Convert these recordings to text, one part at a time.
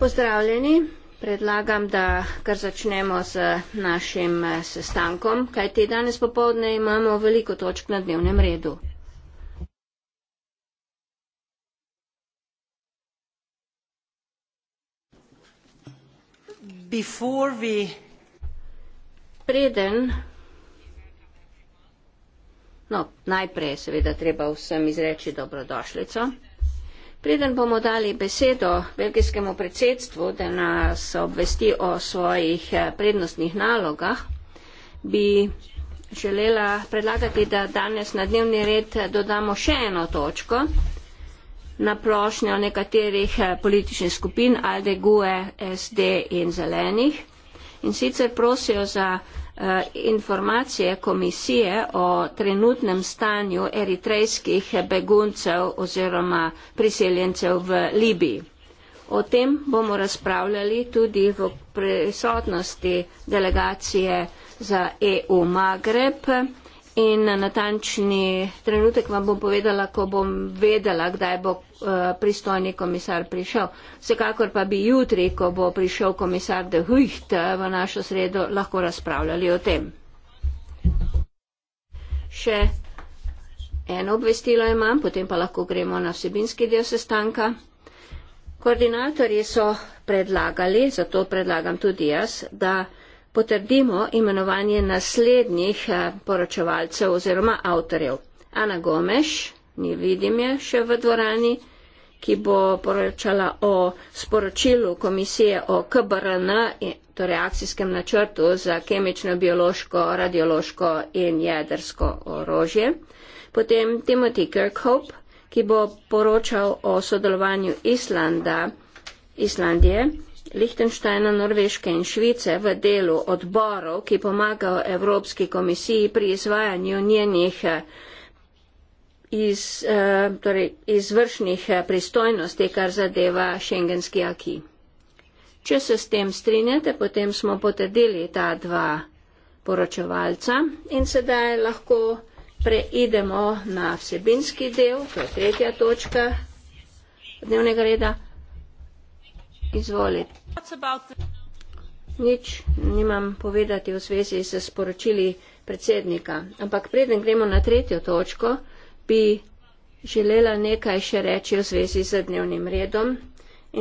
pozdravljeni predlagam da kar začnemo z našim eh, sestankom kajti danes popoldne imamo veliko točk na dnevnem redu preden no najprej je seveda treba vsem izreči dobrodošlico Preden bomo dali besedo belgijskemu predsedstvu, da nas obvesti o svojih eh, prednostnih nalogah, bi želela predlagati, da danes na dnevni red eh, dodamo še eno točko na prošnjo nekaterih eh, političnih skupin ALDE, GUE, SD in Zelenih. In sicer prosijo za Eh, informacije komisije o trenutnem stanju eritrejskih beguncev oziroma priseljencev v Libiji. O tem bomo razpravljali tudi v prisotnosti delegacije za EU Magreb. In natančni trenutek vam bom povedala, ko bom vedela, kdaj bo eh, pristojni komisar prišel. Vsekakor pa bi jutri, ko bo prišel komisar De Hucht eh, v našo sredo, lahko razpravljali o tem. Še eno obvestilo imam, potem pa lahko gremo na vsebinski del sestanka. Koordinatorji so predlagali, zato predlagam tudi jaz, da potrdimo imenovanje naslednjih eh, poročevalcev oziroma avtorjev. Ana Gomeš, ni vidim je še v dvorani, ki bo poročala o sporočilu komisije o KBRN, torej akcijskem načrtu za kemično, biološko, radiološko in jedrsko orožje. Potem Timothy Kirkhope, ki bo poročal o sodelovanju Islanda, Islandije Lihtenštajna, Norveške in Švice v delu odborov, ki pomagajo Evropski komisiji pri izvajanju njenih eh, iz, eh, torej, izvršnih eh, pristojnosti, kar zadeva šengenski aki. Če se s tem strinjate, potem smo potrdili ta dva poročevalca in sedaj lahko preidemo na vsebinski del, to je tretja točka dnevnega reda. Izvoli. Nič nimam povedati v svesi s sporočili predsednika, ampak preden gremo na tretjo točko, bi želela nekaj še reči v svesi z dnevnim redom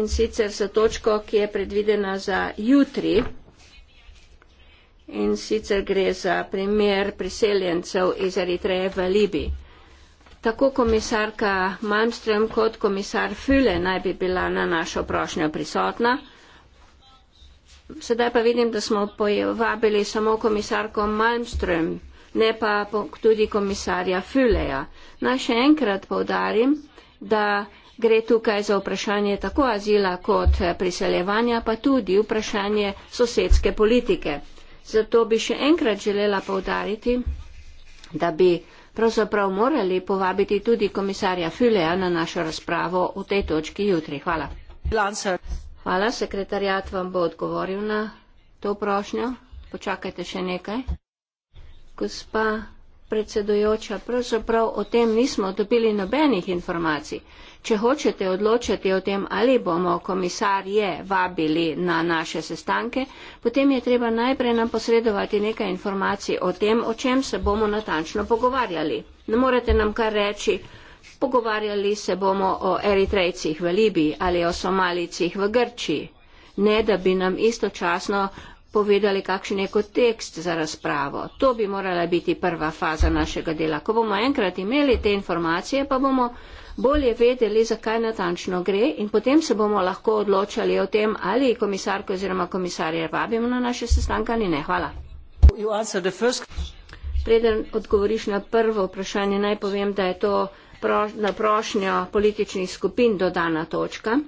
in sicer s točko, ki je predvidena za jutri in sicer gre za primer priseljencev iz Eritreje v Libiji. Tako komisarka Manström kot komisar Füle naj bi bila na našo prošnjo prisotna. Sedaj pa vidim, da smo pojavili samo komisarko Malmström, ne pa tudi komisarja Füleja. Naj še enkrat povdarim, da gre tukaj za vprašanje tako azila kot priseljevanja, pa tudi vprašanje sosedske politike. Zato bi še enkrat želela povdariti, da bi pravzaprav morali povabiti tudi komisarja Füleja na našo razpravo v tej točki jutri. Hvala. Hvala, sekretarjat vam bo odgovoril na to prošnjo. Počakajte še nekaj. Gospa predsedujoča, pravzaprav o tem nismo dobili nobenih informacij. Če hočete odločiti o tem, ali bomo komisarje vabili na naše sestanke, potem je treba najprej nam posredovati nekaj informacij o tem, o čem se bomo natančno pogovarjali. Ne morete nam kar reči, pogovarjali se bomo o Eritrejcih v Libiji ali o Somalicih v Grčiji, ne da bi nam istočasno povedali, kakšen je kot tekst za razpravo. To bi morala biti prva faza našega dela. Ko bomo enkrat imeli te informacije, pa bomo bolje vedeli, zakaj natančno gre in potem se bomo lahko odločali o tem, ali komisarko oziroma komisarje vabimo na naše sestanke ali ne. Hvala. Preden odgovoriš na prvo vprašanje, naj povem, da je to na prošnjo političnih skupin dodana točka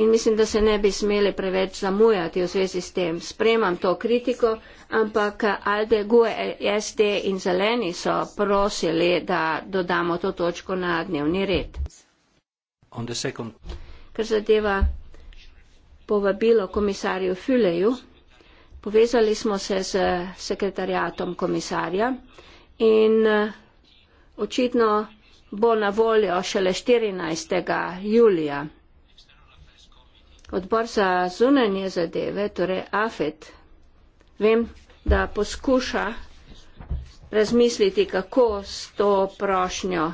in mislim, da se ne bi smeli preveč zamujati v zvezi s tem. Spremam to kritiko, ampak Alde, GUE, SD in Zeleni so prosili, da dodamo to točko na dnevni red. Kar zadeva povabilo komisarju Füleju, povezali smo se z sekretarjatom komisarja in eh, očitno bo na voljo šele 14. julija odbor za zunanje zadeve, torej AFET, vem, da poskuša razmisliti, kako s to prošnjo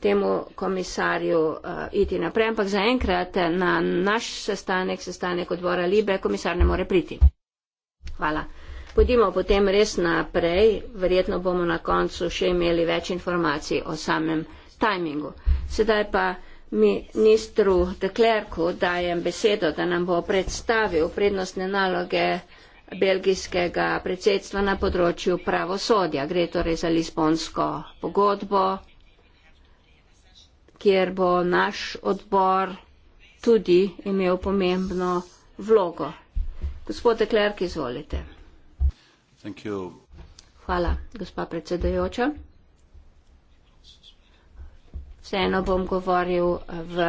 temu komisarju uh, iti naprej, ampak zaenkrat eh, na naš sestanek, sestanek odbora Libe, komisar ne more priti. Hvala. Pojdimo potem res naprej, verjetno bomo na koncu še imeli več informacij o samem tajmingu. Sedaj pa ministru de Klerku dajem besedo, da nam bo predstavil prednostne naloge belgijskega predsedstva na področju pravosodja. Gre torej za Lisbonsko pogodbo, kjer bo naš odbor tudi imel pomembno vlogo. Gospod de Klerk, izvolite. Hvala, gospa predsedajoča. Vseeno bom govoril v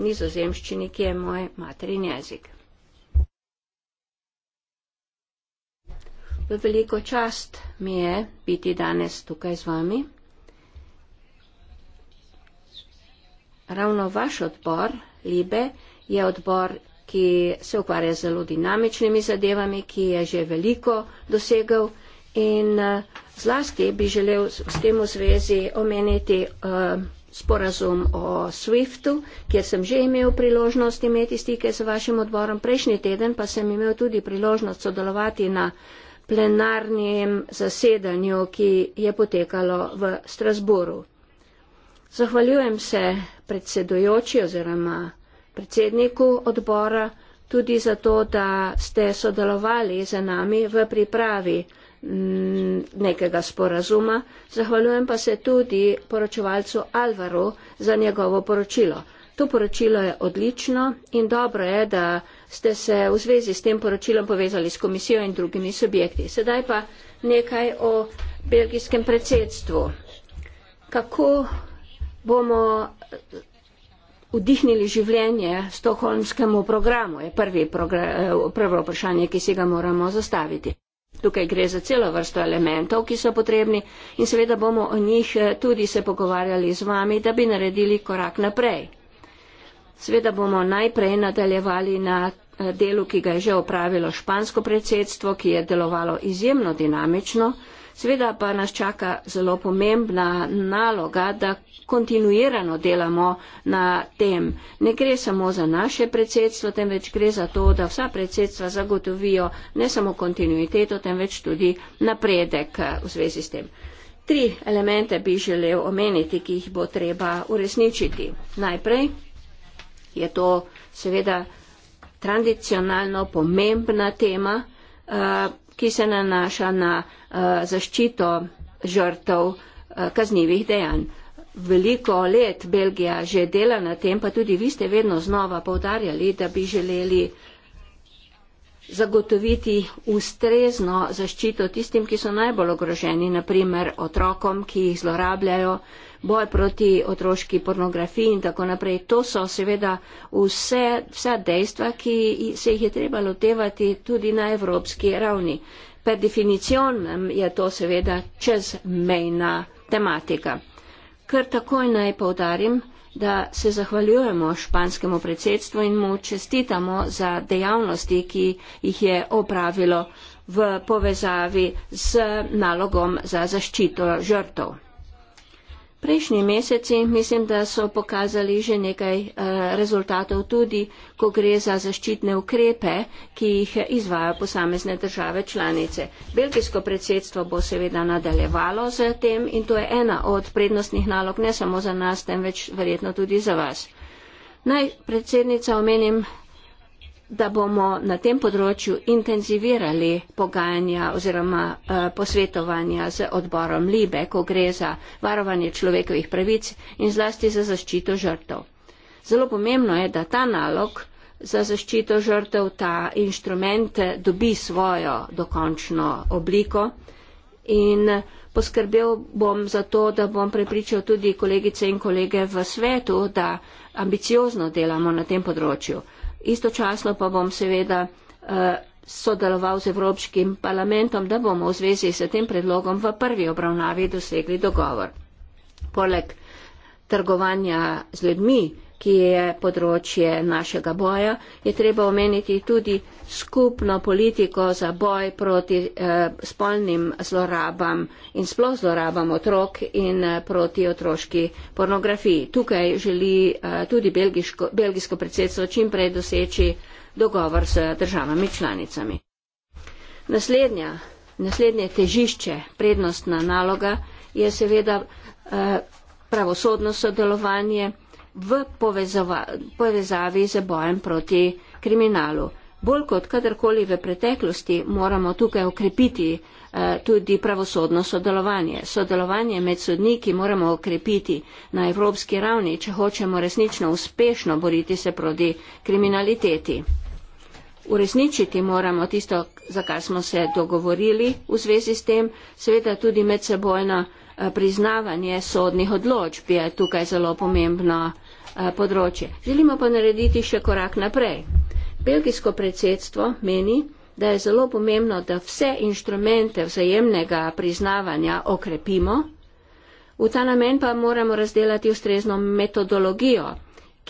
nizozemščini, ki je moj materin jezik. V veliko čast mi je biti danes tukaj z vami. Ravno vaš odbor, Libe, je odbor, ki se ukvarja z zelo dinamičnimi zadevami, ki je že veliko dosegel in eh, zlasti bi želel s tem v zvezi omeniti uh, sporazum o SWIFT-u, kjer sem že imel priložnost imeti stike z vašim odborom. Prejšnji teden pa sem imel tudi priložnost sodelovati na plenarnem zasedanju, ki je potekalo v Strasburu. Zahvaljujem se predsedujoči oziroma predsedniku odbora tudi za to, da ste sodelovali z nami v pripravi Mm, nekega sporazuma. Zahvaljujem pa se tudi poročevalcu Alvaru za njegovo poročilo. To poročilo je odlično in dobro je, da ste se v zvezi s tem poročilom povezali s komisijo in drugimi subjekti. Sedaj pa nekaj o belgijskem predsedstvu. Kako bomo eh, vdihnili življenje stokholmskemu programu, je prvi progr eh, prvo vprašanje, ki si ga moramo zastaviti. Tukaj gre za celo vrsto elementov, ki so potrebni in seveda bomo o njih eh, tudi se pogovarjali z vami, da bi naredili korak naprej. Sveda bomo najprej nadaljevali na eh, delu, ki ga je že opravilo špansko predsedstvo, ki je delovalo izjemno dinamično. Seveda pa nas čaka zelo pomembna naloga, da kontinuirano delamo na tem. Ne gre samo za naše predsedstvo, temveč gre za to, da vsa predsedstva zagotovijo ne samo kontinuiteto, temveč tudi napredek eh, v zvezi s tem. Tri elemente bi želel omeniti, ki jih bo treba uresničiti. Najprej je to seveda tradicionalno pomembna tema. Uh, ki se nanaša na uh, zaščito žrtev uh, eh, kaznjivih dejanj. Veliko let Belgija že dela na tem, pa tudi vi ste vedno znova povdarjali, da bi želeli zagotoviti ustrezno zaščito tistim, ki so najbolj ogroženi, naprimer otrokom, ki jih zlorabljajo, uh, boj proti otroški pornografiji in tako naprej. To so seveda vse, vsa dejstva, ki se jih je treba lotevati tudi na evropski ravni. Per definicijonem je to seveda čezmejna tematika. Kar takoj naj povdarim, da se zahvaljujemo španskemu predsedstvu in mu čestitamo za dejavnosti, ki jih je opravilo v povezavi z nalogom za zaščito žrtov. Prejšnji meseci mislim, da so pokazali že nekaj eh, rezultatov tudi, ko gre za zaščitne ukrepe, ki jih izvajo posamezne države članice. Belgijsko predsedstvo bo seveda nadaljevalo z tem in to je ena od prednostnih nalog ne samo za nas, temveč verjetno tudi za vas. Naj predsednica omenim da bomo na tem področju intenzivirali pogajanja oziroma eh, posvetovanja z odborom Libe, ko gre za varovanje človekovih pravic in zlasti za zaščito žrtev. Zelo pomembno je, da ta nalog za zaščito žrtev, ta inštrument eh, dobi svojo dokončno obliko in eh, poskrbel bom za to, da bom prepričal tudi kolegice in kolege v svetu, da ambiciozno delamo na tem področju istočasno pa bom seveda eh, sodeloval z Evropskim parlamentom, da bomo v zvezi s tem predlogom v prvi obravnavi dosegli dogovor. Poleg trgovanja z ljudmi, ki je področje našega boja, je treba omeniti tudi skupno politiko za boj proti eh, spolnim zlorabam in sploh zlorabam otrok in eh, proti otroški pornografiji. Tukaj želi eh, tudi belgiško, belgijsko predsedstvo čim prej doseči dogovor s državami članicami. Naslednja, naslednje težišče, prednostna naloga je seveda eh, pravosodno sodelovanje, v povezava, povezavi z bojem proti kriminalu. Bolj kot kadarkoli v preteklosti moramo tukaj okrepiti eh, tudi pravosodno sodelovanje. Sodelovanje med sodniki moramo okrepiti na evropski ravni, če hočemo resnično uspešno boriti se proti kriminaliteti. Uresničiti moramo tisto, za kar smo se dogovorili v zvezi s tem, seveda tudi medsebojno eh, priznavanje sodnih odločb je tukaj zelo pomembno. Eh, področje. Želimo pa narediti še korak naprej. Belgijsko predsedstvo meni, da je zelo pomembno, da vse inštrumente vzajemnega priznavanja okrepimo. V ta namen pa moramo razdelati ustrezno metodologijo,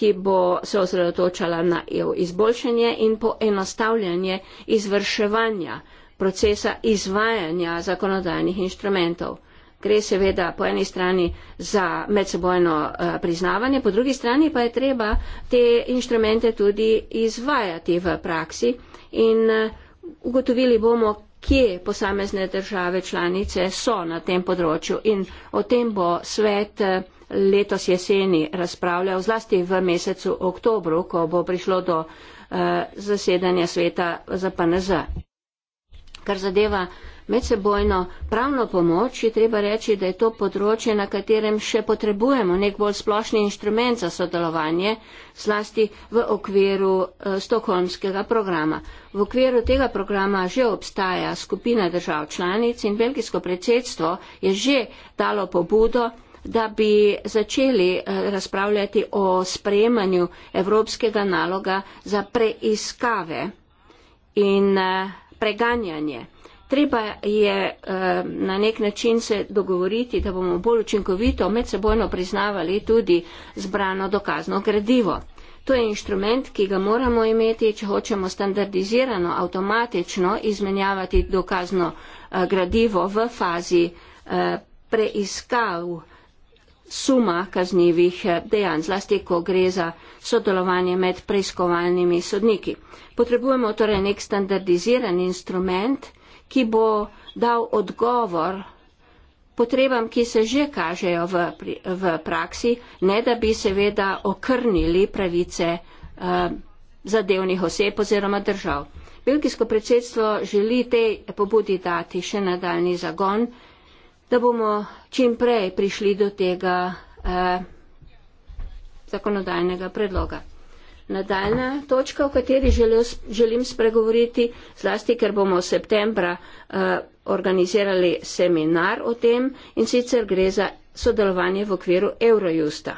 ki bo se ozredotočala na izboljšanje in poenostavljanje izvrševanja procesa izvajanja zakonodajnih inštrumentov gre seveda po eni strani za medsebojno eh, priznavanje, po drugi strani pa je treba te inštrumente tudi izvajati v praksi in eh, ugotovili bomo, kje posamezne države članice so na tem področju in o tem bo svet eh, letos jeseni razpravljal, zlasti v mesecu oktobru, ko bo prišlo do uh, zasedanja sveta za PNZ. Kar zadeva uh, medsebojno pravno pomoč, je treba reči, da je to področje, na katerem še potrebujemo nek bolj splošni inštrument za sodelovanje, zlasti v okviru eh, Stokholmskega programa. V okviru tega programa že obstaja skupina držav članic in belgijsko predsedstvo je že dalo pobudo da bi začeli eh, razpravljati o sprejemanju evropskega naloga za preiskave in eh, preganjanje. Treba je eh, na nek način se dogovoriti, da bomo bolj učinkovito medsebojno priznavali tudi zbrano dokazno gradivo. To je inštrument, ki ga moramo imeti, če hočemo standardizirano, avtomatično izmenjavati dokazno eh, gradivo v fazi eh, preiskav suma kaznjivih dejanj, zlasti ko gre za sodelovanje med preiskovalnimi sodniki. Potrebujemo torej nek standardiziran instrument, ki bo dal odgovor potrebam, ki se že kažejo v, v praksi, ne da bi seveda okrnili pravice eh, zadevnih oseb oziroma držav. Belgijsko predsedstvo želi tej pobudi dati še nadaljni zagon, da bomo čim prej prišli do tega eh, zakonodajnega predloga. Nadaljna točka, o kateri želim spregovoriti, zlasti, ker bomo v septembra uh, organizirali seminar o tem in sicer gre za sodelovanje v okviru Eurojusta.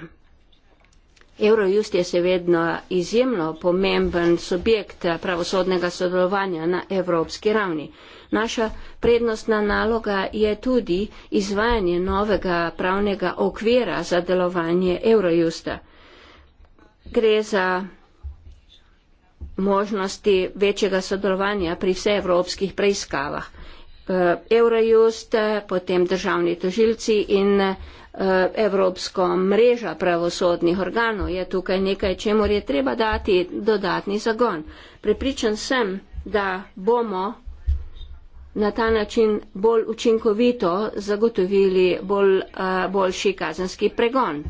Eurojust je seveda izjemno pomemben subjekt eh, pravosodnega sodelovanja na evropski ravni. Naša prednostna naloga je tudi izvajanje novega pravnega okvira za delovanje Eurojusta. Gre za možnosti večjega sodelovanja pri vseevropskih preiskavah. Eh, Eurojust, potem državni tožilci in eh, Evropsko mreža pravosodnih organov je tukaj nekaj, čemu je treba dati dodatni zagon. Prepričan sem, da bomo na ta način bolj učinkovito zagotovili bolj, eh, boljši kazenski pregon.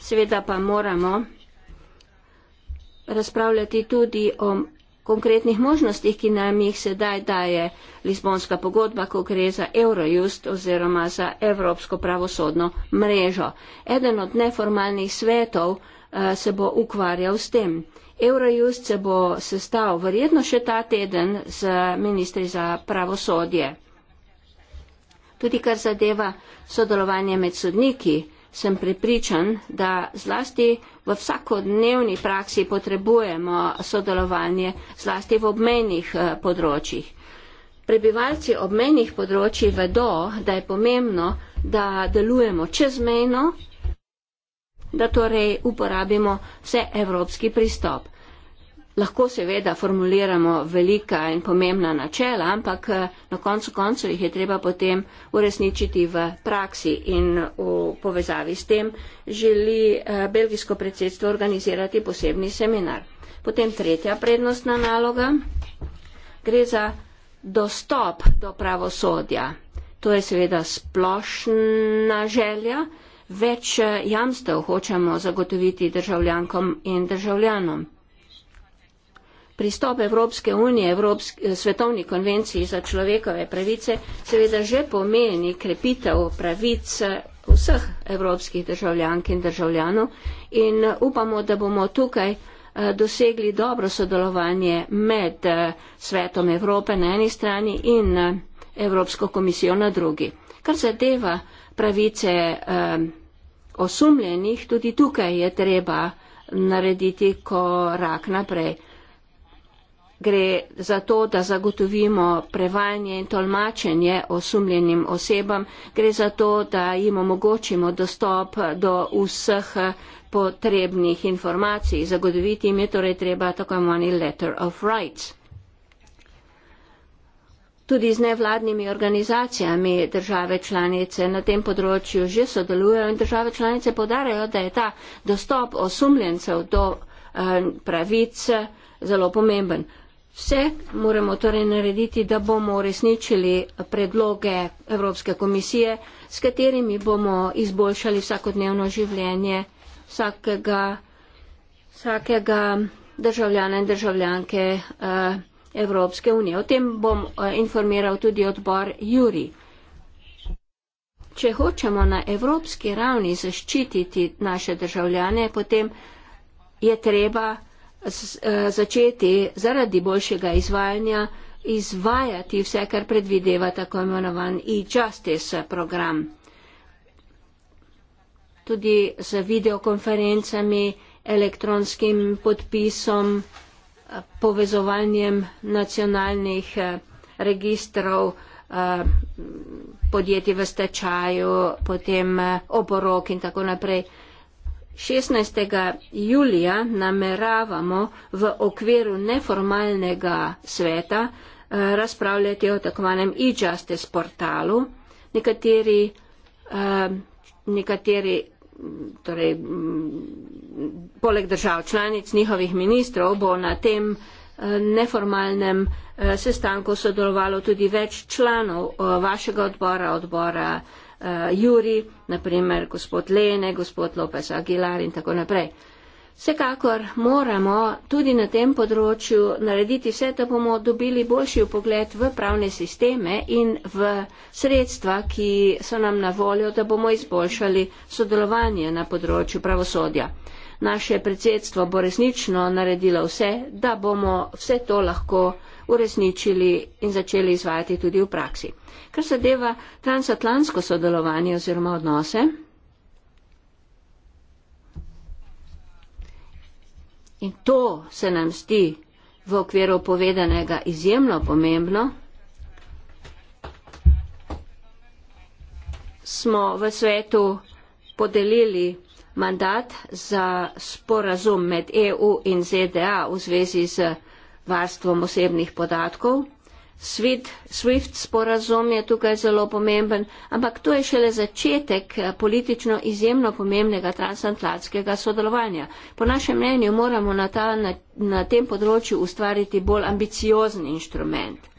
Seveda pa moramo razpravljati tudi o konkretnih možnostih, ki nam jih sedaj daje Lizbonska pogodba, ko gre za Eurojust oziroma za Evropsko pravosodno mrežo. Eden od neformalnih svetov eh, se bo ukvarjal s tem. Eurojust se bo sestal verjetno še ta teden z ministri za pravosodje. Tudi kar zadeva sodelovanje med sodniki, sem prepričan, da zlasti v vsakodnevni praksi potrebujemo sodelovanje zlasti v obmejnih eh, področjih. Prebivalci obmejnih področji vedo, da je pomembno, da delujemo čezmejno, da torej uporabimo vse evropski pristop. Lahko seveda formuliramo velika in pomembna načela, ampak eh, na koncu koncu jih je treba potem uresničiti v praksi in v povezavi s tem želi eh, belgijsko predsedstvo organizirati posebni seminar. Potem tretja prednostna naloga. Gre za dostop do pravosodja. To je seveda splošna želja. Več eh, jamstev hočemo zagotoviti državljankom in državljanom pristop Evropske unije, Evropske, svetovni konvenciji za človekove pravice, seveda že pomeni krepitev pravic eh, vseh evropskih državljank in državljanov in eh, upamo, da bomo tukaj eh, dosegli dobro sodelovanje med svetom Evrope na eni strani in Evropsko komisijo na drugi. Kar zadeva pravice osumljenih, tudi tukaj je treba narediti korak naprej gre za to, da zagotovimo prevajanje in tolmačenje osumljenim osebam, gre za to, da jim omogočimo dostop do vseh potrebnih informacij. Zagotoviti jim je torej treba tako imenovani letter of rights. Tudi z nevladnimi organizacijami države članice na tem področju že sodelujejo in države članice podarajo, da je ta dostop osumljencev do eh, pravic eh, zelo pomemben. Vse moramo torej narediti, da bomo uresničili predloge Evropske komisije, s katerimi bomo izboljšali vsakodnevno življenje vsakega, vsakega državljana in državljanke eh, Evropske unije. O tem bom eh, informiral tudi odbor Juri. Če hočemo na evropski ravni zaščititi naše državljane, potem je treba Eh, začeti zaradi boljšega izvajanja izvajati vse, kar predvideva tako imenovan e-justice program. Tudi z videokonferencami, elektronskim podpisom, povezovanjem nacionalnih eh, registrov eh, podjetij v stečaju, potem oporok in tako naprej. 16. julija nameravamo v okviru neformalnega sveta eh, razpravljati o takovanem e-justice portalu. Nekateri, eh, nekateri torej, mm, poleg držav članic njihovih ministrov bo na tem eh, neformalnem sestanku sodelovalo tudi več članov vašega odbora, odbora uh, Juri, naprimer gospod Lene, gospod Lopes Aguilar in tako naprej. Vsekakor moramo tudi na tem področju narediti vse, da bomo dobili boljši upogled v pravne sisteme in v sredstva, ki so nam na voljo, da bomo izboljšali sodelovanje na področju pravosodja naše predsedstvo bo resnično naredilo vse, da bomo vse to lahko uresničili in začeli izvajati tudi v praksi. Kar zadeva transatlantsko sodelovanje oziroma odnose, in to se nam zdi v okviru povedanega izjemno pomembno, smo v svetu podelili mandat za sporazum med EU in ZDA v zvezi z varstvom osebnih podatkov. Svit, SWIFT sporazum je tukaj zelo pomemben, ampak to je šele začetek eh, politično izjemno pomembnega transatlantskega sodelovanja. Po našem mnenju moramo na, ta, na, na tem področju ustvariti bolj ambiciozen inštrument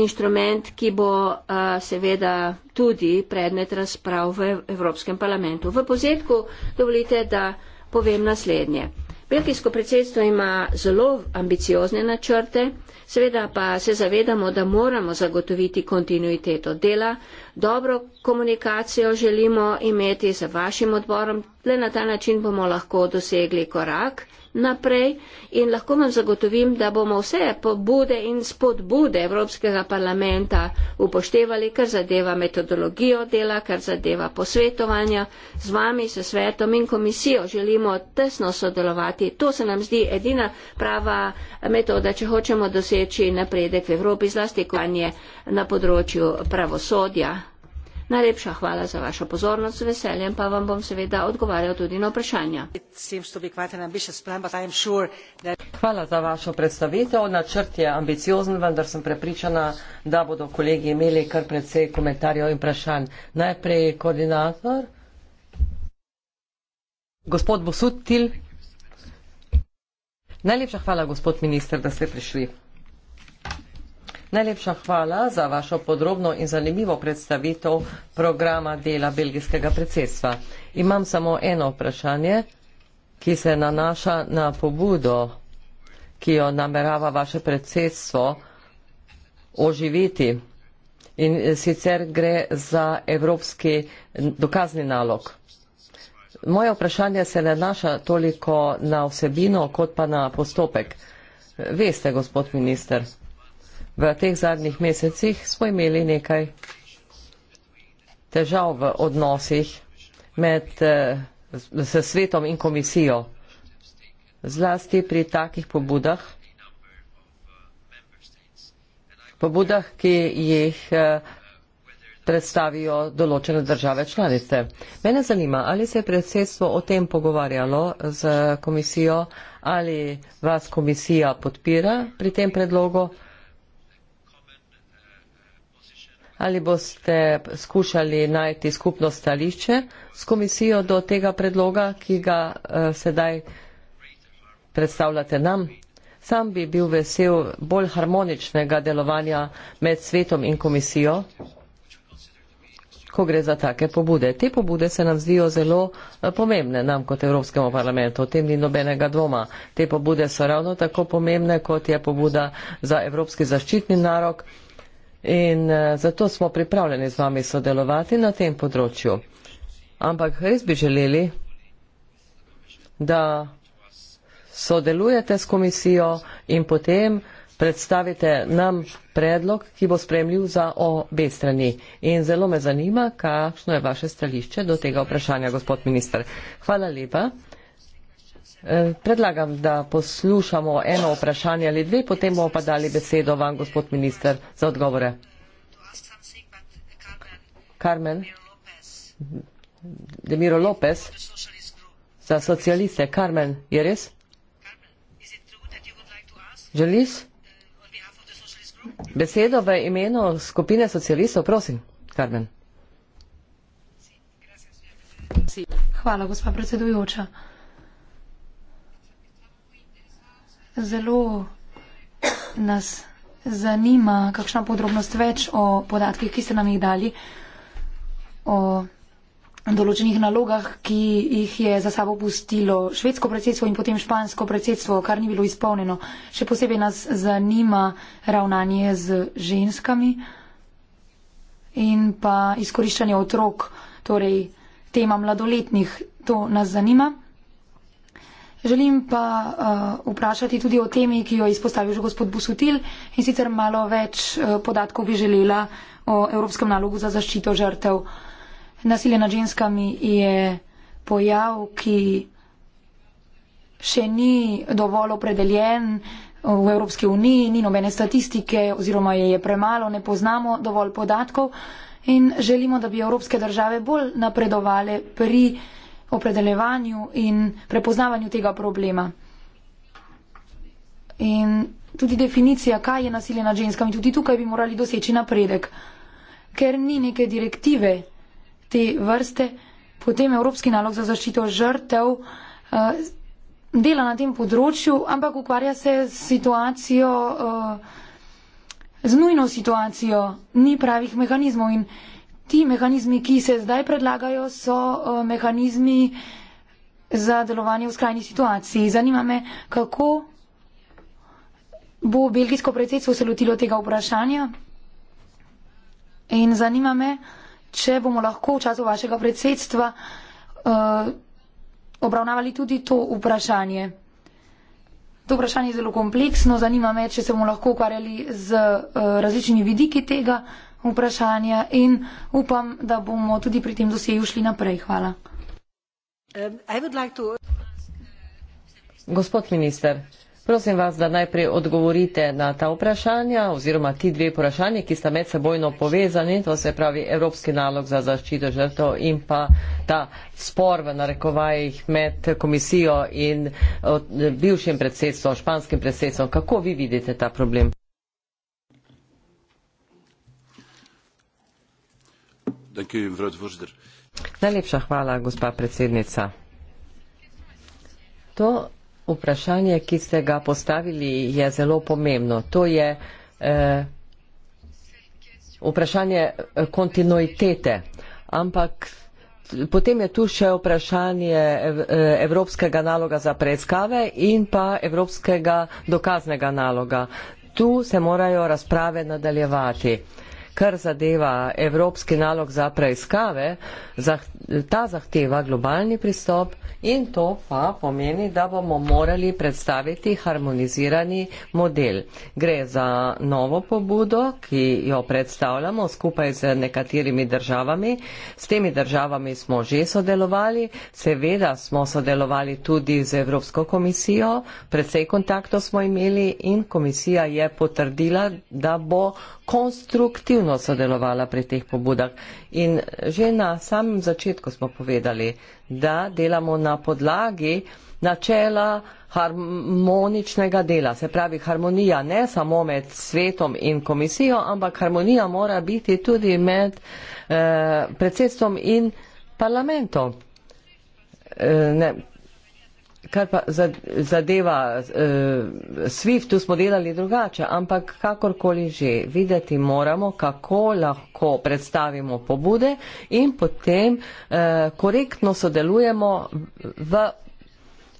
inštrument, ki bo a, eh, seveda tudi predmet razprav v Evropskem parlamentu. V pozetku dovolite, da povem naslednje. Belgijsko predsedstvo ima zelo ambiciozne načrte, seveda pa se zavedamo, da moramo zagotoviti kontinuiteto dela, dobro komunikacijo želimo imeti z vašim odborom, le na ta način bomo lahko dosegli korak naprej in lahko vam zagotovim, da bomo vse pobude in spodbude Evropskega parlamenta upoštevali, kar zadeva metodologijo dela, kar zadeva posvetovanja z vami, s svetom in komisijo. Želimo tesno sodelovati. To se nam zdi edina prava metoda, če hočemo doseči napredek v Evropi, zlasti kvanje na področju pravosodja. Najlepša hvala za vašo pozornost, z veseljem pa vam bom seveda odgovarjal tudi na vprašanja. Hvala za vašo predstavitev. Načrt je ambiciozen, vendar sem prepričana, da bodo kolegi imeli kar precej komentarjev in vprašanj. Najprej koordinator. Gospod Bosutil. Najlepša hvala, gospod minister, da ste prišli. Najlepša hvala za vašo podrobno in zanimivo predstavitev programa dela belgijskega predsedstva. Imam samo eno vprašanje, ki se nanaša na pobudo, ki jo namerava vaše predsedstvo oživiti. In sicer gre za evropski dokazni nalog. Moje vprašanje se ne naša toliko na vsebino, kot pa na postopek. Veste, gospod minister, V teh zadnjih mesecih smo imeli nekaj težav v odnosih med eh, s svetom in komisijo. Zlasti pri takih pobudah, pobudah, ki jih eh, predstavijo določene države članice. Mene zanima, ali se je predsedstvo o tem pogovarjalo z komisijo, ali vas komisija podpira pri tem predlogu, ali boste skušali najti skupno stališče s komisijo do tega predloga, ki ga uh, sedaj predstavljate nam. Sam bi bil vesel bolj harmoničnega delovanja med svetom in komisijo, ko gre za take pobude. Te pobude se nam zdijo zelo eh, pomembne nam kot Evropskemu parlamentu. O tem ni nobenega dvoma. Te pobude so ravno tako pomembne, kot je pobuda za Evropski zaščitni narok in eh, zato smo pripravljeni z vami sodelovati na tem področju. Ampak res bi želeli, da sodelujete s komisijo in potem predstavite nam predlog, ki bo spremljiv za obe strani. In zelo me zanima, kakšno je vaše stališče do tega vprašanja, gospod minister. Hvala lepa. Eh, predlagam, da poslušamo eno vprašanje ali dve, potem bomo pa dali besedo vam, gospod minister, za odgovore. Carmen. Demiro Lopez. Za socialiste. Carmen, je res? Želiš? Besedo v imenu skupine socialistov, prosim, Carmen. Hvala, gospa predsedujoča. Zelo nas zanima, kakšna podrobnost več o podatkih, ki ste nam jih dali, o določenih nalogah, ki jih je za sabo pustilo švedsko predsedstvo in potem špansko predsedstvo, kar ni bilo izpolnjeno. Še posebej nas zanima ravnanje z ženskami in pa izkoriščanje otrok, torej tema mladoletnih. To nas zanima. Želim pa uh, vprašati tudi o temi, ki jo izpostavil gospod Busutil in sicer malo več uh, podatkov bi želela o Evropskem nalogu za zaščito žrtev. Nasilje nad ženskami je pojav, ki še ni dovolj opredeljen eh, v Evropski uniji, ni nobene statistike oziroma je, je premalo, ne poznamo dovolj podatkov in želimo, da bi evropske države bolj napredovale pri opredeljevanju in prepoznavanju tega problema. In tudi definicija, kaj je nasilje nad ženskami, tudi tukaj bi morali doseči napredek. Ker ni neke direktive te vrste, potem Evropski nalog za zaščito žrtev uh, dela na tem področju, ampak ukvarja se z situacijo, uh, z nujno situacijo, ni pravih mehanizmov in ti mehanizmi, ki se zdaj predlagajo, so eh, mehanizmi za delovanje v skrajni situaciji. Zanima me, kako bo belgijsko predsedstvo se lotilo tega vprašanja. In zanima me, če bomo lahko v času vašega predsedstva uh, obravnavali tudi to vprašanje. To vprašanje je zelo kompleksno, zanima me, če se bomo lahko ukvarjali z uh, različnimi vidiki tega vprašanja in upam, da bomo tudi pri tem dosegu šli naprej. Hvala. Um, Gospod minister, prosim vas, da najprej odgovorite na ta vprašanja oziroma ti dve vprašanje, ki sta med sebojno povezani, to se pravi Evropski nalog za zaščito žrtev in pa ta spor v narekovajih med komisijo in eh, bivšim predsedstvom, španskim predsedstvom. Kako vi vidite ta problem? Najlepša hvala, gospa predsednica. To vprašanje, ki ste ga postavili, je zelo pomembno. To je eh, vprašanje eh, kontinuitete, ampak potem je tu še vprašanje eh, Evropskega naloga za preiskave in pa Evropskega dokaznega naloga. Tu se morajo razprave nadaljevati. Eh, kar zadeva evropski nalog za preiskave, zah, ta zahteva globalni pristop in to pa pomeni, da bomo morali predstaviti harmonizirani model. Gre za novo pobudo, ki jo predstavljamo skupaj z nekaterimi državami. S temi državami smo že sodelovali, seveda smo sodelovali tudi z Evropsko komisijo, predvsej kontaktov smo imeli in komisija je potrdila, da bo konstruktivno sodelovala pri teh pobudah. In že na samem začetku smo povedali, da delamo na podlagi načela harmoničnega dela. Se pravi, harmonija ne samo med svetom in komisijo, ampak harmonija mora biti tudi med eh, predsedstvom in parlamentom. Eh, Kar pa zadeva eh, SWIFT, tu smo delali drugače, ampak kakorkoli že videti moramo, kako lahko predstavimo pobude in potem eh, korektno sodelujemo v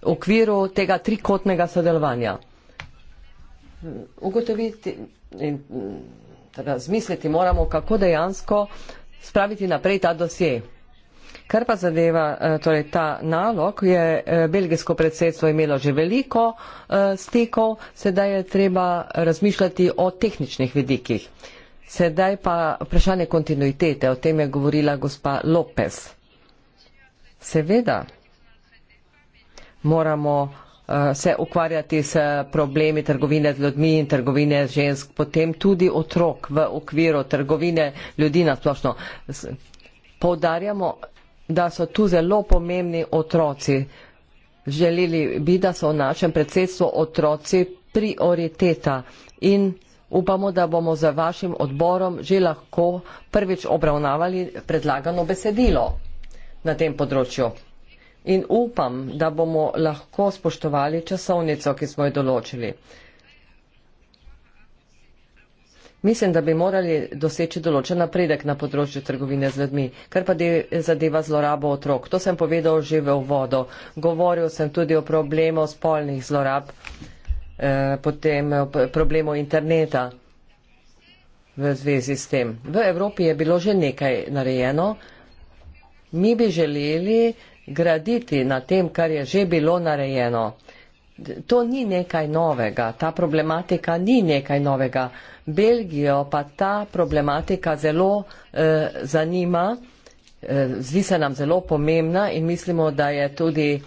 okviru tega trikotnega sodelovanja. Ugotoviti in razmisliti moramo, kako dejansko spraviti naprej ta dosje. Kar pa zadeva eh, torej, ta nalog, je eh, belgijsko predsedstvo imelo že veliko eh, stikov, sedaj je treba razmišljati o tehničnih vidikih. Sedaj pa vprašanje kontinuitete, o tem je govorila gospa Lopez. Seveda moramo se ukvarjati s problemi trgovine z ljudmi in trgovine z žensk, potem tudi otrok v okviru trgovine ljudi nasplošno. Poudarjamo da so tu zelo pomembni otroci. Želeli bi, da so v našem predsedstvu otroci prioriteta in upamo, da bomo z vašim odborom že lahko prvič obravnavali predlagano besedilo na tem področju. In upam, da bomo lahko spoštovali časovnico, ki smo jo določili. Mislim, da bi morali doseči določen napredek na področju trgovine z ljudmi, kar pa de, zadeva zlorabo otrok. To sem povedal že v vodo. Govoril sem tudi o problemu spolnih zlorab, eh, potem o eh, problemu interneta v zvezi s tem. V Evropi je bilo že nekaj narejeno. Mi bi želeli graditi na tem, kar je že bilo narejeno to ni nekaj novega, ta problematika ni nekaj novega. Belgijo pa ta problematika zelo eh, zanima, eh, zdi se nam zelo pomembna in mislimo, da je tudi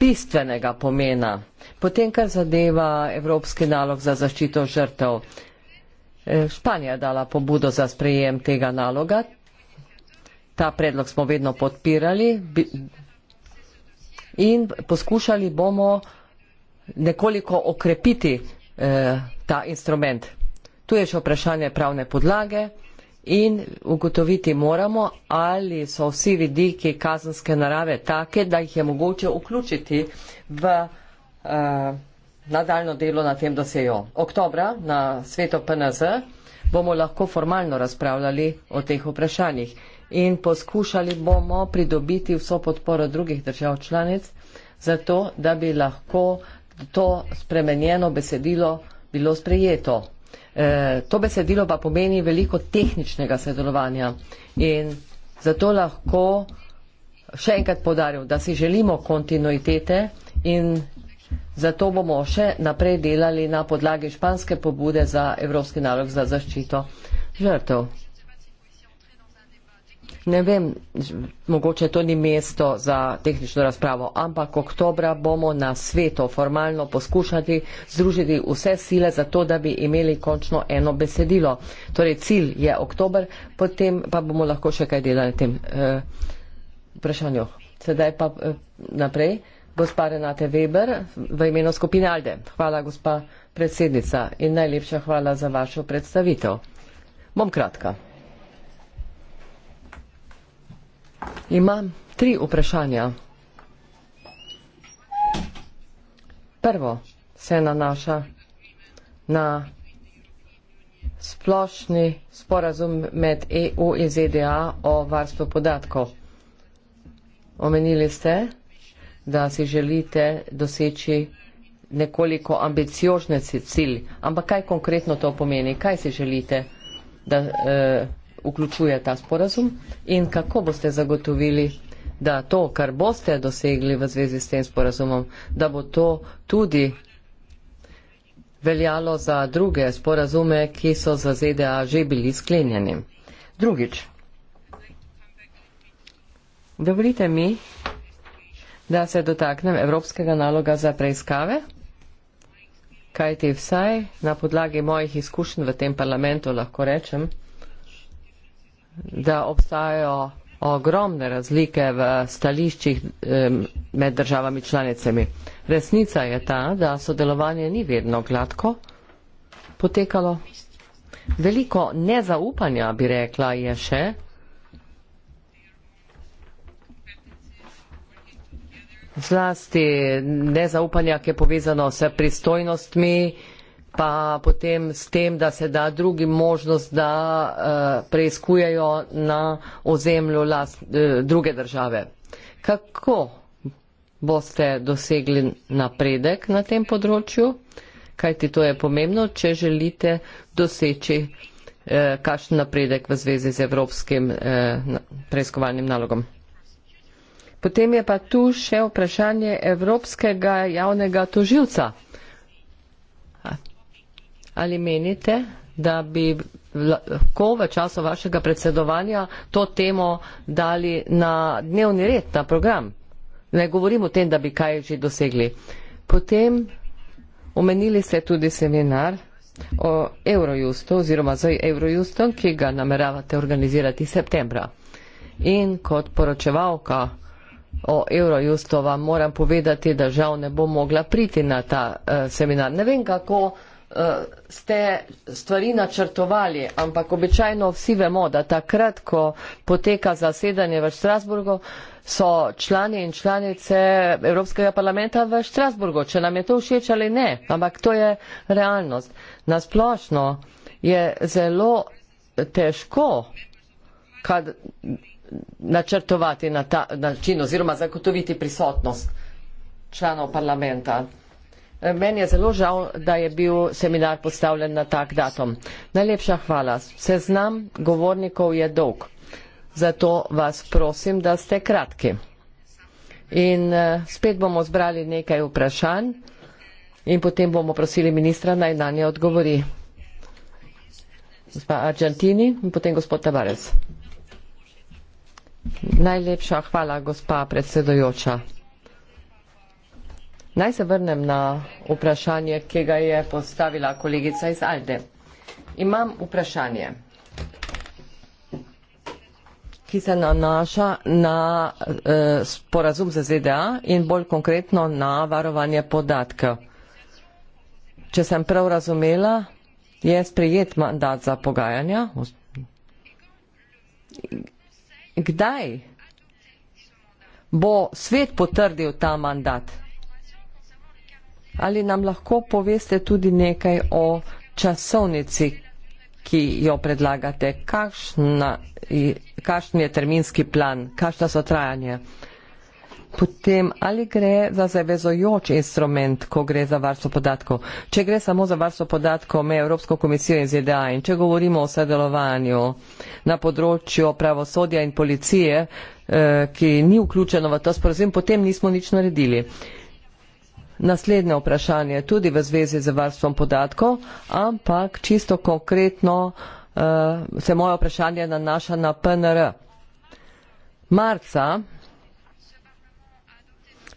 bistvenega pomena. Potem, kar zadeva Evropski nalog za zaščito žrtev, eh, Španija je dala pobudo za sprejem tega naloga. Ta predlog smo vedno podpirali bi, in poskušali bomo eh, nekoliko okrepiti eh, ta instrument. Tu je še vprašanje pravne podlage in ugotoviti moramo, ali so vsi vidiki kazenske narave take, da jih je mogoče vključiti v eh, nadaljno delo na tem dosejo. Oktobra na sveto PNZ bomo lahko formalno razpravljali o teh vprašanjih in poskušali bomo pridobiti vso podporo drugih držav članic za to, da bi lahko uh, to spremenjeno besedilo bilo sprejeto. E, to besedilo pa pomeni veliko tehničnega sodelovanja in zato lahko še enkrat podaril, da si želimo kontinuitete in zato bomo še naprej delali na podlagi španske pobude za Evropski nalog za zaščito žrtev. Ne vem, mogoče to ni mesto za tehnično razpravo, ampak oktobra bomo na svetu formalno poskušati združiti vse sile za to, da bi imeli končno eno besedilo. Torej, cilj je oktober, potem pa bomo lahko še kaj delali na tem eh, vprašanju. Sedaj pa eh, naprej. Gospa Renate Weber v imenu skupine Alde. Hvala, gospa predsednica, in najlepša hvala za vašo predstavitev. Bom kratka. Imam tri vprašanja. Prvo se nanaša na splošni sporazum med EU in ZDA o varstvu podatkov. Omenili ste, da si želite doseči nekoliko ambiciožne cilj, ampak kaj konkretno to pomeni? Kaj si želite, da eh, vključuje ta sporazum in kako boste zagotovili, da to, kar boste dosegli v zvezi s tem sporazumom, da bo to tudi veljalo za druge sporazume, ki so za ZDA že bili sklenjeni. Drugič. Dovolite mi, da se dotaknem evropskega naloga za preiskave, kajti vsaj na podlagi mojih izkušenj v tem parlamentu lahko rečem, da obstajajo ogromne razlike v stališčih med državami članicami. Resnica je ta, da sodelovanje ni vedno gladko potekalo. Veliko nezaupanja, bi rekla, je še. Zlasti nezaupanja, ki je povezano s pristojnostmi, pa potem s tem, da se da drugim možnost, da eh, preizkujajo na ozemlju last, eh, druge države. Kako boste dosegli napredek na tem področju? Kaj ti to je pomembno, če želite doseči eh, kakšen napredek v zvezi z evropskim eh, preiskovalnim nalogom? Potem je pa tu še vprašanje Evropskega javnega tožilca. Ali menite, da bi lahko v času vašega predsedovanja to temo dali na dnevni red, na program? Ne govorim o tem, da bi kaj že dosegli. Potem omenili ste tudi seminar o Eurojustu oziroma z Eurojustom, ki ga nameravate organizirati septembra. In kot poročevalka o Eurojustu vam moram povedati, da žal ne bom mogla priti na ta uh, seminar. Ne vem, kako uh, ste stvari načrtovali, ampak običajno vsi vemo, da takrat, ko poteka zasedanje v Štrasburgu, so člani in članice Evropskega parlamenta v Štrasburgu, če nam je to všeč ali ne, ampak to je realnost. Nasplošno je zelo težko kad, načrtovati na ta način oziroma zagotoviti prisotnost članov parlamenta. Meni je zelo žal, da je bil seminar postavljen na tak datum. Najlepša hvala. Seznam govornikov je dolg. Zato vas prosim, da ste kratki. In eh, spet bomo zbrali nekaj vprašanj in potem bomo prosili ministra naj na nje odgovori. Gospa Argentini in potem gospod Tavares. Najlepša hvala, gospa predsedojoča. Naj se vrnem na vprašanje, ki ga je postavila kolegica iz Alde. Imam vprašanje, ki se nanaša na eh, sporazum za ZDA in bolj konkretno na varovanje podatkov. Če sem prav razumela, je sprejet mandat za pogajanja. Kdaj bo svet potrdil ta mandat? Ali nam lahko poveste tudi nekaj o časovnici, ki jo predlagate? Kakšna, kakšen je terminski plan? Kakšna so trajanje? Potem, ali gre za zavezojoč instrument, ko gre za varstvo podatkov? Če gre samo za varstvo podatkov med Evropsko komisijo in ZDA in če govorimo o sodelovanju na področju pravosodja in policije, eh, ki ni vključeno v ta sporozum, potem nismo nič naredili naslednje vprašanje tudi v zvezi z varstvom podatkov, ampak čisto konkretno uh, se moje vprašanje nanaša na PNR. Marca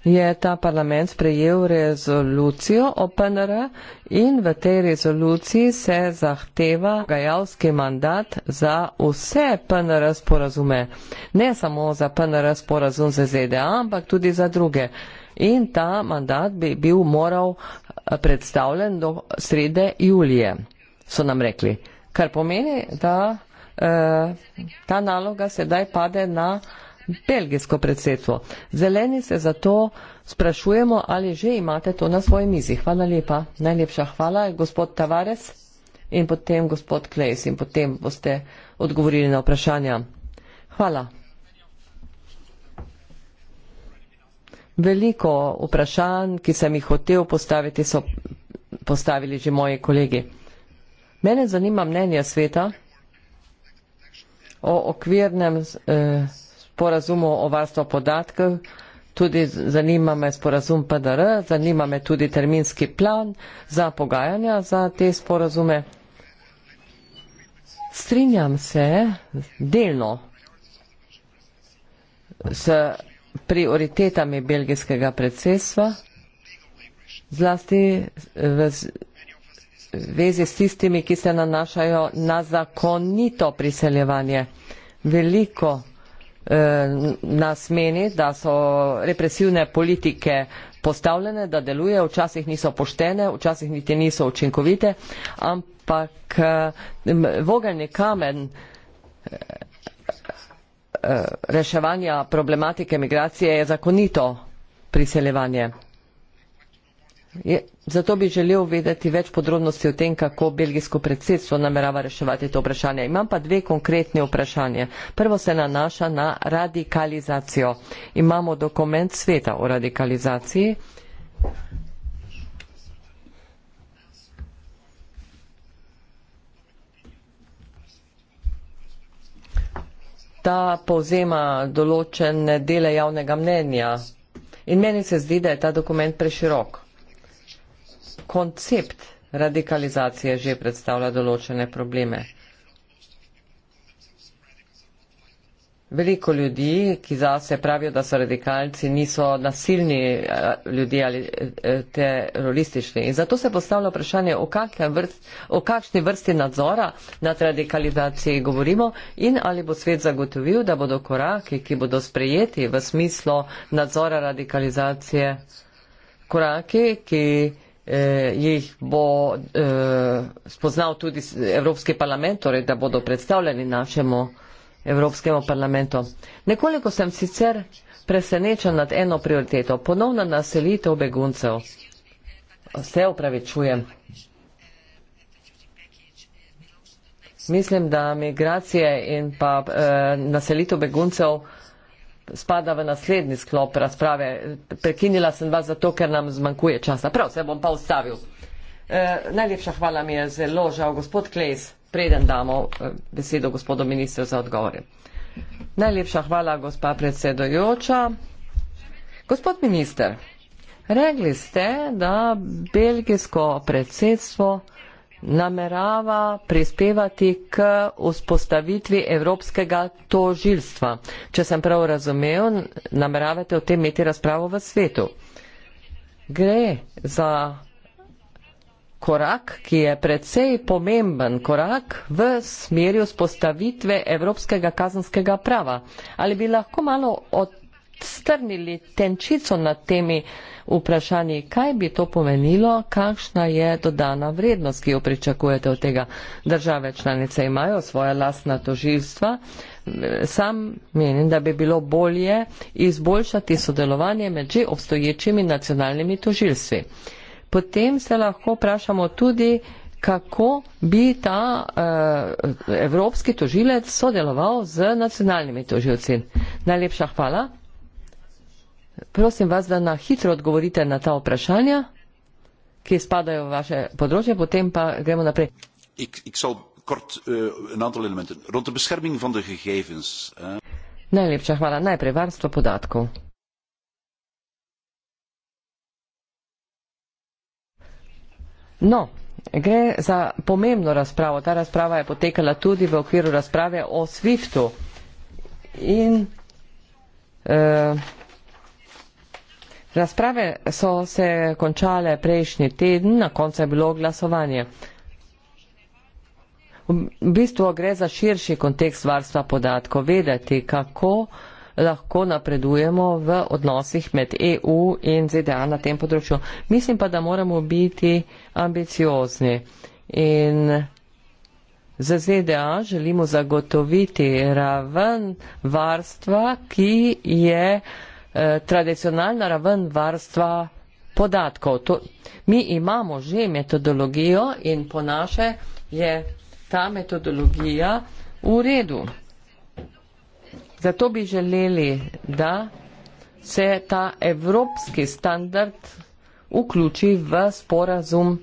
je ta parlament sprejel rezolucijo o PNR in v tej rezoluciji se zahteva gajalski mandat za vse PNR sporazume. Ne samo za PNR sporazum z ZDA, ampak tudi za druge. Uh, in ta mandat bi bil moral eh, predstavljen do srede julije, so nam rekli. Kar pomeni, da eh, ta naloga sedaj pade na belgijsko predsedstvo. Zeleni se zato sprašujemo, ali že imate to na svoji mizi. Hvala lepa. Najlepša hvala, gospod Tavares in potem gospod Klejs in potem boste odgovorili na vprašanja. Hvala. Veliko vprašanj, ki sem jih hotel postaviti, so postavili že moji kolegi. Mene zanima mnenje sveta o okvirnem eh, sporazumu o varstvu podatkov, tudi zanima me sporazum PDR, zanima me tudi terminski plan za pogajanja za te sporazume. Strinjam se delno s prioritetami belgijskega predsedstva, zlasti v vezi s tistimi, ki se nanašajo na zakonito priseljevanje. Veliko eh, nas meni, da so represivne politike postavljene, da delujejo, včasih niso poštene, včasih niti niso učinkovite, ampak eh, vogalni kamen. Eh, Eh, reševanja problematike migracije je zakonito priseljevanje. Je, zato bi želel vedeti več podrobnosti o tem, kako belgijsko predsedstvo namerava reševati to vprašanje. Imam pa dve konkretne vprašanje. Prvo se nanaša na radikalizacijo. Imamo dokument sveta o radikalizaciji, ta povzema določene dele javnega mnenja. In meni se zdi, da je ta dokument preširok. Koncept radikalizacije že predstavlja določene probleme. Veliko ljudi, ki za se pravijo, da so radikalci, niso nasilni eh, ljudje ali eh, teroristični. In zato se postavlja vprašanje, o, vrst, o kakšni vrsti nadzora nad radikalizacijo govorimo in ali bo svet zagotovil, da bodo koraki, ki bodo sprejeti v smislu nadzora radikalizacije, koraki, ki eh, jih bo eh, spoznal tudi Evropski parlament, torej da bodo predstavljeni našemu. Evropskemu parlamentu. Nekoliko sem sicer presenečen nad eno prioriteto, ponovna naselitev beguncev. Vse upravičujem. Mislim, da migracije in pa e, naselitev beguncev spada v naslednji sklop razprave. Prekinila sem vas zato, ker nam zmanjkuje časa. Prav, se bom pa ustavil. E, najlepša hvala mi je zelo žal, gospod Klejs. E, preden damo eh, besedo gospodu ministru za odgovore. Najlepša hvala, gospa predsedojoča. Gospod minister, rekli ste, da belgijsko predsedstvo namerava prispevati k vzpostavitvi evropskega tožilstva. Če sem prav razumel, nameravate o tem imeti razpravo v svetu. Gre za korak, ki je predvsej pomemben korak v smeri vzpostavitve evropskega kazanskega prava. Ali bi lahko malo odstrnili tenčico nad temi vprašanji, kaj bi to pomenilo, kakšna je dodana vrednost, ki jo pričakujete od tega. Države članice imajo svoja lastna toživstva. Sam menim, da bi bilo bolje izboljšati sodelovanje med že obstoječimi nacionalnimi toživstvi potem se lahko vprašamo tudi, kako bi ta uh, evropski tožilec sodeloval z nacionalnimi tožilci. Najlepša hvala. Prosim vas, da na hitro odgovorite na ta vprašanja, ki spadajo v vaše področje, potem pa gremo naprej. Ik, ik so... Kort, uh, Najlepša hvala. Najprej varstvo podatkov. No, gre za pomembno razpravo. Ta razprava je potekala tudi v okviru razprave o SWIFT-u. In eh, razprave so se končale prejšnji teden, na koncu je bilo glasovanje. V bistvu gre za širši kontekst varstva podatkov, vedeti, kako lahko napredujemo v odnosih med EU in ZDA na tem področju. Mislim pa, da moramo biti ambiciozni in za ZDA želimo zagotoviti raven varstva, ki je eh, tradicionalna raven varstva podatkov. To, mi imamo že metodologijo in po naše je ta metodologija v redu. Zato bi želeli, da se ta evropski standard vključi v sporazum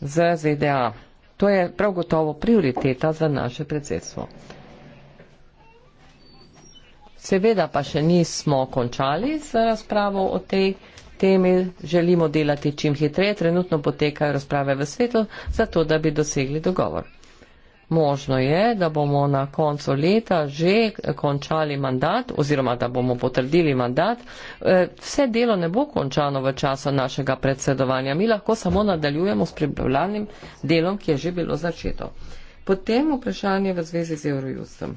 z ZDA. To je prav gotovo prioriteta za naše predsedstvo. Seveda pa še nismo končali z razpravo o tej temi, želimo delati čim hitreje, trenutno potekajo razprave v svetu, zato da bi dosegli dogovor. Možno je, da bomo na koncu leta že končali mandat oziroma da bomo potrdili mandat. E, vse delo ne bo končano v času našega predsedovanja. Mi lahko samo nadaljujemo s pripravljanim delom, ki je že bilo začeto. Potem vprašanje v zvezi z Eurojustom.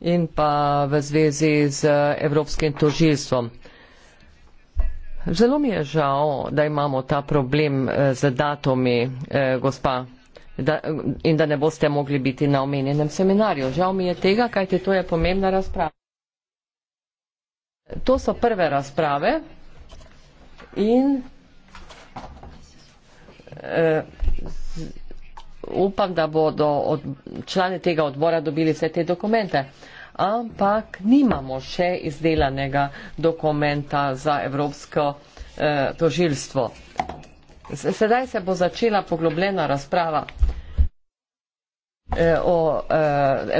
In pa v zvezi z Evropskim tožilstvom. Zelo mi je žal, da imamo ta problem eh, z datumi, eh, gospa, da, in da ne boste mogli biti na omenjenem seminarju. Žal mi je tega, kajte to je pomembna razprava. To so prve razprave in eh, z, upam, da bodo od, člani tega odbora dobili vse te dokumente. Eh, ampak nimamo še izdelanega dokumenta za Evropsko eh, tožilstvo. Sedaj se bo začela poglobljena razprava eh, o eh,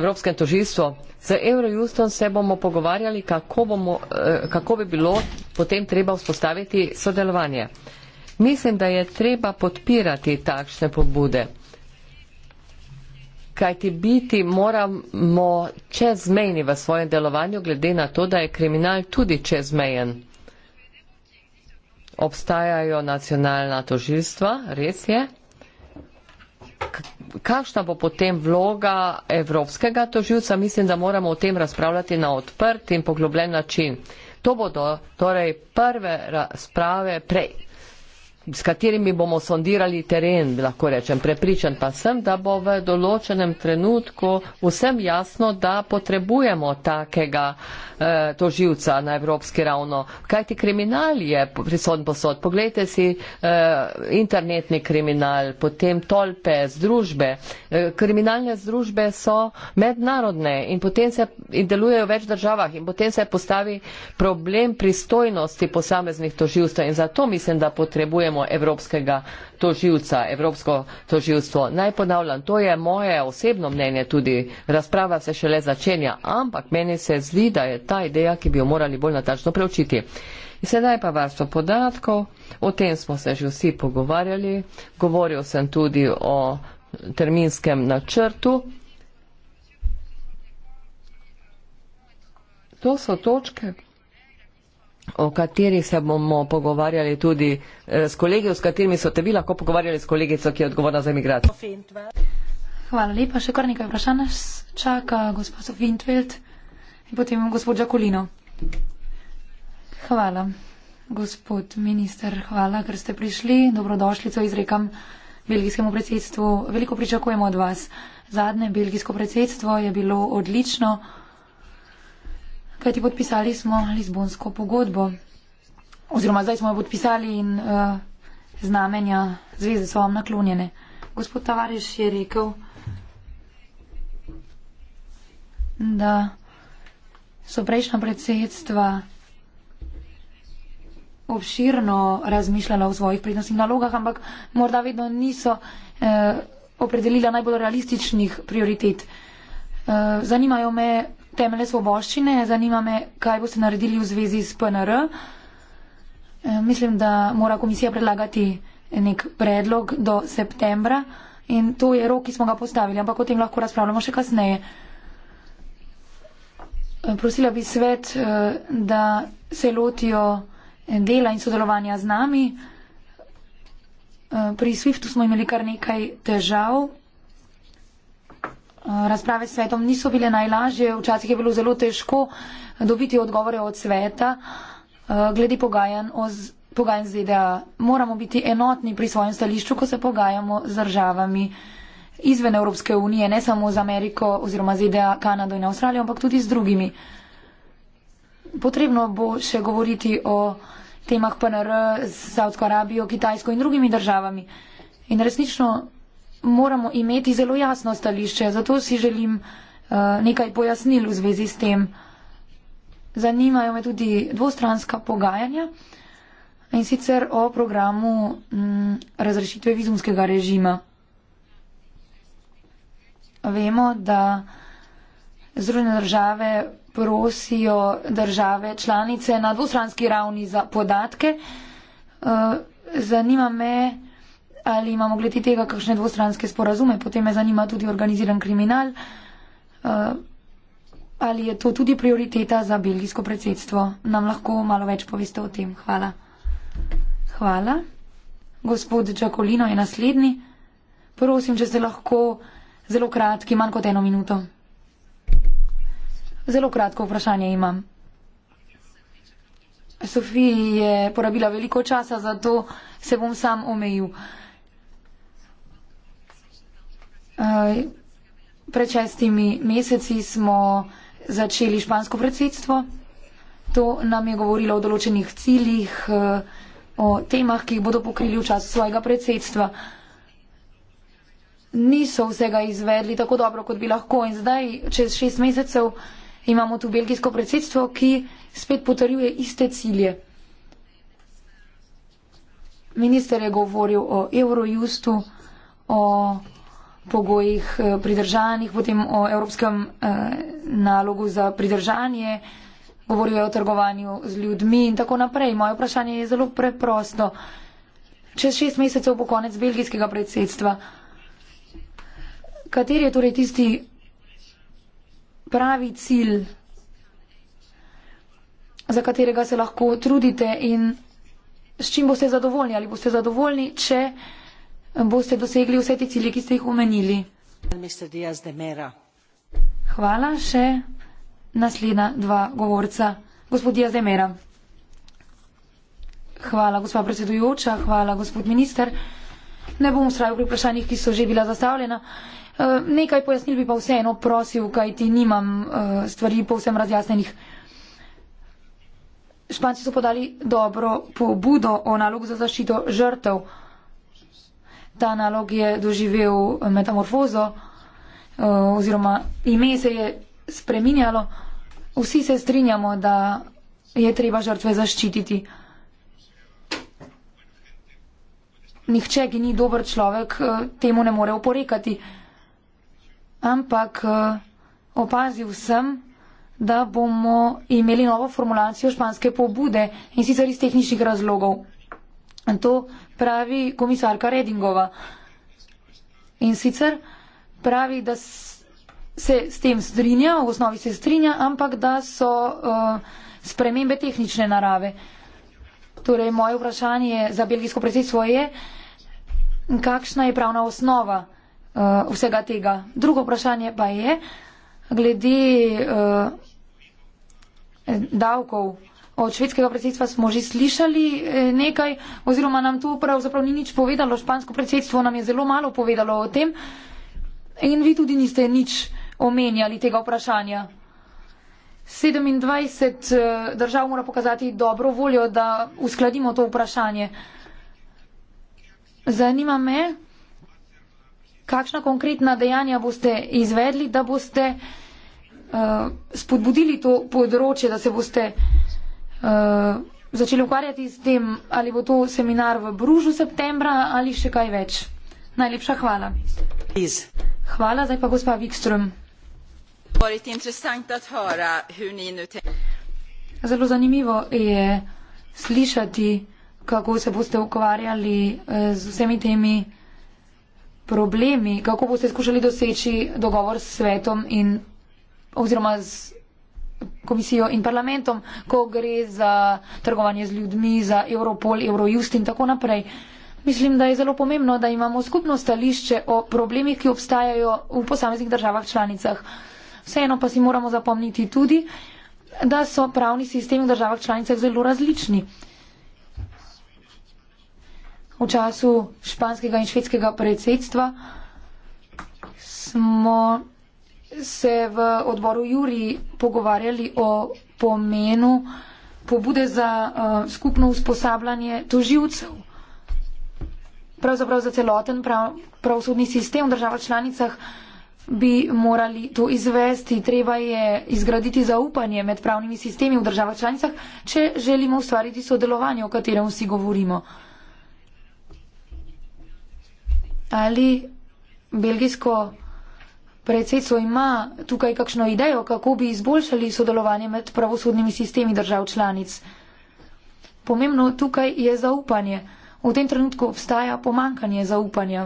Evropskem tožilstvu. Z Eurojustom se bomo pogovarjali, kako, bomo, eh, kako bi bilo potem treba vzpostaviti sodelovanje. Mislim, da je treba podpirati takšne pobude kajti biti moramo čezmejni v svojem delovanju, glede na to, da je kriminal tudi čezmejen. Obstajajo nacionalna toživstva, res je. Kakšna bo potem vloga evropskega toživca? Mislim, da moramo o tem razpravljati na odprt in poglobljen način. To bodo torej prve razprave, pre, s katerimi bomo sondirali teren, lahko rečem. Prepričan pa sem, da bo v določenem trenutku vsem jasno, da potrebujemo takega eh, toživca na evropski ravno. Kajti kriminal je prisotn posod. Poglejte si eh, internetni kriminal, potem tolpe, združbe. Eh, kriminalne združbe so mednarodne in potem se in delujejo v več državah in potem se postavi problem pristojnosti posameznih toživstva in zato mislim, da potrebujemo imamo evropskega toživca, evropsko toživstvo. Naj ponavljam, to je moje osebno mnenje tudi, razprava se šele začenja, ampak meni se zdi, da je ta ideja, ki bi jo morali bolj natačno preučiti. In sedaj pa varstvo podatkov, o tem smo se že vsi pogovarjali, govoril sem tudi o terminskem načrtu. To so točke, o katerih se bomo pogovarjali tudi eh, s kolegijo, s katerimi so te vi lahko pogovarjali s kolegico, ki je odgovorna za imigracijo. Hvala lepa. Še kar nekaj vprašanj čaka gospod Vintveld in potem gospod Žakulino. Hvala, gospod minister, hvala, ker ste prišli. Dobrodošlico izrekam belgijskemu predsedstvu. Veliko pričakujemo od vas. Zadnje belgijsko predsedstvo je bilo odlično kajti podpisali smo Lizbonsko pogodbo. Oziroma zdaj smo jo podpisali in uh, znamenja zveze so vam naklonjene. Gospod Tavares je rekel, da so prejšnja predsedstva obširno razmišljala o svojih prednostnih nalogah, ampak morda vedno niso eh, opredelila najbolj realističnih prioritet. Eh, zanimajo me temelje svoboščine. Zanima me, kaj boste naredili v zvezi s PNR. E, mislim, da mora komisija predlagati nek predlog do septembra in to je rok, ki smo ga postavili, ampak o tem lahko razpravljamo še kasneje. E, prosila bi svet, e, da se lotijo dela in sodelovanja z nami. Pri SWIFT-u smo imeli kar nekaj težav, Razprave s svetom niso bile najlažje, včasih je bilo zelo težko dobiti odgovore od sveta eh, glede pogajanj, z, pogajanj z ZDA. Moramo biti enotni pri svojem stališču, ko se pogajamo z državami izven Evropske unije, ne samo z Ameriko oziroma ZDA, Kanado in Avstralijo, ampak tudi z drugimi. Potrebno bo še govoriti o temah PNR z Saudsko Arabijo, Kitajsko in drugimi državami. In resnično moramo imeti zelo jasno stališče, zato si želim uh, nekaj pojasnil v zvezi s tem. Zanimajo me tudi dvostranska pogajanja in sicer o programu m, mm, razrešitve vizumskega režima. Vemo, da Združene države prosijo države članice na dvostranski ravni za podatke. Uh, zanima me, ali imamo glede tega kakšne dvostranske sporazume, potem me zanima tudi organiziran kriminal. Eh, ali je to tudi prioriteta za belgijsko predsedstvo? Nam lahko malo več poveste o tem. Hvala. Hvala. Gospod Čakolino je naslednji. Prosim, če se lahko zelo kratki, manj kot eno minuto. Zelo kratko vprašanje imam. Sofiji je porabila veliko časa, zato se bom sam omejil. Eh, pred šestimi meseci smo začeli špansko predsedstvo. To nam je govorilo o določenih ciljih, eh, o temah, ki jih bodo pokrili v času svojega predsedstva. Niso vsega izvedli tako dobro, kot bi lahko in zdaj, čez šest mesecev, imamo tu belgijsko predsedstvo, ki spet potrjuje iste cilje. Minister je govoril o Eurojustu, o pogojih eh, pridržanih, potem o evropskem eh, nalogu za pridržanje, govorijo o trgovanju z ljudmi in tako naprej. Moje vprašanje je zelo preprosto. Čez šest mesecev bo konec belgijskega predsedstva. Kateri je torej tisti pravi cilj, za katerega se lahko trudite in s čim boste zadovoljni? Ali boste zadovoljni, če boste dosegli vse te cilje, ki ste jih omenili. Hvala še naslednja dva govorca. Gospod Diaz de Mera. Hvala, gospod predsedujoča, hvala, gospod minister. Ne bom ustrajal pri vprašanjih, ki so že bila zastavljena. E, nekaj pojasnil bi pa vseeno prosil, kaj ti nimam e, stvari povsem razjasnenih. Španci so podali dobro pobudo o nalogu za zaščito žrtev ta nalog je doživel metamorfozo eh, oziroma ime se je spreminjalo. Vsi se strinjamo, da je treba žrtve zaščititi. Nihče, ki ni dober človek, eh, temu ne more oporekati. Ampak eh, opazil sem, da bomo imeli novo formulacijo španske pobude in sicer iz tehničnih razlogov. To pravi komisarka Redingova. In sicer pravi, da se s tem strinja, v osnovi se strinja, ampak da so uh, spremembe tehnične narave. Torej, moje vprašanje za belgijsko predsedstvo je, kakšna je pravna osnova uh, vsega tega. Drugo vprašanje pa je, glede uh, davkov od švedskega predsedstva smo že slišali eh, nekaj, oziroma nam to pravzaprav ni nič povedalo, špansko predsedstvo nam je zelo malo povedalo o tem in vi tudi niste nič omenjali tega vprašanja. 27 eh, držav mora pokazati dobro voljo, da uskladimo to vprašanje. Zanima me, kakšna konkretna dejanja boste izvedli, da boste uh, spodbudili to področje, da se boste uh, Eh, začeli ukvarjati s tem, ali bo to seminar v Bružu septembra ali še kaj več. Najlepša hvala. Hvala, zdaj pa gospa Wikström. Zelo zanimivo je slišati, kako se boste ukvarjali eh, z vsemi temi problemi, kako boste skušali doseči dogovor s svetom in oziroma z komisijo in parlamentom, ko gre za trgovanje z ljudmi, za Europol, Eurojust in tako naprej. Mislim, da je zelo pomembno, da imamo skupno stališče o problemih, ki obstajajo v posameznih državah članicah. Vseeno pa si moramo zapomniti tudi, da so pravni sistemi v državah članicah zelo različni. V času španskega in švedskega predsedstva smo se v odboru Juri pogovarjali o pomenu pobude za uh, skupno usposabljanje toživcev, pravzaprav za celoten prav, pravosodni sistem v državah članicah bi morali to izvesti. Treba je izgraditi zaupanje med pravnimi sistemi v državah članicah, če želimo ustvariti sodelovanje, o katerem vsi govorimo. Ali belgijsko predsedstvo ima tukaj kakšno idejo, kako bi izboljšali sodelovanje med pravosodnimi sistemi držav članic. Pomembno tukaj je zaupanje. V tem trenutku obstaja pomankanje zaupanja.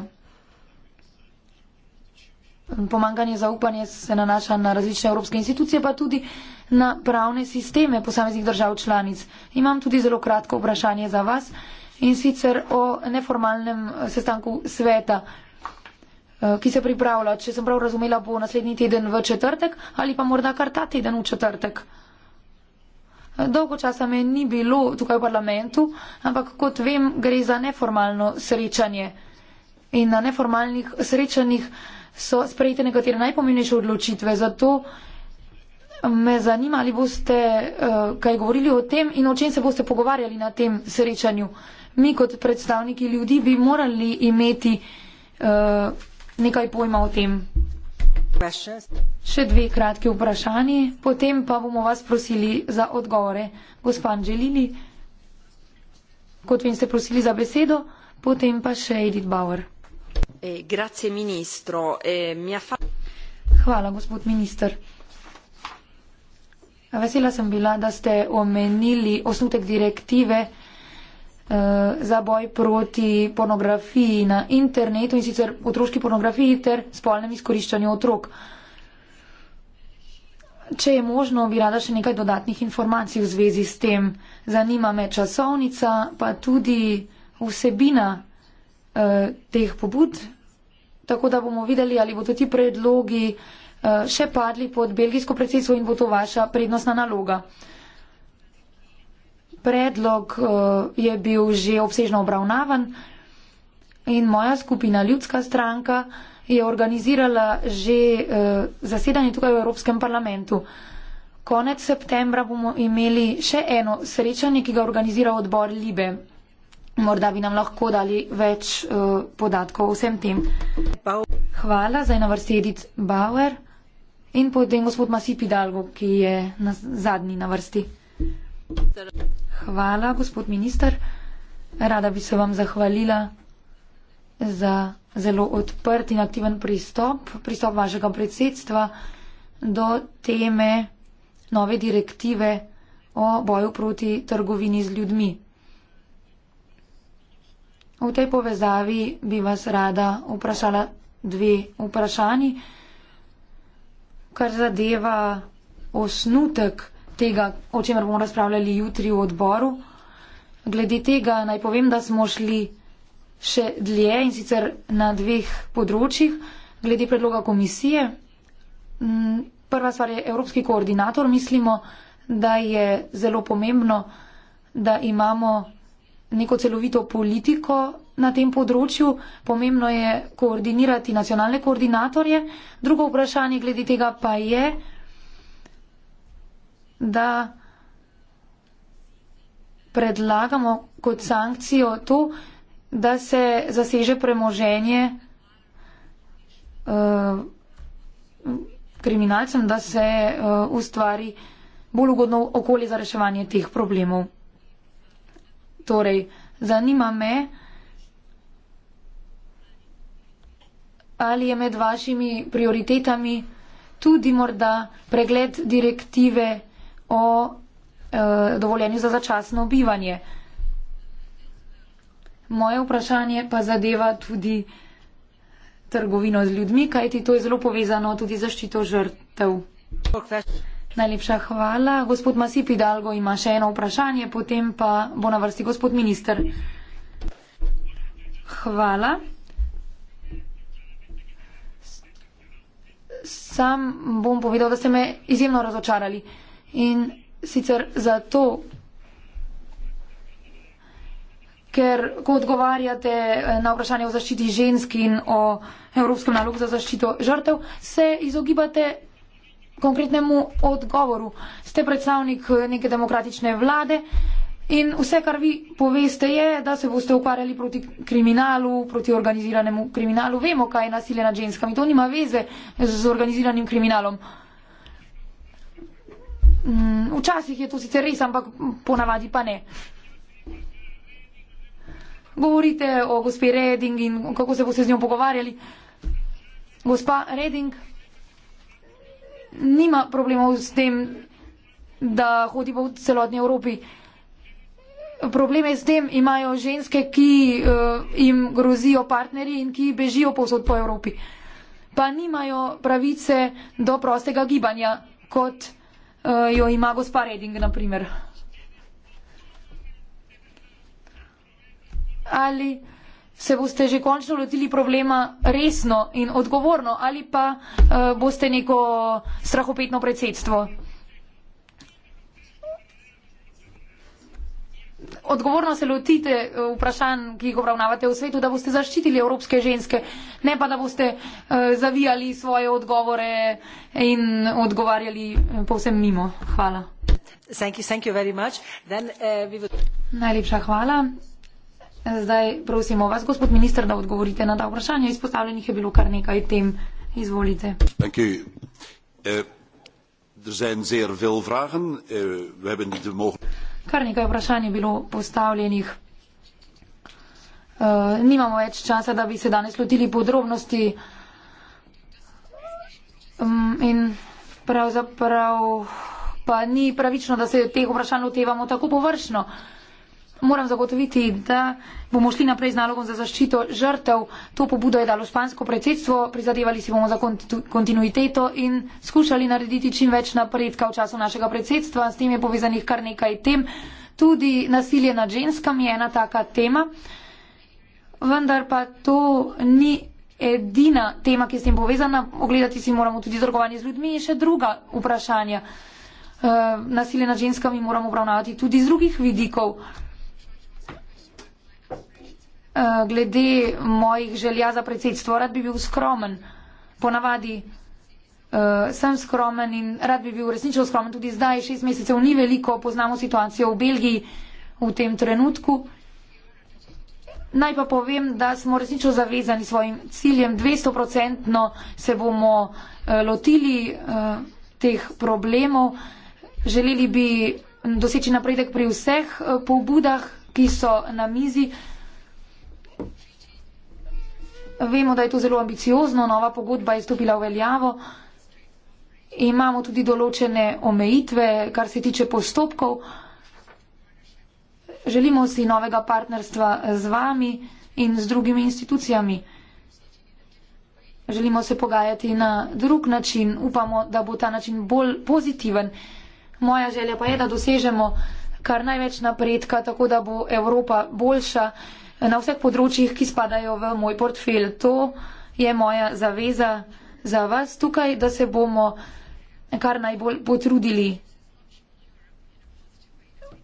Pomankanje zaupanja se nanaša na različne evropske institucije, pa tudi na pravne sisteme posameznih držav članic. Imam tudi zelo kratko vprašanje za vas in sicer o neformalnem sestanku sveta. Eh, ki se pripravlja. Če sem prav razumela, bo naslednji teden v četrtek ali pa morda kar ta teden v četrtek. Eh, dolgo časa me ni bilo tukaj v parlamentu, ampak kot vem, gre za neformalno srečanje. In na neformalnih srečanjih so sprejete nekatere najpomembnejše odločitve. Zato me zanima, ali boste uh, kaj govorili o tem in o čem se boste pogovarjali na tem srečanju. Mi kot predstavniki ljudi bi morali imeti uh, nekaj pojma o tem. Še dve kratki vprašanje, potem pa bomo vas prosili za odgovore. Gospod Anželini, kot vem, ste prosili za besedo, potem pa še Edith Bauer. Eh, grazie, ministro. Eh, Hvala, gospod minister. Vesela sem bila, da ste omenili osnutek direktive Eh, za boj proti pornografiji na internetu in sicer otroški pornografiji ter spolnem izkoriščanju otrok. Če je možno, bi rada še nekaj dodatnih informacij v zvezi s tem. Zanima me časovnica, pa tudi vsebina eh, teh pobud, tako da bomo videli, ali bodo ti predlogi eh, še padli pod belgijsko predsedstvo in bo to vaša prednostna naloga predlog eh, je bil že obsežno obravnavan in moja skupina Ljudska stranka je organizirala že eh, zasedanje tukaj v Evropskem parlamentu. Konec septembra bomo imeli še eno srečanje, ki ga organizira odbor Libe. Morda bi nam lahko dali več uh, podatkov o vsem tem. Hvala za eno vrsti Edith Bauer in potem gospod Masip Hidalgo, ki je na zadnji na vrsti. Hvala, gospod minister. Rada bi se vam zahvalila za zelo odprt in aktiven pristop, pristop vašega predsedstva do teme nove direktive o boju proti trgovini z ljudmi. V tej povezavi bi vas rada vprašala dve vprašanji, kar zadeva osnutek tega, o čemer bomo razpravljali jutri v odboru. Glede tega naj povem, da smo šli še dlje in sicer na dveh področjih. Glede predloga komisije, prva stvar je evropski koordinator. Mislimo, da je zelo pomembno, da imamo neko celovito politiko na tem področju. Pomembno je koordinirati nacionalne koordinatorje. Drugo vprašanje glede tega pa je, da predlagamo kot sankcijo to, da se zaseže premoženje eh, kriminalcem, da se eh, ustvari bolj ugodno okolje za reševanje teh problemov. Torej, zanima me, ali je med vašimi prioritetami tudi morda pregled direktive o uh, dovoljenju za začasno obivanje. Moje vprašanje pa zadeva tudi trgovino z ljudmi, kajti to je zelo povezano tudi zaščito žrtev. Najlepša hvala. Gospod Masip Hidalgo ima še eno vprašanje, potem pa bo na vrsti gospod minister. Hvala. Sam bom povedal, da ste me izjemno razočarali. Uh, In sicer zato, ker ko odgovarjate eh, na vprašanje o zaščiti žensk in o Evropskem nalogu za zaščito žrtev, se izogibate konkretnemu odgovoru. Ste predstavnik eh, neke demokratične vlade in vse, kar vi poveste, je, da se boste ukvarjali proti kriminalu, proti organiziranemu kriminalu. Vemo, kaj je nasilje nad ženskami. To nima veze z organiziranim kriminalom. Mm, včasih je to sicer res, ampak ponavadi pa ne. Govorite o gospe Reding in kako se boste z njo pogovarjali. Gospa Reding nima problemov s tem, da hodi po celotni Evropi. Probleme s tem imajo ženske, ki uh, jim grozijo partnerji in ki bežijo povsod po Evropi. Pa nimajo pravice do prostega gibanja kot uh, jo ima gospa Reding, naprimer. Ali se boste že končno lotili problema resno in odgovorno, ali pa uh, boste neko strahopetno predsedstvo. odgovorno se lotite eh, vprašanj, ki jih obravnavate v svetu, da boste zaščitili evropske ženske, ne pa da boste uh, zavijali svoje odgovore in odgovarjali eh, povsem mimo. Hvala. Thank you, thank you Then, uh, would... Najlepša hvala. Zdaj prosimo vas, gospod minister, da odgovorite na ta vprašanja. Izpostavljenih je bilo kar nekaj tem. Izvolite. Thank you. Uh, er zijn zeer veel vragen. Uh, we hebben niet de mogelijkheid. Kar nekaj vprašanj je bilo postavljenih. E, nimamo več časa, da bi se danes lotili podrobnosti. Mm, in pravzaprav pa ni pravično, da se teh vprašanj lotevamo tako površno moram zagotoviti, da bomo šli naprej z nalogom za zaščito žrtev. To pobudo je dalo špansko predsedstvo, prizadevali si bomo za kontu, kontinuiteto in skušali narediti čim več napredka v času našega predsedstva. S tem je povezanih kar nekaj tem. Tudi nasilje nad ženskami je ena taka tema. Vendar pa to ni edina tema, ki je s tem povezana. Ogledati si moramo tudi trgovanje z ljudmi in še druga vprašanja. Uh, nasilje nad ženskami moramo obravnavati tudi z drugih vidikov. Eh, glede mojih želja za predsedstvo. Rad bi bil skromen. Ponavadi uh, sem skromen in rad bi bil resnično skromen. Tudi zdaj, šest mesecev, ni veliko, poznamo situacijo v Belgiji v tem trenutku. Naj pa povem, da smo resnično zavezani svojim ciljem. 200-procentno se bomo uh, lotili uh, teh problemov. Želeli bi doseči napredek pri vseh uh, pobudah, ki so na mizi. Uh, Vemo, da je to zelo ambiciozno, nova pogodba je stopila v veljavo. Imamo tudi določene omejitve, kar se tiče postopkov. Želimo si novega partnerstva z vami in z drugimi institucijami. Želimo se pogajati na drug način, upamo, da bo ta način bolj pozitiven. Moja želja pa je, da dosežemo kar največ napredka, tako da bo Evropa boljša na vseh področjih, ki spadajo v moj portfel. To je moja zaveza za vas tukaj, da se bomo kar najbolj potrudili.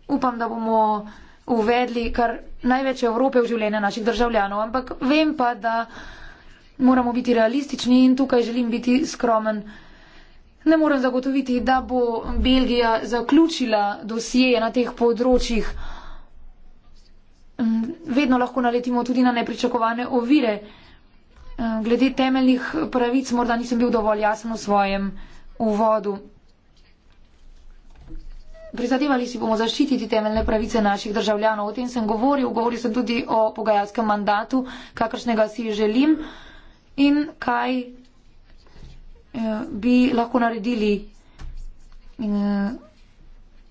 Upam, da bomo uvedli kar največ Evrope v življenje naših državljanov, ampak vem pa, da moramo biti realistični in tukaj želim biti skromen. Ne moram zagotoviti, da bo Belgija zaključila dosije na teh področjih. Mm, vedno lahko naletimo tudi na nepričakovane ovire. Eh, glede temeljnih pravic morda nisem bil dovolj jasen v svojem uvodu. Prizadevali si bomo zaščititi temeljne pravice naših državljanov. O tem sem govoril, govoril sem tudi o pogajalskem mandatu, kakršnega si želim in kaj eh, bi lahko naredili eh,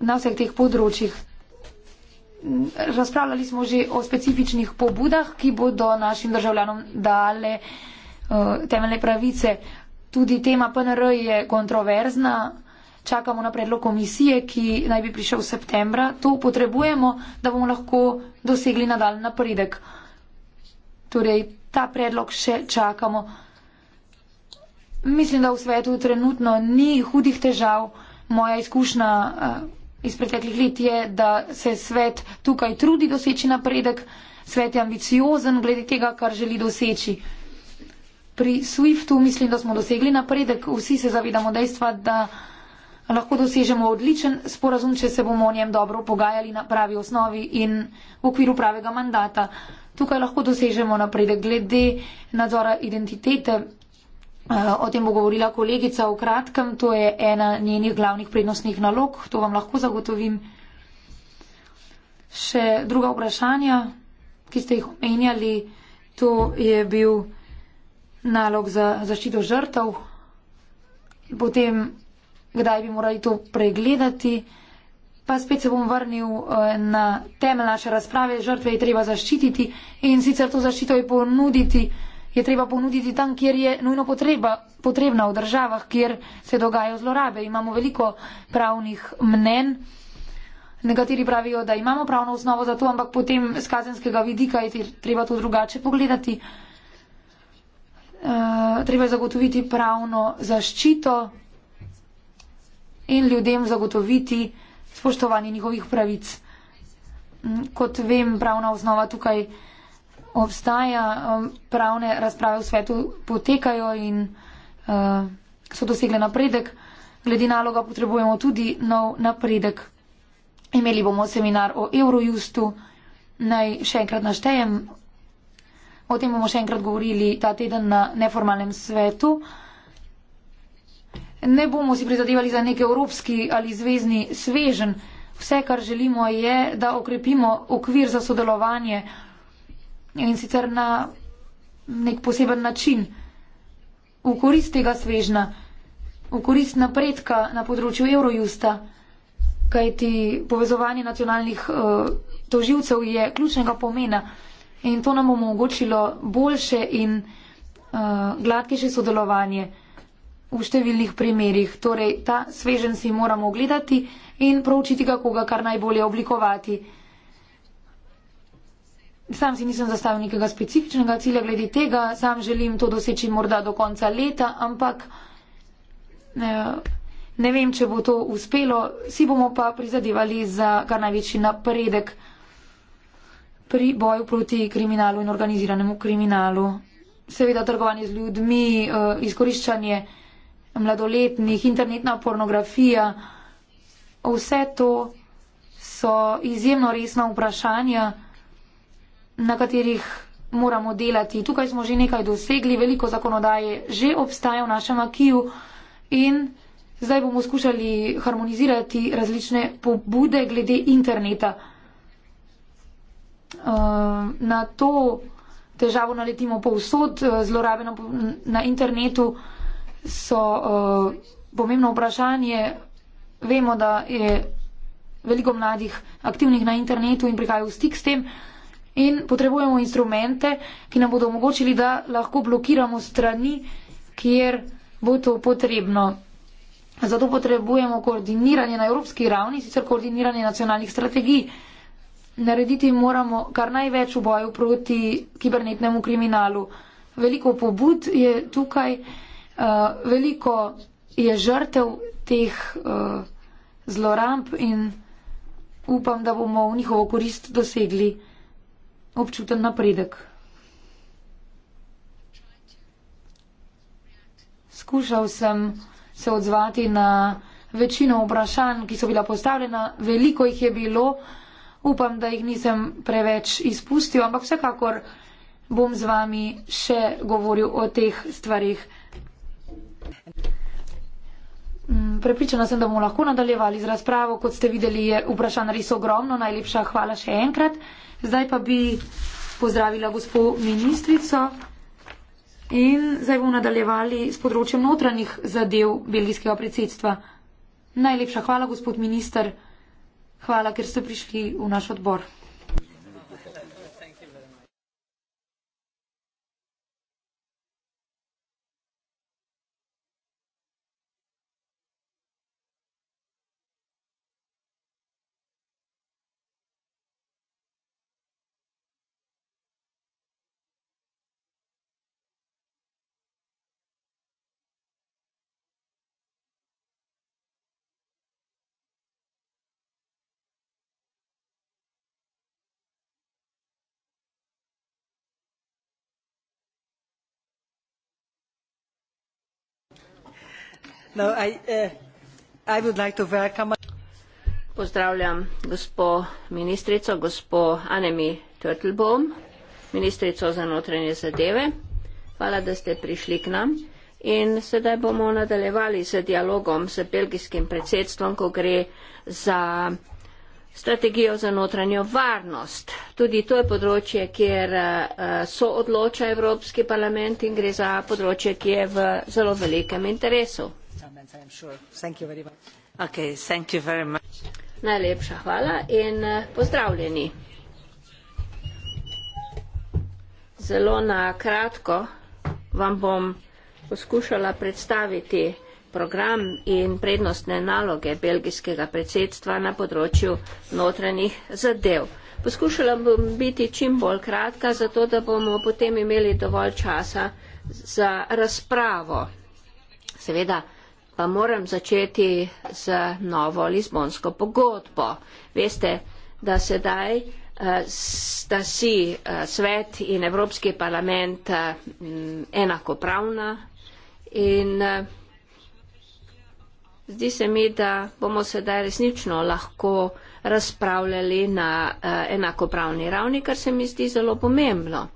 na vseh teh področjih razpravljali smo že o specifičnih pobudah, ki bodo našim državljanom dale eh, temeljne pravice. Tudi tema PNR je kontroverzna. Čakamo na predlog komisije, ki naj bi prišel v septembra. To potrebujemo, da bomo lahko dosegli nadaljni napredek. Torej, ta predlog še čakamo. Mislim, da v svetu trenutno ni hudih težav. Moja izkušnja eh, iz preteklih let je, da se svet tukaj trudi doseči napredek, svet je ambiciozen glede tega, kar želi doseči. Pri SWIFT-u mislim, da smo dosegli napredek, vsi se zavedamo dejstva, da lahko dosežemo odličen sporazum, če se bomo o njem dobro pogajali na pravi osnovi in v okviru pravega mandata. Tukaj lahko dosežemo napredek glede nadzora identitete Eh, o tem bo govorila kolegica v kratkem, to je ena njenih glavnih prednostnih nalog, to vam lahko zagotovim. Še druga vprašanja, ki ste jih omenjali, to je bil nalog za zaščito žrtev, potem kdaj bi morali to pregledati. Pa spet se bom vrnil eh, na temelj naše razprave, žrtve je treba zaščititi in sicer to zaščito je ponuditi je treba ponuditi tam, kjer je nujno potreba, potrebna v državah, kjer se dogajajo zlorabe. Imamo veliko pravnih mnen. Nekateri pravijo, da imamo pravno osnovo za to, ampak potem z kazenskega vidika je treba to drugače pogledati. E, treba je zagotoviti pravno zaščito in ljudem zagotoviti spoštovanje njihovih pravic. Kot vem, pravna osnova tukaj obstaja, um, pravne razprave v svetu potekajo in uh, so dosegle napredek. Glede naloga potrebujemo tudi nov napredek. Imeli bomo seminar o Eurojustu. Naj še enkrat naštejem. O tem bomo še enkrat govorili ta teden na neformalnem svetu. Ne bomo si prizadevali za nek evropski ali zvezdni svežen. Vse, kar želimo, je, da okrepimo okvir za sodelovanje in sicer na nek poseben način, v korist tega svežna, v korist napredka na področju Eurojusta, kajti povezovanje nacionalnih uh, eh, toživcev je ključnega pomena in to nam omogočilo boljše in uh, gladkejše sodelovanje v številnih primerjih. Torej, ta svežen si moramo ogledati in proučiti ga, koga kar najbolje oblikovati. Sam si nisem zastavil nekega specifičnega cilja glede tega, sam želim to doseči morda do konca leta, ampak eh, ne vem, če bo to uspelo. Vsi bomo pa prizadevali za kar največji napredek pri boju proti kriminalu in organiziranemu kriminalu. Seveda trgovanje z ljudmi, eh, izkoriščanje mladoletnih, internetna pornografija, vse to so izjemno resna vprašanja na katerih moramo delati. Tukaj smo že nekaj dosegli, veliko zakonodaje že obstaja v našem akiju in zdaj bomo skušali harmonizirati različne pobude glede interneta. Eh, na to težavo naletimo povsod, eh, zlorabe na internetu so eh, pomembno vprašanje. Vemo, da je veliko mladih aktivnih na internetu in prihajajo v stik s tem in potrebujemo instrumente, ki nam bodo omogočili, da lahko blokiramo strani, kjer bo to potrebno. Zato potrebujemo koordiniranje na evropski ravni, sicer koordiniranje nacionalnih strategij. Narediti moramo kar največ v boju proti kibernetnemu kriminalu. Veliko pobud je tukaj, eh, veliko je žrtev teh eh, zloramb in upam, da bomo v njihovo korist dosegli občuten napredek. Skušal sem se odzvati na večino vprašanj, ki so bila postavljena, veliko jih je bilo, upam, da jih nisem preveč izpustil, ampak vsekakor bom z vami še govoril o teh stvarih. Mm, prepričana sem, da bomo lahko nadaljevali z razpravo, kot ste videli, je vprašanj res ogromno, najlepša hvala še enkrat. Zdaj pa bi pozdravila gospo ministrico in zdaj bomo nadaljevali s področjem notranjih zadev belgijskega predsedstva. Najlepša hvala, gospod minister. Hvala, ker ste prišli v naš odbor. No, uh, pozdravljam gospo ministrico gospo annemie turtelbaum ministrico za notranje zadeve hvala da ste prišli k nam in sedaj bomo nadaljevali z dialogom z belgijskim predsedstvom ko gre za strategijo za notranjo varnost. Tudi to je področje, kjer uh, so odloča Evropski parlament in gre za področje, ki je v zelo velikem interesu najlepša hvala in eh, pozdravljeni zelo na kratko vam bom poskušala predstaviti program in prednostne naloge belgijskega predsedstva na področju notranjih zadev. Poskušala bom biti čim bolj kratka, zato da bomo potem imeli dovolj časa za razpravo. Seveda pa moram začeti z novo Lizbonsko pogodbo. Veste, da sedaj, da eh, si eh, svet in Evropski parlament eh, mm, enakopravna in zdi se mi, da bomo sedaj resnično lahko razpravljali na enakopravni ravni, kar se mi zdi zelo pomembno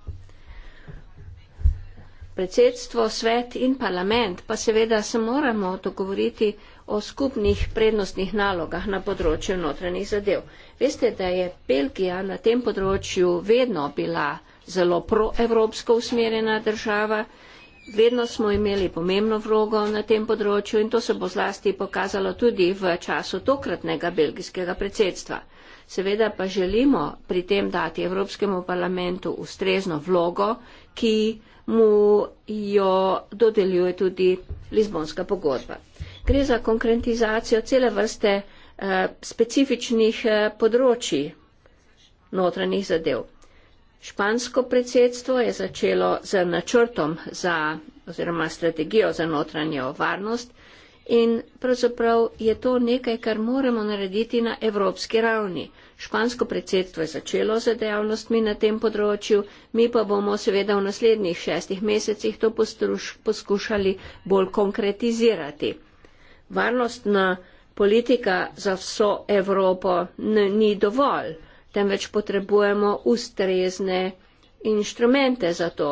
predsedstvo, svet in parlament, pa seveda se moramo dogovoriti o skupnih prednostnih nalogah na področju notranjih zadev. Veste, da je Belgija na tem področju vedno bila zelo proevropsko usmerjena država, vedno smo imeli pomembno vlogo na tem področju in to se bo zlasti pokazalo tudi v času tokratnega belgijskega predsedstva. Seveda pa želimo pri tem dati Evropskemu parlamentu ustrezno vlogo, ki mu jo dodeljuje tudi Lizbonska pogodba. Gre za konkretizacijo cele vrste eh, specifičnih eh, področji notranjih zadev. Špansko predsedstvo je začelo z načrtom za, oziroma strategijo za notranjo varnost, in pravzaprav je to nekaj, kar moramo narediti na evropski ravni. Špansko predsedstvo je začelo z dejavnostmi na tem področju, mi pa bomo seveda v naslednjih šestih mesecih to postruš, poskušali bolj konkretizirati. Varnostna politika za vso Evropo ni dovolj, temveč potrebujemo ustrezne inštrumente za to.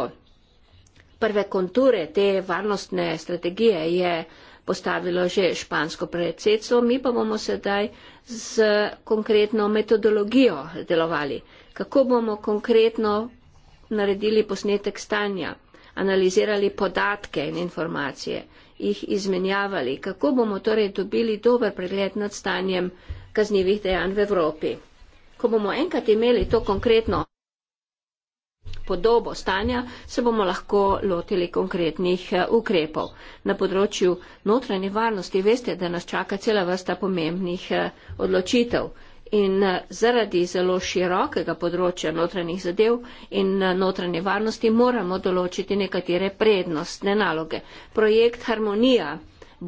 Prve konture te varnostne strategije je postavilo že špansko predsedstvo, mi pa bomo sedaj z konkretno metodologijo delovali. Kako bomo konkretno naredili posnetek stanja, analizirali podatke in informacije, jih izmenjavali, kako bomo torej dobili dober pregled nad stanjem kaznjivih dejanj v Evropi. Ko bomo enkrat imeli to konkretno podobo stanja, se bomo lahko lotili konkretnih eh, ukrepov. Na področju notranje varnosti veste, da nas čaka cela vrsta pomembnih eh, odločitev. In eh, zaradi zelo širokega področja notranjih zadev in notranje varnosti moramo določiti nekatere prednostne naloge. Projekt Harmonija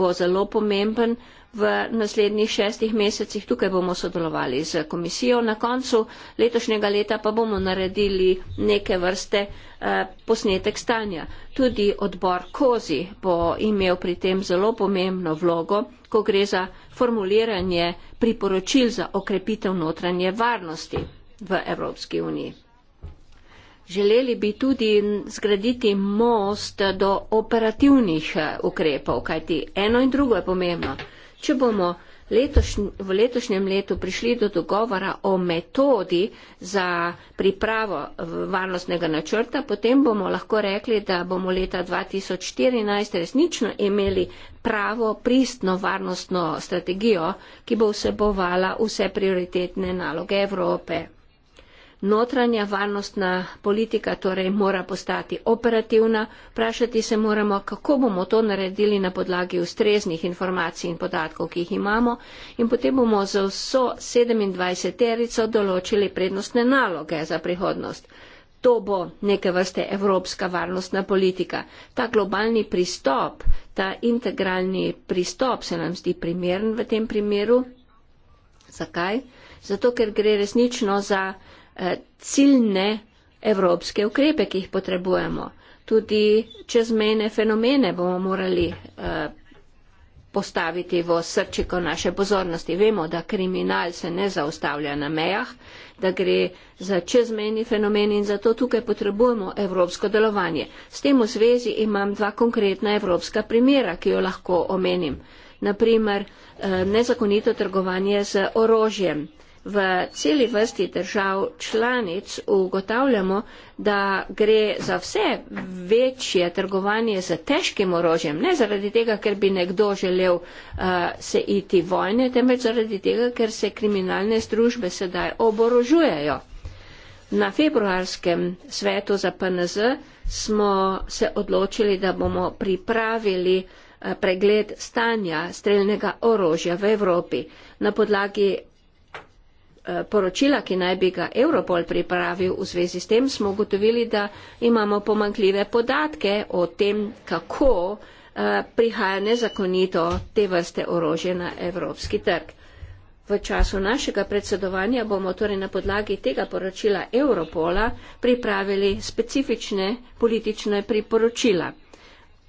bo zelo pomemben, v naslednjih šestih mesecih. Tukaj bomo sodelovali z komisijo. Na koncu letošnjega leta pa bomo naredili neke vrste eh, posnetek stanja. Tudi odbor Kozi bo imel pri tem zelo pomembno vlogo, ko gre za formuliranje priporočil za okrepitev notranje varnosti v Evropski uniji. Želeli bi tudi zgraditi most do operativnih eh, ukrepov, kajti eno in drugo je pomembno. Če bomo letošn, v letošnjem letu prišli do dogovora o metodi za pripravo eh, varnostnega načrta, potem bomo lahko rekli, da bomo leta 2014 resnično imeli pravo pristno varnostno strategijo, ki bo vsebovala vse prioritetne naloge Evrope notranja varnostna politika torej mora postati operativna. Vprašati se moramo, kako bomo to naredili na podlagi ustreznih informacij in podatkov, ki jih imamo in potem bomo za vso 27-terico določili prednostne naloge za prihodnost. To bo neke vrste evropska varnostna politika. Ta globalni pristop, ta integralni pristop se nam zdi primeren v tem primeru. Zakaj? Zato, ker gre resnično za Eh, ciljne evropske ukrepe, ki jih potrebujemo. Tudi čezmejne fenomene bomo morali eh, postaviti v srčiko naše pozornosti. Vemo, da kriminal se ne zaustavlja na mejah, da gre za čezmejni fenomen in zato tukaj potrebujemo evropsko delovanje. S tem v zvezi imam dva konkretna evropska primera, ki jo lahko omenim. Naprimer, eh, nezakonito trgovanje z orožjem v celi vrsti držav članic ugotavljamo, da gre za vse večje trgovanje z težkim orožjem. Ne zaradi tega, ker bi nekdo želel uh, se iti vojne, temveč zaradi tega, ker se kriminalne združbe sedaj oborožujejo. Na februarskem svetu za PNZ smo se odločili, da bomo pripravili uh, pregled stanja streljnega orožja v Evropi. Na podlagi Eh, poročila, ki naj bi ga Europol pripravil v zvezi s tem, smo ugotovili, da imamo pomankljive podatke o tem, kako eh, prihaja nezakonito te vrste orožje na evropski trg. V času našega predsedovanja bomo torej na podlagi tega poročila Europola pripravili specifične politične priporočila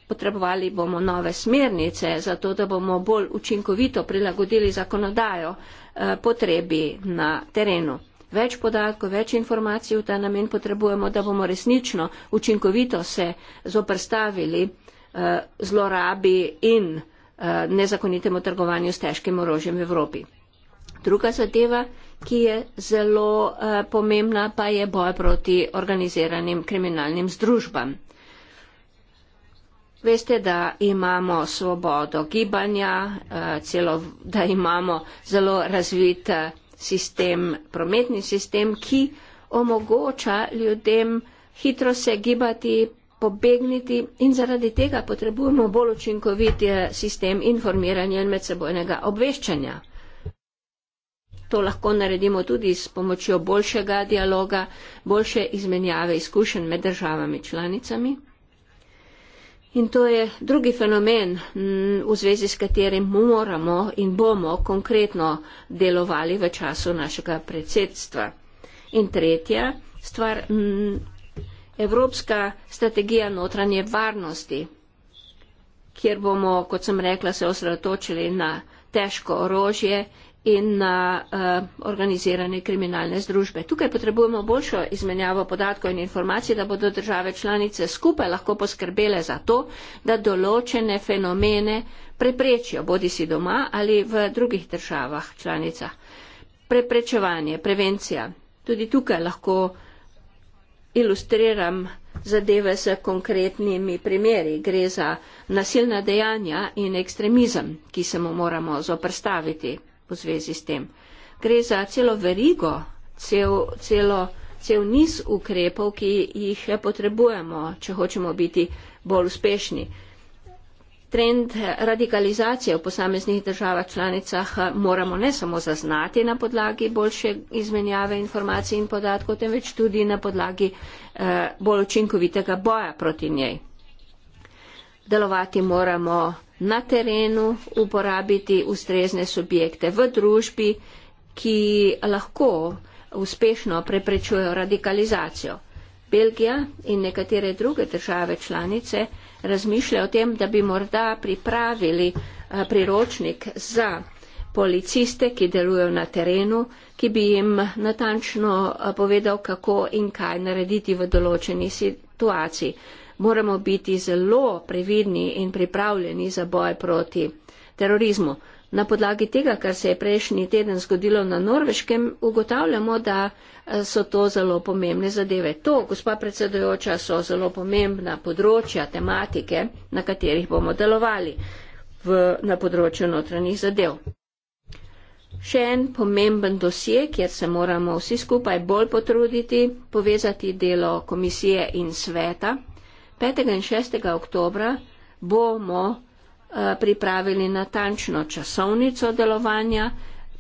potrebovali bomo nove smernice, zato da bomo bolj učinkovito prilagodili zakonodajo eh, potrebi na terenu. Več podatkov, več informacij v ta namen potrebujemo, da bomo resnično učinkovito se zoprstavili eh, zlorabi in eh, nezakonitemu trgovanju s težkim orožjem v Evropi. Druga zadeva, ki je zelo pomembna, pa je boj proti organiziranim kriminalnim združbam. Veste, da imamo svobodo gibanja, eh, celo da imamo zelo razvit eh, sistem, prometni sistem, ki omogoča ljudem hitro se gibati, pobegniti in zaradi tega potrebujemo bolj učinkovit eh, sistem informiranja in medsebojnega obveščanja. To lahko naredimo tudi s pomočjo boljšega dialoga, boljše izmenjave izkušenj med državami članicami. In to je drugi fenomen, mm, v zvezi s katerim moramo in bomo konkretno delovali v času našega predsedstva. In tretja stvar, mm, evropska strategija notranje varnosti, kjer bomo, kot sem rekla, se osredotočili na težko orožje in na uh, organizirane kriminalne združbe. Tukaj potrebujemo boljšo izmenjavo podatkov in informacij, da bodo države članice skupaj lahko poskrbele za to, da določene fenomene preprečijo, bodi si doma ali v drugih državah članicah. Preprečevanje, prevencija. Tudi tukaj lahko ilustriram zadeve s konkretnimi primeri. Gre za nasilna dejanja in ekstremizem, ki se mu moramo zoprstaviti v zvezi s tem. Gre za celo verigo, cel, celo, cel niz ukrepov, ki jih potrebujemo, če hočemo biti bolj uspešni. Trend radikalizacije v posameznih državah članicah eh, moramo ne samo zaznati na podlagi boljše izmenjave informacij in podatkov, temveč tudi na podlagi eh, bolj učinkovitega boja proti njej. Delovati moramo na terenu uporabiti ustrezne subjekte v družbi, ki lahko uspešno preprečujejo radikalizacijo. Belgija in nekatere druge države članice razmišljajo o tem, da bi morda pripravili eh, priročnik za policiste, ki delujejo na terenu, ki bi jim natančno eh, povedal, kako in kaj narediti v določeni situaciji moramo biti zelo previdni in pripravljeni za boj proti terorizmu. Na podlagi tega, kar se je prejšnji teden zgodilo na Norveškem, ugotavljamo, da eh, so to zelo pomembne zadeve. To, gospa predsedojoča, so zelo pomembna področja, tematike, na katerih bomo delovali v, na področju notranjih zadev. Še en pomemben dosje, kjer se moramo vsi skupaj bolj potruditi, povezati delo komisije in sveta, 5. in 6. oktobra bomo eh, pripravili natančno časovnico delovanja,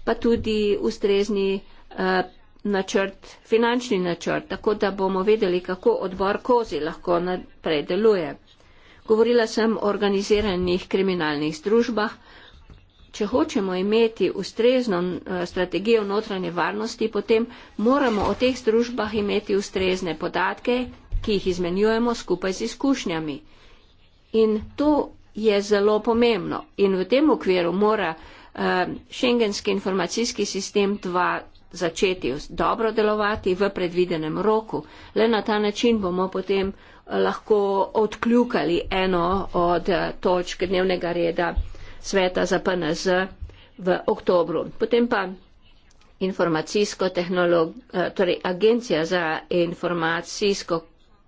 pa tudi ustrezni eh, načrt, finančni načrt, tako da bomo vedeli, kako odbor kozi lahko naprej deluje. Govorila sem o organiziranih kriminalnih združbah. Če hočemo imeti ustrezno eh, strategijo notranje varnosti, potem moramo o teh združbah imeti ustrezne podatke, ki jih izmenjujemo skupaj z izkušnjami. In to je zelo pomembno. In v tem okviru mora eh, šengenski informacijski sistem 2 začeti dobro delovati v predvidenem roku. Le na ta način bomo potem eh, lahko odkljukali eno od eh, točk dnevnega reda sveta za PNZ v oktobru. Potem pa informacijsko tehnologijo, torej agencija za informacijsko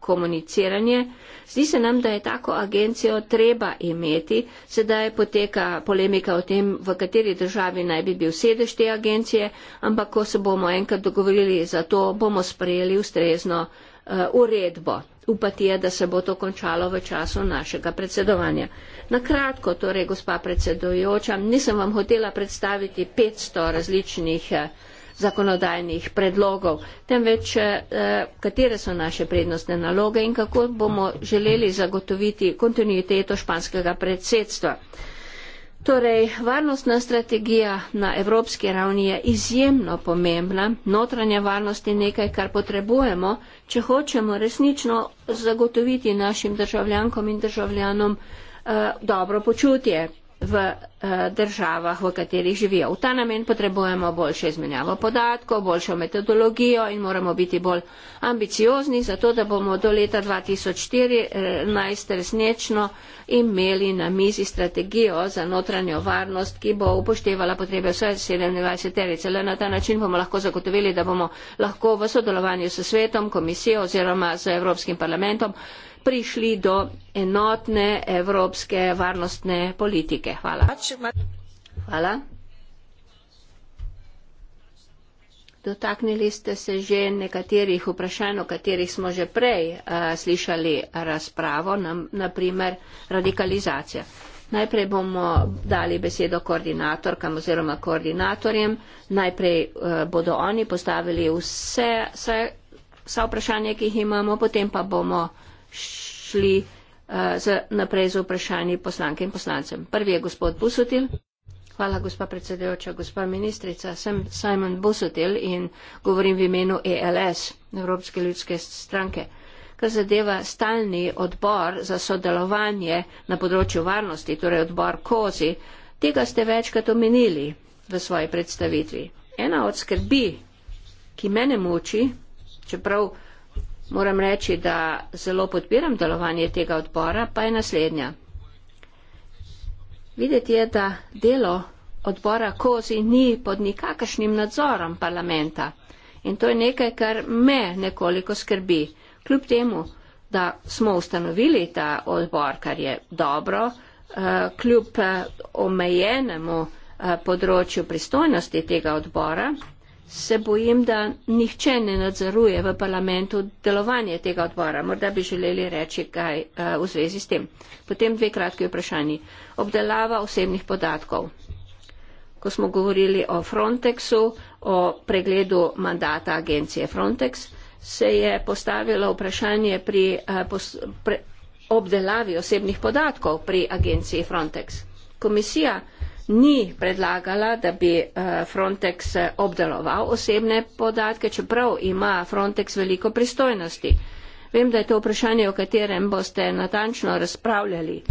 komuniciranje. Zdi se nam, da je tako agencijo treba imeti. Sedaj poteka polemika o tem, v kateri državi naj bi bil sedež te agencije, ampak ko se bomo enkrat dogovorili za to, bomo sprejeli ustrezno uh, uredbo. Upati je, da se bo to končalo v času našega predsedovanja. Na kratko, torej, gospa predsedujoča, nisem vam hotela predstaviti 500 različnih uh, zakonodajnih predlogov, temveč eh, katere so naše prednostne naloge in kako bomo želeli zagotoviti kontinuiteto španskega predsedstva. Torej, varnostna strategija na evropski ravni je izjemno pomembna. Notranja varnost je nekaj, kar potrebujemo, če hočemo resnično zagotoviti našim državljankom in državljanom uh, dobro počutje v eh, državah, v katerih živijo. V ta namen potrebujemo boljšo izmenjavo podatkov, boljšo metodologijo in moramo biti bolj ambiciozni, zato da bomo do leta 2014 resnično imeli na mizi strategijo za notranjo varnost, ki bo upoštevala potrebe vse 27 terice. Le na ta način bomo lahko zagotovili, da bomo lahko v sodelovanju s svetom, komisijo oziroma z Evropskim parlamentom prišli do enotne evropske varnostne politike. Hvala. Hvala. Dotaknili ste se že nekaterih vprašanj, o katerih smo že prej uh, slišali razpravo, naprimer radikalizacija. Najprej bomo dali besedo koordinatorkam oziroma koordinatorjem. Najprej uh, bodo oni postavili vse, vse, vse vprašanje, ki jih imamo, potem pa bomo uh, šli uh, naprej z vprašanji poslanke in poslancem. Prvi je gospod Busutil. Hvala, gospa predsedujoča, gospa ministrica. Sem Simon Busutil in govorim v imenu ELS, Evropske ljudske stranke. Kar zadeva stalni odbor za sodelovanje na področju varnosti, torej odbor Kozi, tega ste večkrat omenili v svoji predstavitvi. Ena od skrbi, ki mene muči, čeprav Moram reči, da zelo podpiram delovanje tega odbora, pa je naslednja. Videti je, da delo odbora Kozi ni pod nikakršnim nadzorom parlamenta in to je nekaj, kar me nekoliko skrbi. Kljub temu, da smo ustanovili ta odbor, kar je dobro, eh, kljub eh, omejenemu eh, področju pristojnosti tega odbora, se bojim, da nihče ne nadzoruje v parlamentu delovanje tega odbora. Morda bi želeli reči kaj uh, v zvezi s tem. Potem dve kratki vprašanji. Obdelava osebnih podatkov. Ko smo govorili o Frontexu, o pregledu mandata agencije Frontex, se je postavilo vprašanje pri uh, pos, pre, obdelavi osebnih podatkov pri agenciji Frontex. Komisija ni predlagala, da bi eh, Frontex eh, obdeloval osebne podatke, čeprav ima Frontex veliko pristojnosti. Vem, da je to vprašanje, o katerem boste natančno razpravljali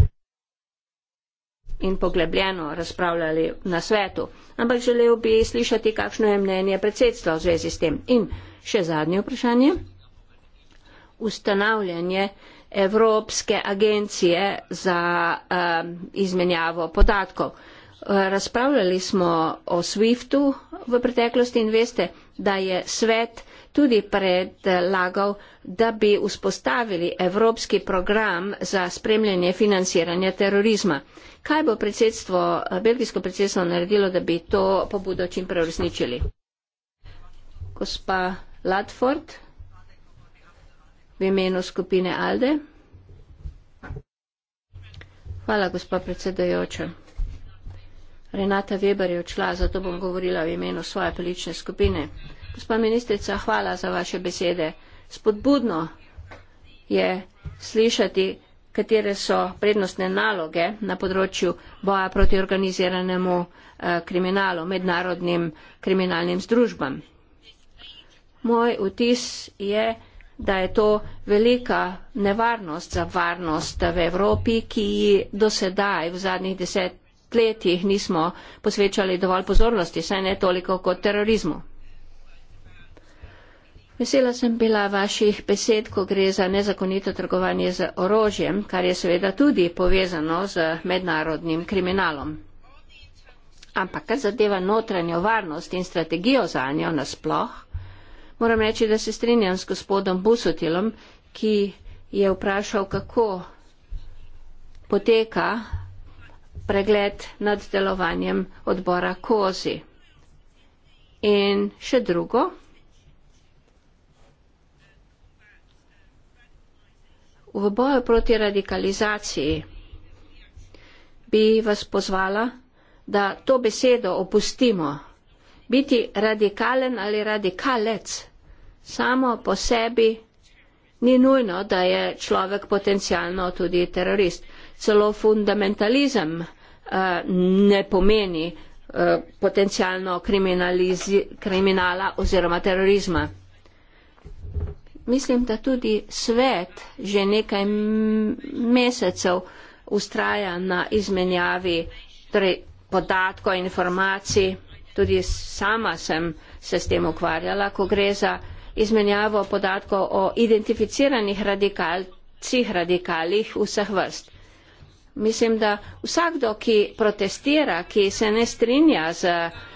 in poglebljeno razpravljali na svetu. Ampak želel bi slišati, kakšno je mnenje predsedstva v zvezi s tem. In še zadnje vprašanje. Ustanavljanje Evropske agencije za um, izmenjavo podatkov. Razpravljali smo o SWIFT-u v preteklosti in veste, da je svet tudi predlagal, da bi vzpostavili evropski program za spremljanje financiranja terorizma. Kaj bo predsedstvo, belgijsko predsedstvo naredilo, da bi to pobudo čim prej uresničili? Gospa Latford v imenu skupine ALDE. Hvala, gospa predsedojoča. Renata Weber je odšla, zato bom govorila v imenu svoje politične skupine. Gospa ministrica, hvala za vaše besede. Spodbudno je slišati, katere so prednostne naloge na področju boja proti organiziranemu eh, kriminalu mednarodnim kriminalnim združbam. Moj vtis je, da je to velika nevarnost za varnost v Evropi, ki ji dosedaj v zadnjih deset desetletjih nismo posvečali dovolj pozornosti, saj ne toliko kot terorizmu. Vesela sem bila vaših besed, ko gre za nezakonito trgovanje z orožjem, kar je seveda tudi povezano z mednarodnim kriminalom. Ampak kar zadeva notranjo varnost in strategijo za njo nasploh, moram reči, da se strinjam s gospodom Busotilom, ki je vprašal, kako poteka pregled nad delovanjem odbora Kozi. In še drugo. V boju proti radikalizaciji bi vas pozvala, da to besedo opustimo. Biti radikalen ali radikalec samo po sebi ni nujno, da je človek potencialno tudi terorist celo fundamentalizem eh, ne pomeni eh, potencijalno kriminala oziroma terorizma. Mislim, da tudi svet že nekaj mesecev ustraja na izmenjavi torej podatkov, informacij. Tudi sama sem se s tem ukvarjala, ko gre za izmenjavo podatkov o identificiranih radikalcih, radikalih vseh vrst. Mislim, da vsakdo, ki protestira, ki se ne strinja z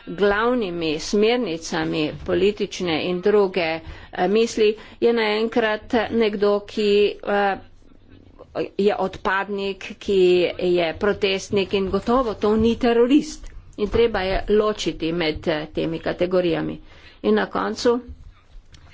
glavnimi smernicami politične in druge eh, misli, je naenkrat nekdo, ki eh, je odpadnik, ki je protestnik in gotovo to ni terorist. In treba je ločiti med eh, temi kategorijami. In na koncu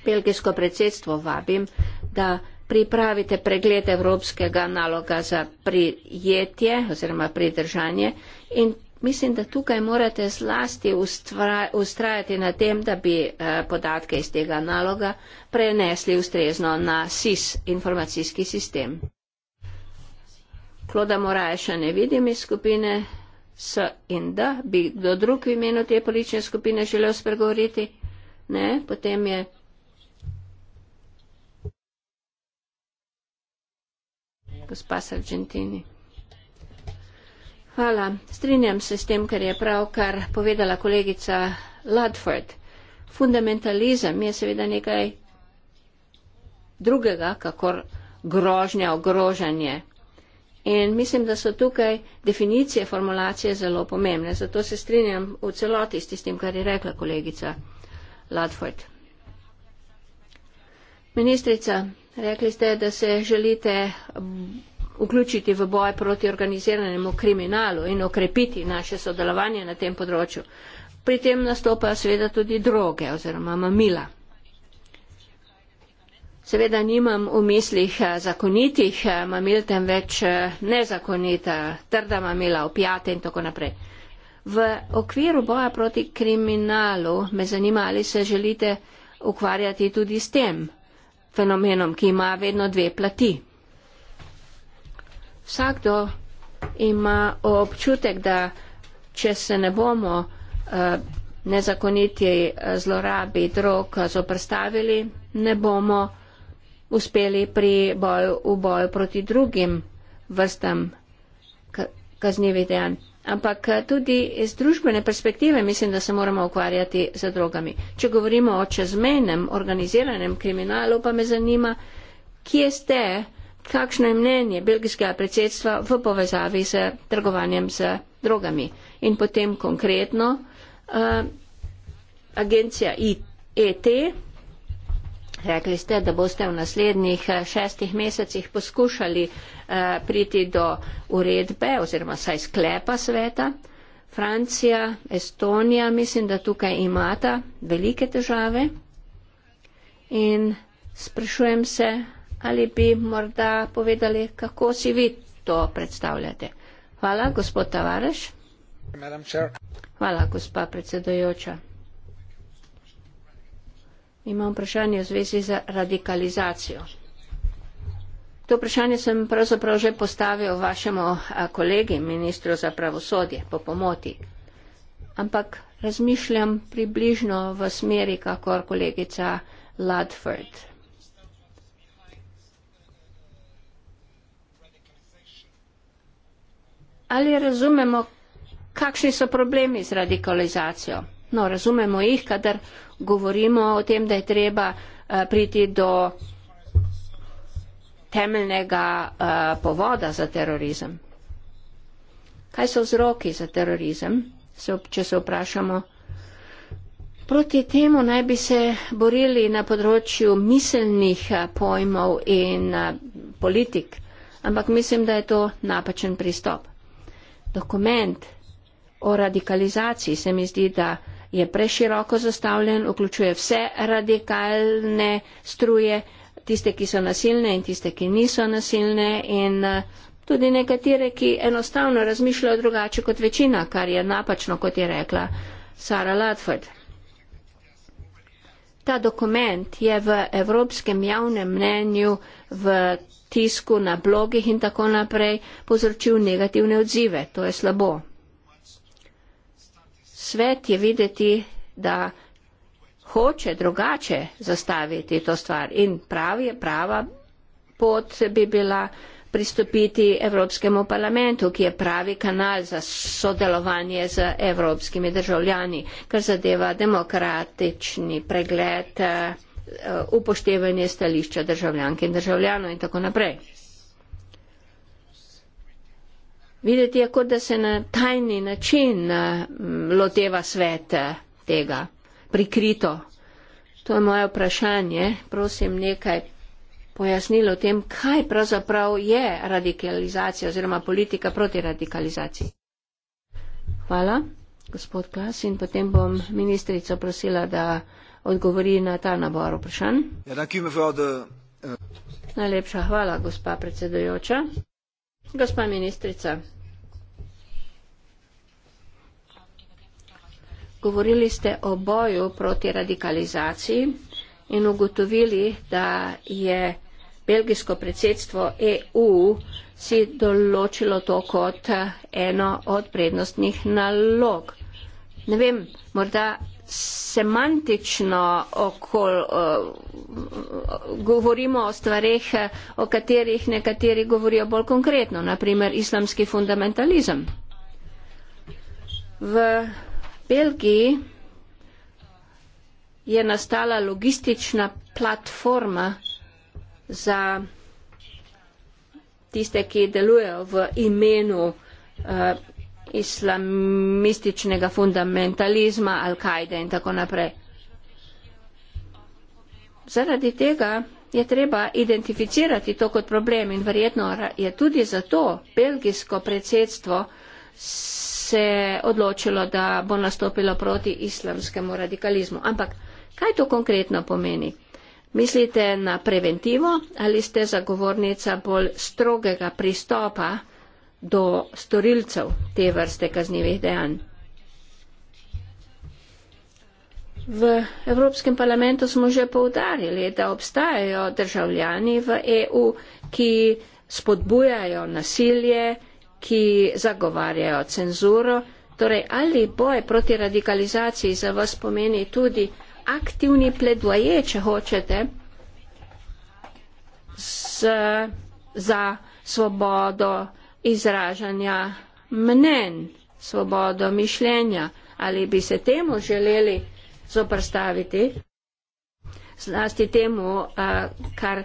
belgijsko predsedstvo vabim, da pripravite pregled evropskega naloga za prijetje oziroma pridržanje in mislim, da tukaj morate zlasti ustra, ustrajati na tem, da bi eh, podatke iz tega naloga prenesli ustrezno na SIS informacijski sistem. Kloda Moraja še ne vidim iz skupine S in D. Bi do drug v imenu te politične skupine želel spregovoriti? Ne, potem je Hvala. Strinjam se s tem, kar je pravkar povedala kolegica Ludford. Fundamentalizem je seveda nekaj drugega, kakor grožnja, ogrožanje. In mislim, da so tukaj definicije, formulacije zelo pomembne. Zato se strinjam v celoti s tistim, kar je rekla kolegica Ludford. Ministrica, rekli ste, da se želite vključiti v boj proti organiziranemu kriminalu in okrepiti naše sodelovanje na tem področju. Pri tem nastopajo seveda tudi droge oziroma mamila. Seveda nimam v mislih eh, zakonitih eh, mamil, temveč eh, nezakonita, trda mamila, opijate in tako naprej. V okviru boja proti kriminalu me zanima, ali se želite ukvarjati tudi s tem fenomenom, ki ima vedno dve plati. Vsakdo ima občutek, da če se ne bomo eh, nezakoniti eh, zlorabi drog zoprstavili, ne bomo uspeli pri boju, boju proti drugim vrstam kaznjivih dejanj ampak eh, tudi iz družbene perspektive mislim, da se moramo ukvarjati z drogami. Če govorimo o čezmenem organiziranem kriminalu, pa me zanima, kje ste, kakšno je mnenje belgijskega predsedstva v povezavi z trgovanjem z drogami. In potem konkretno uh, agencija IT, e Rekli ste, da boste v naslednjih eh, šestih mesecih poskušali eh, priti do uredbe oziroma saj sklepa sveta. Francija, Estonija, mislim, da tukaj imata velike težave. In sprašujem se, ali bi morda povedali, kako si vi to predstavljate. Hvala, gospod Tavareš. Hvala, gospa predsedojoča. Imam vprašanje v zvezi z radikalizacijo. To vprašanje sem pravzaprav že postavil vašemu kolegi, ministru za pravosodje, po pomoti. Ampak razmišljam približno v smeri, kakor kolegica Ludford. Ali razumemo, kakšni so problemi z radikalizacijo? No, razumemo jih, kadar govorimo o tem, da je treba eh, priti do temeljnega eh, povoda za terorizem. Kaj so vzroki za terorizem, če se vprašamo? Proti temu naj bi se borili na področju miselnih eh, pojmov in politik, ampak mislim, da je to napačen pristop. Dokument o radikalizaciji se mi zdi, da je preširoko zastavljen, vključuje vse radikalne struje, tiste, ki so nasilne in tiste, ki niso nasilne in eh, tudi nekatere, ki enostavno razmišljajo drugače kot večina, kar je napačno, kot je rekla Sara Ludford. Ta dokument je v evropskem javnem mnenju, v tisku, na blogih in tako naprej povzročil negativne odzive. To je slabo svet je videti, da hoče drugače zastaviti to stvar in pravi, prava pot bi bila pristopiti Evropskemu parlamentu, ki je pravi kanal za sodelovanje z evropskimi državljani, kar zadeva demokratični pregled, eh, upoštevanje stališča državljank in državljanov in tako naprej. Videti je, kot da se na tajni način eh, loteva svet eh, tega, prikrito. To je moje vprašanje. Prosim, nekaj pojasnilo o tem, kaj pravzaprav je radikalizacija oziroma politika proti radikalizaciji. Hvala, gospod Klas, in potem bom ministrico prosila, da odgovori na ta nabor vprašanj. Ja, eh. Najlepša hvala, gospa predsedujoča govorili ste o boju proti radikalizaciji in ugotovili da je belgijsko predsedstvo EU si določilo to kot eno od prednostnih nalog. Ne vem, morda semantično okol, govorimo o stvarih, o katerih nekateri govorijo bolj konkretno, naprimer islamski fundamentalizem. V Belgiji je nastala logistična platforma za tiste, ki delujejo v imenu eh, islamističnega fundamentalizma, Al-Kaide in tako naprej. Zaradi tega je treba identificirati to kot problem in verjetno je tudi zato belgijsko predsedstvo se odločilo, da bo nastopilo proti islamskemu radikalizmu. Ampak kaj to konkretno pomeni? Mislite na preventivo ali ste zagovornica bolj strogega pristopa? do storilcev te vrste kaznjivih dejanj. V Evropskem parlamentu smo že poudarili, da obstajajo državljani v EU, ki spodbujajo nasilje, ki zagovarjajo cenzuro. Torej, ali boj proti radikalizaciji za vas pomeni tudi aktivni pledvoje, če hočete, z, za svobodo izražanja mnen, svobodo mišljenja. Ali bi se temu želeli zoprstaviti? Zlasti temu, eh, kar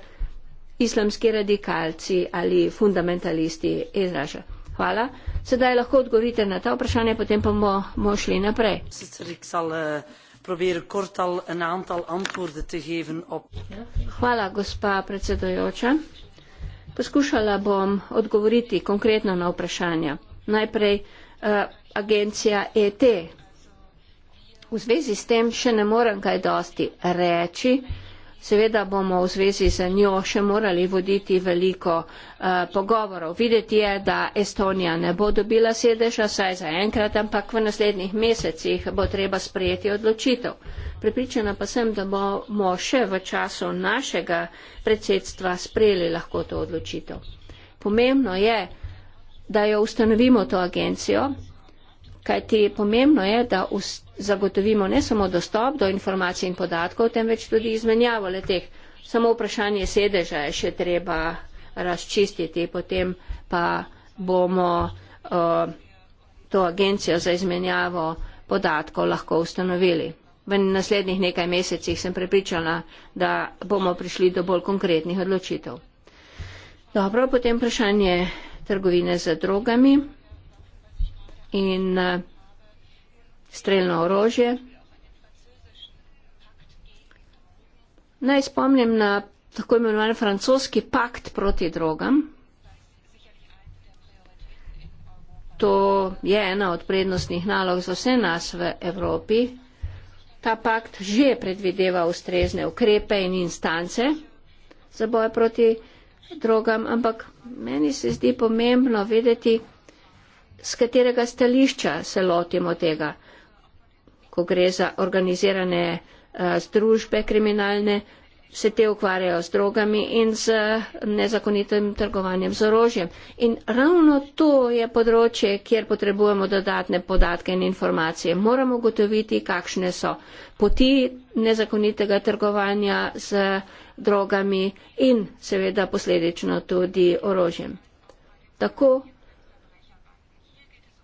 islamski radikalci ali fundamentalisti izražajo. Hvala. Sedaj lahko odgovorite na ta vprašanja, potem pa bomo šli naprej. Eh, Hvala, gospa predsedojoča. Poskušala bom odgovoriti konkretno na vprašanja. Najprej uh, agencija ET. V zvezi s tem še ne morem kaj dosti reči. Uh, Seveda bomo v zvezi z njo še morali voditi veliko uh, pogovorov. Videti je, da Estonija ne bo dobila sedeža, saj za enkrat, ampak v naslednjih mesecih bo treba sprejeti odločitev. Pripričana pa sem, da bomo še v času našega predsedstva sprejeli lahko to odločitev. Pomembno je, da jo ustanovimo to agencijo, Kajti pomembno je, da zagotovimo ne samo dostop do informacij in podatkov, temveč tudi izmenjavo le teh. Samo vprašanje sedeža je še treba razčistiti, potem pa bomo uh, to agencijo za izmenjavo podatkov lahko ustanovili. V naslednjih nekaj mesecih sem prepričana, da bomo prišli do bolj konkretnih odločitev. Dobro, potem vprašanje trgovine z drogami in eh, streljno orožje. Naj spomnim na tako imenovani francoski pakt proti drogam. To je ena od prednostnih nalog za vse nas v Evropi. Ta pakt že predvideva ustrezne ukrepe in instance za boj proti drogam, ampak meni se zdi pomembno vedeti, z katerega stališča se lotimo tega, ko gre za organizirane eh, združbe kriminalne, se te ukvarjajo z drogami in z nezakonitim trgovanjem z orožjem. In ravno to je področje, kjer potrebujemo dodatne podatke in informacije. Moramo gotoviti, kakšne so poti nezakonitega trgovanja z drogami in seveda posledično tudi orožjem. Tako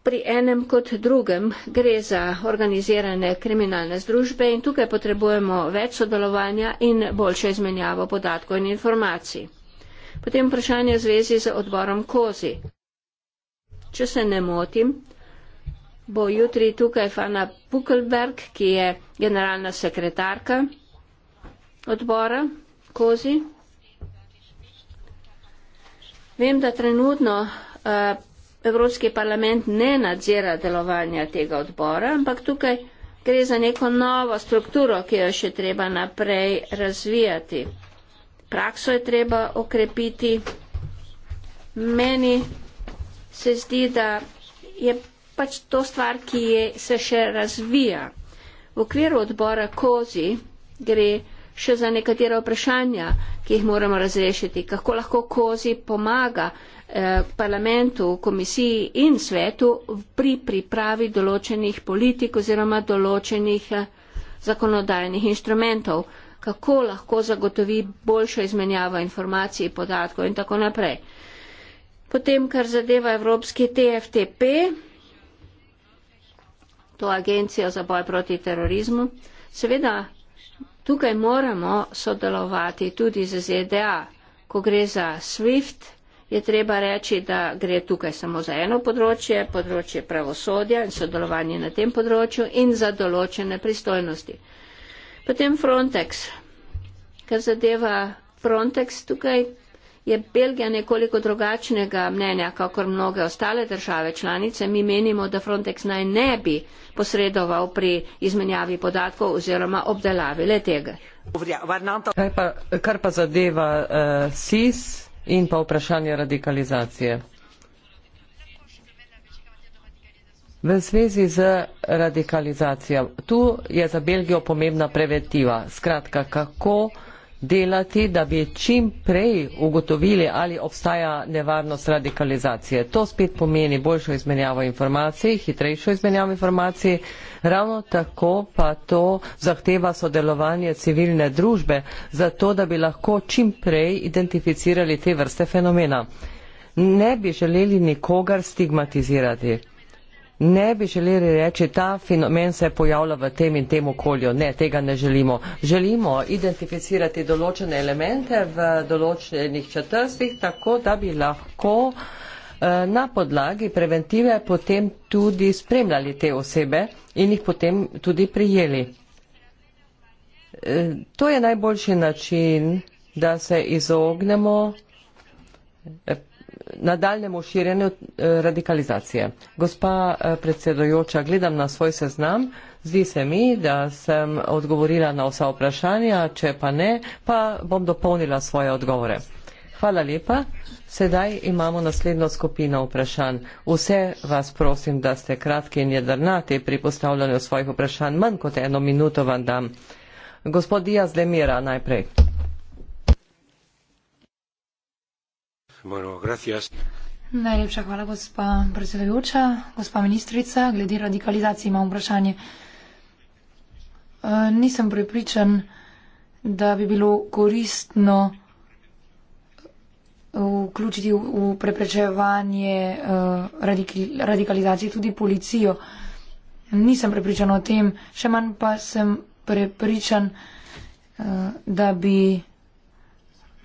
pri enem kot drugem. Gre za organizirane kriminalne združbe in tukaj potrebujemo več sodelovanja in boljšo izmenjavo podatkov in informacij. Potem vprašanje v zvezi z odborom Kozi. Če se ne motim, bo jutri tukaj Fana Pukelberg, ki je generalna sekretarka odbora Kozi. Vem, da trenutno uh, Evropski parlament ne nadzira delovanja tega odbora, ampak tukaj gre za neko novo strukturo, ki jo še treba naprej razvijati. Prakso je treba okrepiti. Meni se zdi, da je pač to stvar, ki je, se še razvija. V okviru odbora Kozi gre še za nekatera vprašanja, ki jih moramo razrešiti. Kako lahko Kozi pomaga? Eh, parlamentu, komisiji in svetu pri pripravi določenih politik oziroma določenih eh, zakonodajnih inštrumentov, kako lahko zagotovi boljšo izmenjavo informacij, podatkov in tako naprej. Potem, kar zadeva Evropski TFTP, to agencijo za boj proti terorizmu, seveda tukaj moramo sodelovati tudi z ZDA, ko gre za SWIFT, je treba reči, da gre tukaj samo za eno področje, področje pravosodja in sodelovanje na tem področju in za določene pristojnosti. Potem Frontex. Kar zadeva Frontex tukaj, je Belgija nekoliko drugačnega mnenja, kakor mnoge ostale države članice. Mi menimo, da Frontex naj ne bi posredoval pri izmenjavi podatkov oziroma obdelavi le tega. Kaj pa, kar pa zadeva uh, SIS, in pa vprašanje radikalizacije. V zvezi z radikalizacijo, tu je za Belgijo pomembna preventiva. Skratka, kako delati da bi čim prej ugotovili ali obstaja nevarnost radikalizacije. To spet pomeni boljšo izmenjavo informacij, hitrejšo izmenjavo informacij, ravno tako pa to zahteva sodelovanje civilne družbe, zato da bi lahko čim prej identificirali te vrste fenomena. Ne bi želeli nikogar stigmatizirati, ne bi želeli reči, ta fenomen se pojavlja v tem in tem okolju. Ne, tega ne želimo. Želimo identificirati določene elemente v določenih četrstih, tako da bi lahko eh, na podlagi preventive potem tudi spremljali te osebe in jih potem tudi prijeli. Eh, to je najboljši način, da se izognemo eh, nadaljnemu širjenju eh, radikalizacije. Gospa eh, predsedojoča, gledam na svoj seznam, zdi se mi, da sem odgovorila na vsa vprašanja, če pa ne, pa bom dopolnila svoje odgovore. Hvala lepa. Sedaj imamo naslednjo skupino vprašanj. Vse vas prosim, da ste kratki in jedrnati pri postavljanju svojih vprašanj. Manj kot eno minuto vam dam. Gospod Diaz Demira najprej. Najlepša hvala, gospa predsedujoča. Gospa ministrica, glede radikalizacije imam vprašanje. Eh, nisem prepričan, da bi bilo koristno eh, vključiti v preprečevanje eh, radikalizacije tudi policijo. Nisem prepričan o tem, še manj pa sem prepričan, da bi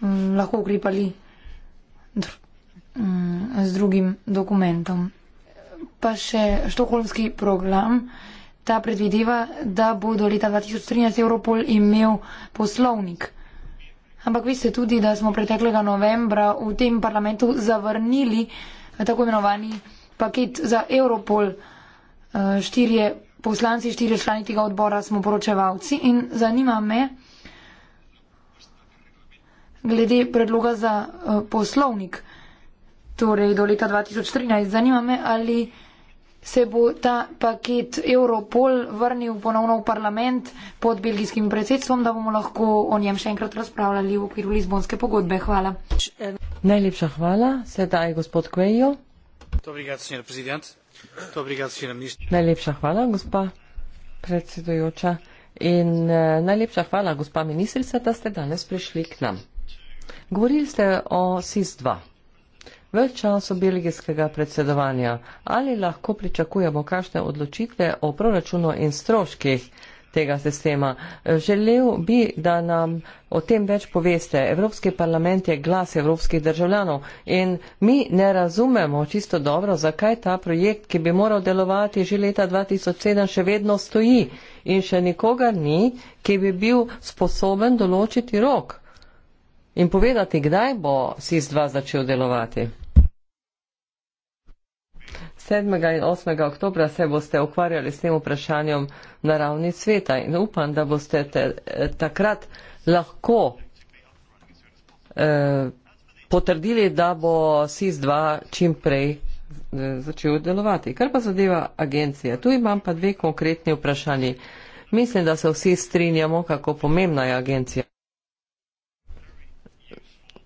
mm, lahko ukrepali mm, z drugim dokumentom. Pa še štokholmski program. Ta predvideva, da bo do leta 2013 Europol imel poslovnik. Ampak vi ste tudi, da smo preteklega novembra v tem parlamentu zavrnili tako imenovani paket za Europol. Eh, štirje poslanci, štirje člani tega odbora smo poročevalci in zanima me glede predloga za eh, poslovnik torej do leta 2014. Zanima me, ali se bo ta paket Europol vrnil ponovno v parlament pod belgijskim predsedstvom, da bomo lahko o njem še enkrat razpravljali v okviru Lizbonske pogodbe. Hvala. Najlepša hvala. Sedaj gospod Kvejo. Najlepša hvala, gospa predsedujoča. In eh, najlepša hvala, gospa ministrica, da ste danes prišli k nam. Govorili ste o SIS-2 v času belgijskega predsedovanja. Ali lahko pričakujemo kakšne odločitve o proračunu in stroških? tega sistema. Želel bi, da nam o tem več poveste. Evropski parlament je glas evropskih državljanov in mi ne razumemo čisto dobro, zakaj ta projekt, ki bi moral delovati že leta 2007, še vedno stoji in še nikoga ni, ki bi bil sposoben določiti rok in povedati, kdaj bo SIS-2 začel delovati. 7. in 8. oktobra se boste ukvarjali s tem vprašanjem na ravni sveta in upam, da boste te, takrat lahko eh, potrdili, da bo SIS-2 čim prej eh, začel delovati. Kar pa zadeva agencije? Tu imam pa dve konkretni vprašanji. Mislim, da se vsi strinjamo, kako pomembna je agencija.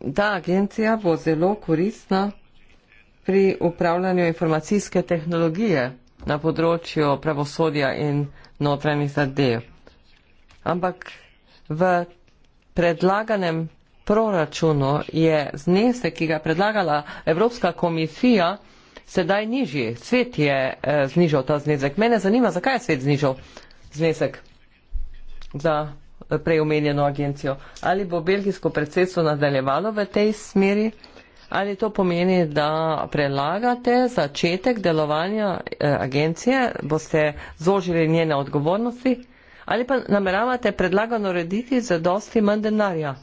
Da, agencija bo zelo koristna pri upravljanju informacijske tehnologije na področju pravosodja in notranjih zadev. Ampak v predlaganem proračunu je znesek, ki ga je predlagala Evropska komisija, sedaj nižji. Svet je eh, znižal ta znesek. Mene zanima, zakaj je svet znižal znesek za prej omenjeno agencijo. Ali bo belgijsko predsedstvo nadaljevalo v tej smeri? Ali to pomeni, da prelagate začetek delovanja eh, agencije, boste zožili njene odgovornosti? Ali pa nameravate predlagano urediti za dosti manj denarja?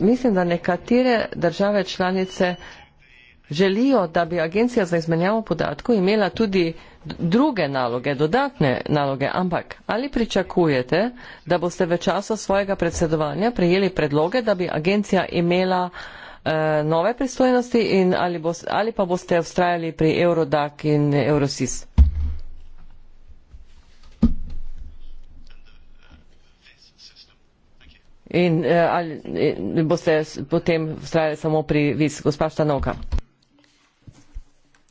Mislim, da nekatere države članice želijo, da bi agencija za izmenjavo podatkov imela tudi druge naloge, dodatne naloge, ampak ali pričakujete, da boste v času svojega predsedovanja prijeli predloge, da bi agencija imela eh, nove pristojnosti in ali, bo, ali pa boste ustrajali pri Eurodac in Eurosis? In, eh, ali, in boste potem vztrajali samo pri vis, gospa Štanovka.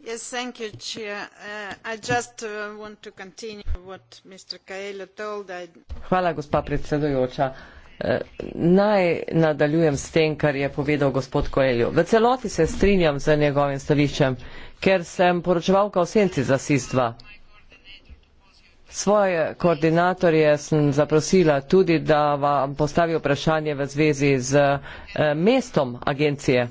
Yes, thank you, Chair. Uh, I just uh, want to continue what Mr. Coelho told. I- Hvala, gospa predsedujoča. Uh, naj nadaljujem s tem, kar je povedal gospod Koeljo. V celoti se strinjam z njegovim stališčem, ker sem poročevalka v senci za sistva. Svoje koordinatorje sem zaprosila tudi, da vam postavi vprašanje v zvezi z mestom agencije.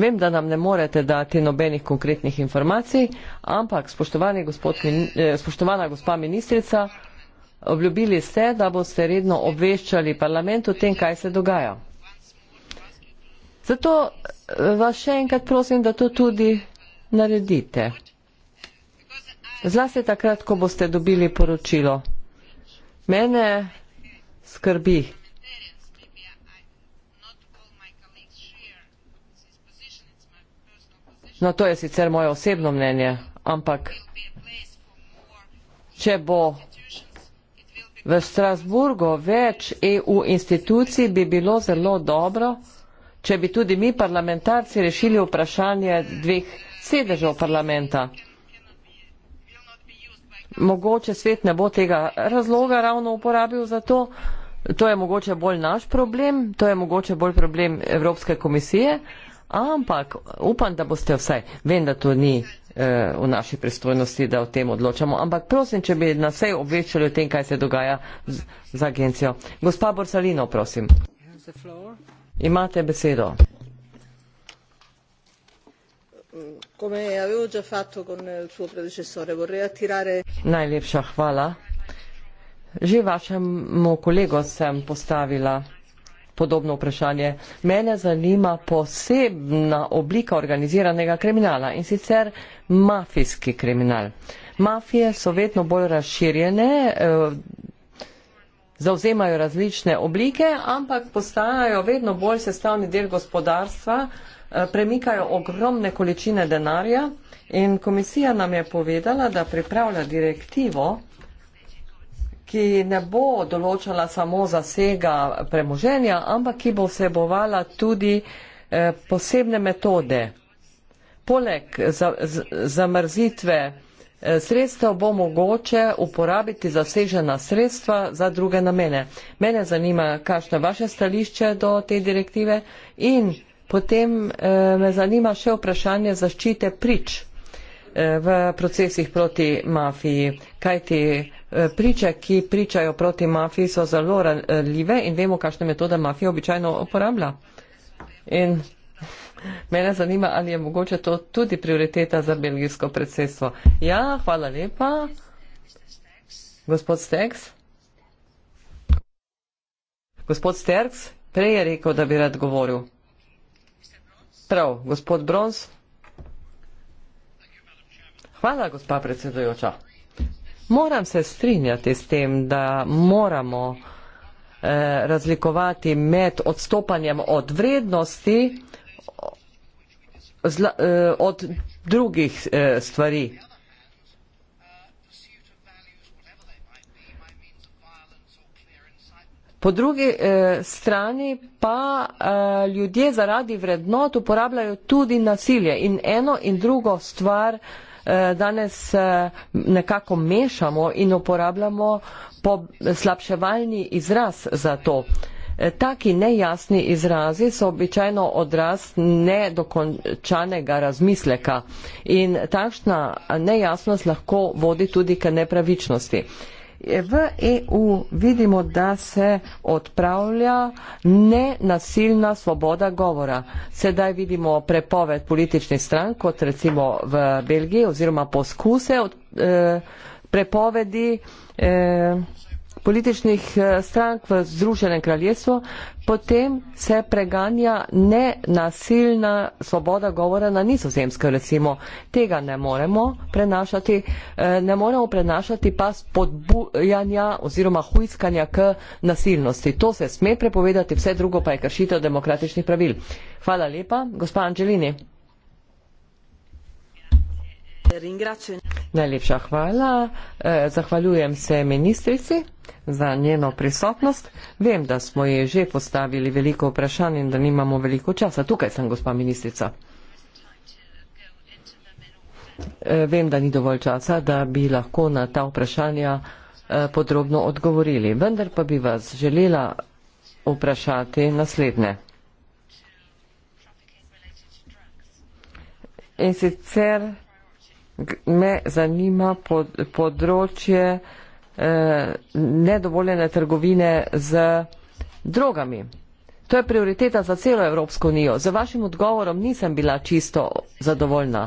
Vem, da nam ne morete dati nobenih konkretnih informacij, ampak eh, spoštovana gospa ministrica, obljubili ste, da boste redno obveščali parlament o tem, kaj se dogaja. Zato eh, vas še enkrat prosim, da to tudi naredite. Zlasti takrat, ko boste dobili poročilo. Mene skrbi, No, to je sicer moje osebno mnenje, ampak če bo v Strasburgu več EU institucij, bi bilo zelo dobro, če bi tudi mi parlamentarci rešili vprašanje dveh sedežev parlamenta. Mogoče svet ne bo tega razloga ravno uporabil za to, to je mogoče bolj naš problem, to je mogoče bolj problem Evropske komisije ampak upam, da boste vsaj, vem, da to ni eh, v naši pristojnosti, da o tem odločamo. Ampak prosim, če bi nas vse obveščali o tem, kaj se dogaja z, z agencijo. Gospa Borsalino, prosim. Imate besedo. Najlepša hvala. Že vašemu kolegu sem postavila podobno vprašanje. Mene zanima posebna oblika organiziranega kriminala in sicer mafijski kriminal. Mafije so vedno bolj razširjene, eh, zauzemajo različne oblike, ampak postajajo vedno bolj sestavni del gospodarstva, eh, premikajo ogromne količine denarja in komisija nam je povedala, da pripravlja direktivo, ki ne bo določala samo zasega premoženja, ampak ki bo vsebovala tudi eh, posebne metode. Poleg zamrzitve eh, sredstev bo mogoče uporabiti zasežena sredstva za druge namene. Mene zanima, kakšno je vaše stališče do te direktive in potem eh, me zanima še vprašanje zaščite prič v procesih proti mafiji, kajti Eh, priče, ki pričajo proti mafiji, so zelo ranljive in vemo, kakšne metode mafija običajno uporablja. In mene zanima, ali je mogoče to tudi prioriteta za belgijsko predsedstvo. Ja, hvala lepa. Gospod Steks. Gospod Sterks, prej je rekel, da bi rad govoril. Prav, gospod Brons. Hvala, gospa predsedujoča. Moram se strinjati s tem, da moramo eh, razlikovati med odstopanjem od vrednosti eh, od drugih eh, stvari. Po drugi strani pa ljudje zaradi vrednot uporabljajo tudi nasilje in eno in drugo stvar vrednosti Eh, danes eh, nekako mešamo in uporabljamo poslabševalni izraz za to. Eh, taki nejasni izrazi so običajno odraz nedokončanega razmisleka in takšna nejasnost lahko vodi tudi k nepravičnosti v EU vidimo, da se odpravlja nenasilna svoboda govora. Sedaj vidimo prepoved političnih strank, kot recimo v Belgiji, oziroma poskuse od, eh, prepovedi. Eh, političnih eh, strank v Združenem kraljestvu, potem se preganja nenasilna svoboda govora na nizozemskem, recimo. Tega ne moremo prenašati, eh, ne moremo prenašati pa spodbujanja oziroma huiskanja k nasilnosti. To se sme prepovedati, vse drugo pa je kršitev demokratičnih pravil. Hvala lepa, gospa Angelini. Najlepša hvala. E, zahvaljujem se ministrici za njeno prisotnost. Vem, da smo je že postavili veliko vprašanj in da nimamo veliko časa. Tukaj sem, gospa ministrica. E, vem, da ni dovolj časa, da bi lahko na ta vprašanja e, podrobno odgovorili. Vendar pa bi vas želela vprašati naslednje. In sicer me zanima pod, področje eh, nedovoljene trgovine z drogami. To je prioriteta za celo Evropsko unijo. Z vašim odgovorom nisem bila čisto zadovoljna.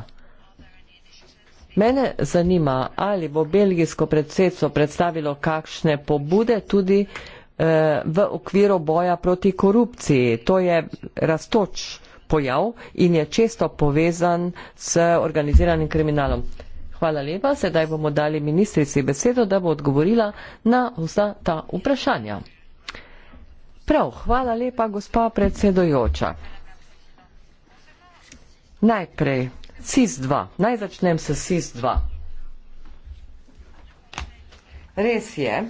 Mene zanima, ali bo belgijsko predsedstvo predstavilo kakšne pobude tudi eh, v okviru boja proti korupciji. To je raztoč pojav in je često povezan s organiziranim kriminalom. Hvala lepa. Sedaj bomo dali ministrici besedo, da bo odgovorila na vsa ta vprašanja. Prav, hvala lepa, gospa predsedojoča. Najprej SIS-2. Naj začnem s SIS-2. Res je,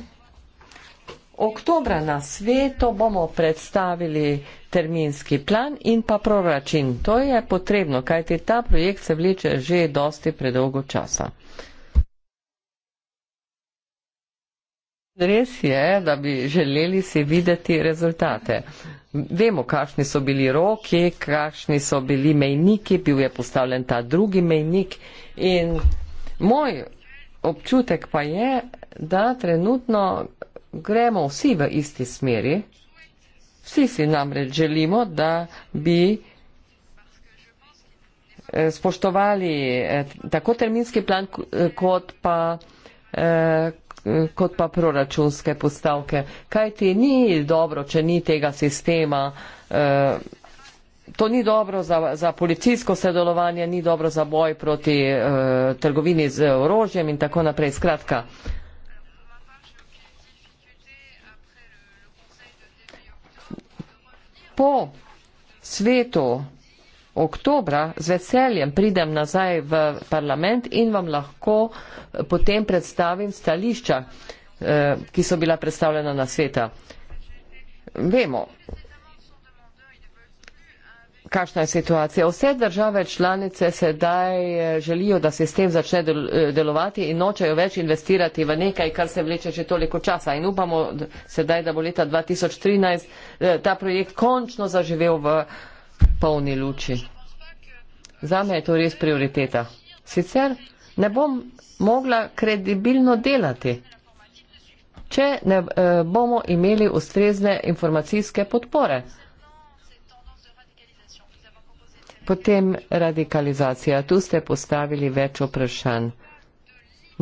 oktobra na svetu bomo predstavili terminski plan in pa proračun. To je potrebno, kajti ta projekt se vleče že dosti predolgo časa. Res je, da bi želeli si videti rezultate. Vemo, kakšni so bili roki, kakšni so bili mejniki, bil je postavljen ta drugi mejnik in moj občutek pa je, da trenutno gremo vsi v isti smeri. Vsi si namreč želimo, da bi eh, spoštovali eh, tako terminski plan, eh, kot pa, kot pa proračunske postavke. Kaj ti ni dobro, če ni tega sistema, to ni dobro za, za policijsko sodelovanje, ni dobro za boj proti trgovini z orožjem in tako naprej. Skratka, po svetu oktobra z veseljem pridem nazaj v parlament in vam lahko eh, potem predstavim stališča, eh, ki so bila predstavljena na sveta. Vemo, kakšna je situacija. Vse države članice sedaj eh, želijo, da sistem začne del, eh, delovati in nočejo več investirati v nekaj, kar se vleče že toliko časa. In upamo sedaj, da bo leta 2013 eh, ta projekt končno zaživel v polni luči. Zame je to res prioriteta. Sicer ne bom mogla kredibilno delati, če ne bomo imeli ustrezne informacijske podpore. Potem radikalizacija. Tu ste postavili več vprašanj.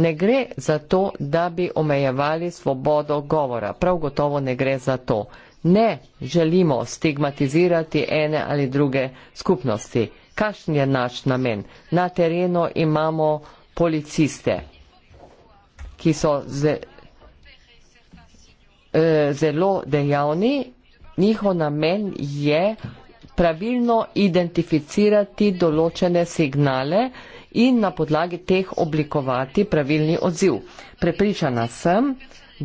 Ne gre za to, da bi omejevali svobodo govora. Prav gotovo ne gre za to. Ne želimo stigmatizirati ene ali druge skupnosti. Kakšen je naš namen? Na terenu imamo policiste, ki so ze, e, zelo dejavni. Njihov namen je pravilno identificirati določene signale in na podlagi teh oblikovati pravilni odziv. Prepričana sem,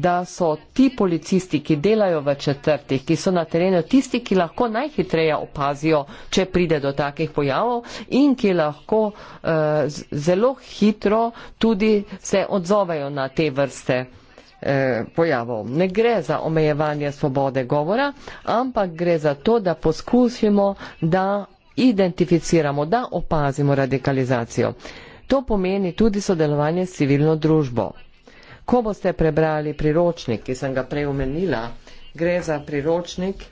da so ti policisti, ki delajo v četrtih, ki so na terenu, tisti, ki lahko najhitreje opazijo, če pride do takih pojavov in ki lahko uh, zelo hitro tudi se odzovejo na te vrste uh, Eh, pojavov. Ne gre za omejevanje svobode govora, ampak gre za to, da poskusimo, da identificiramo, da opazimo radikalizacijo. To pomeni tudi sodelovanje s civilno družbo. Ko boste prebrali priročnik, ki sem ga prej omenila, gre za priročnik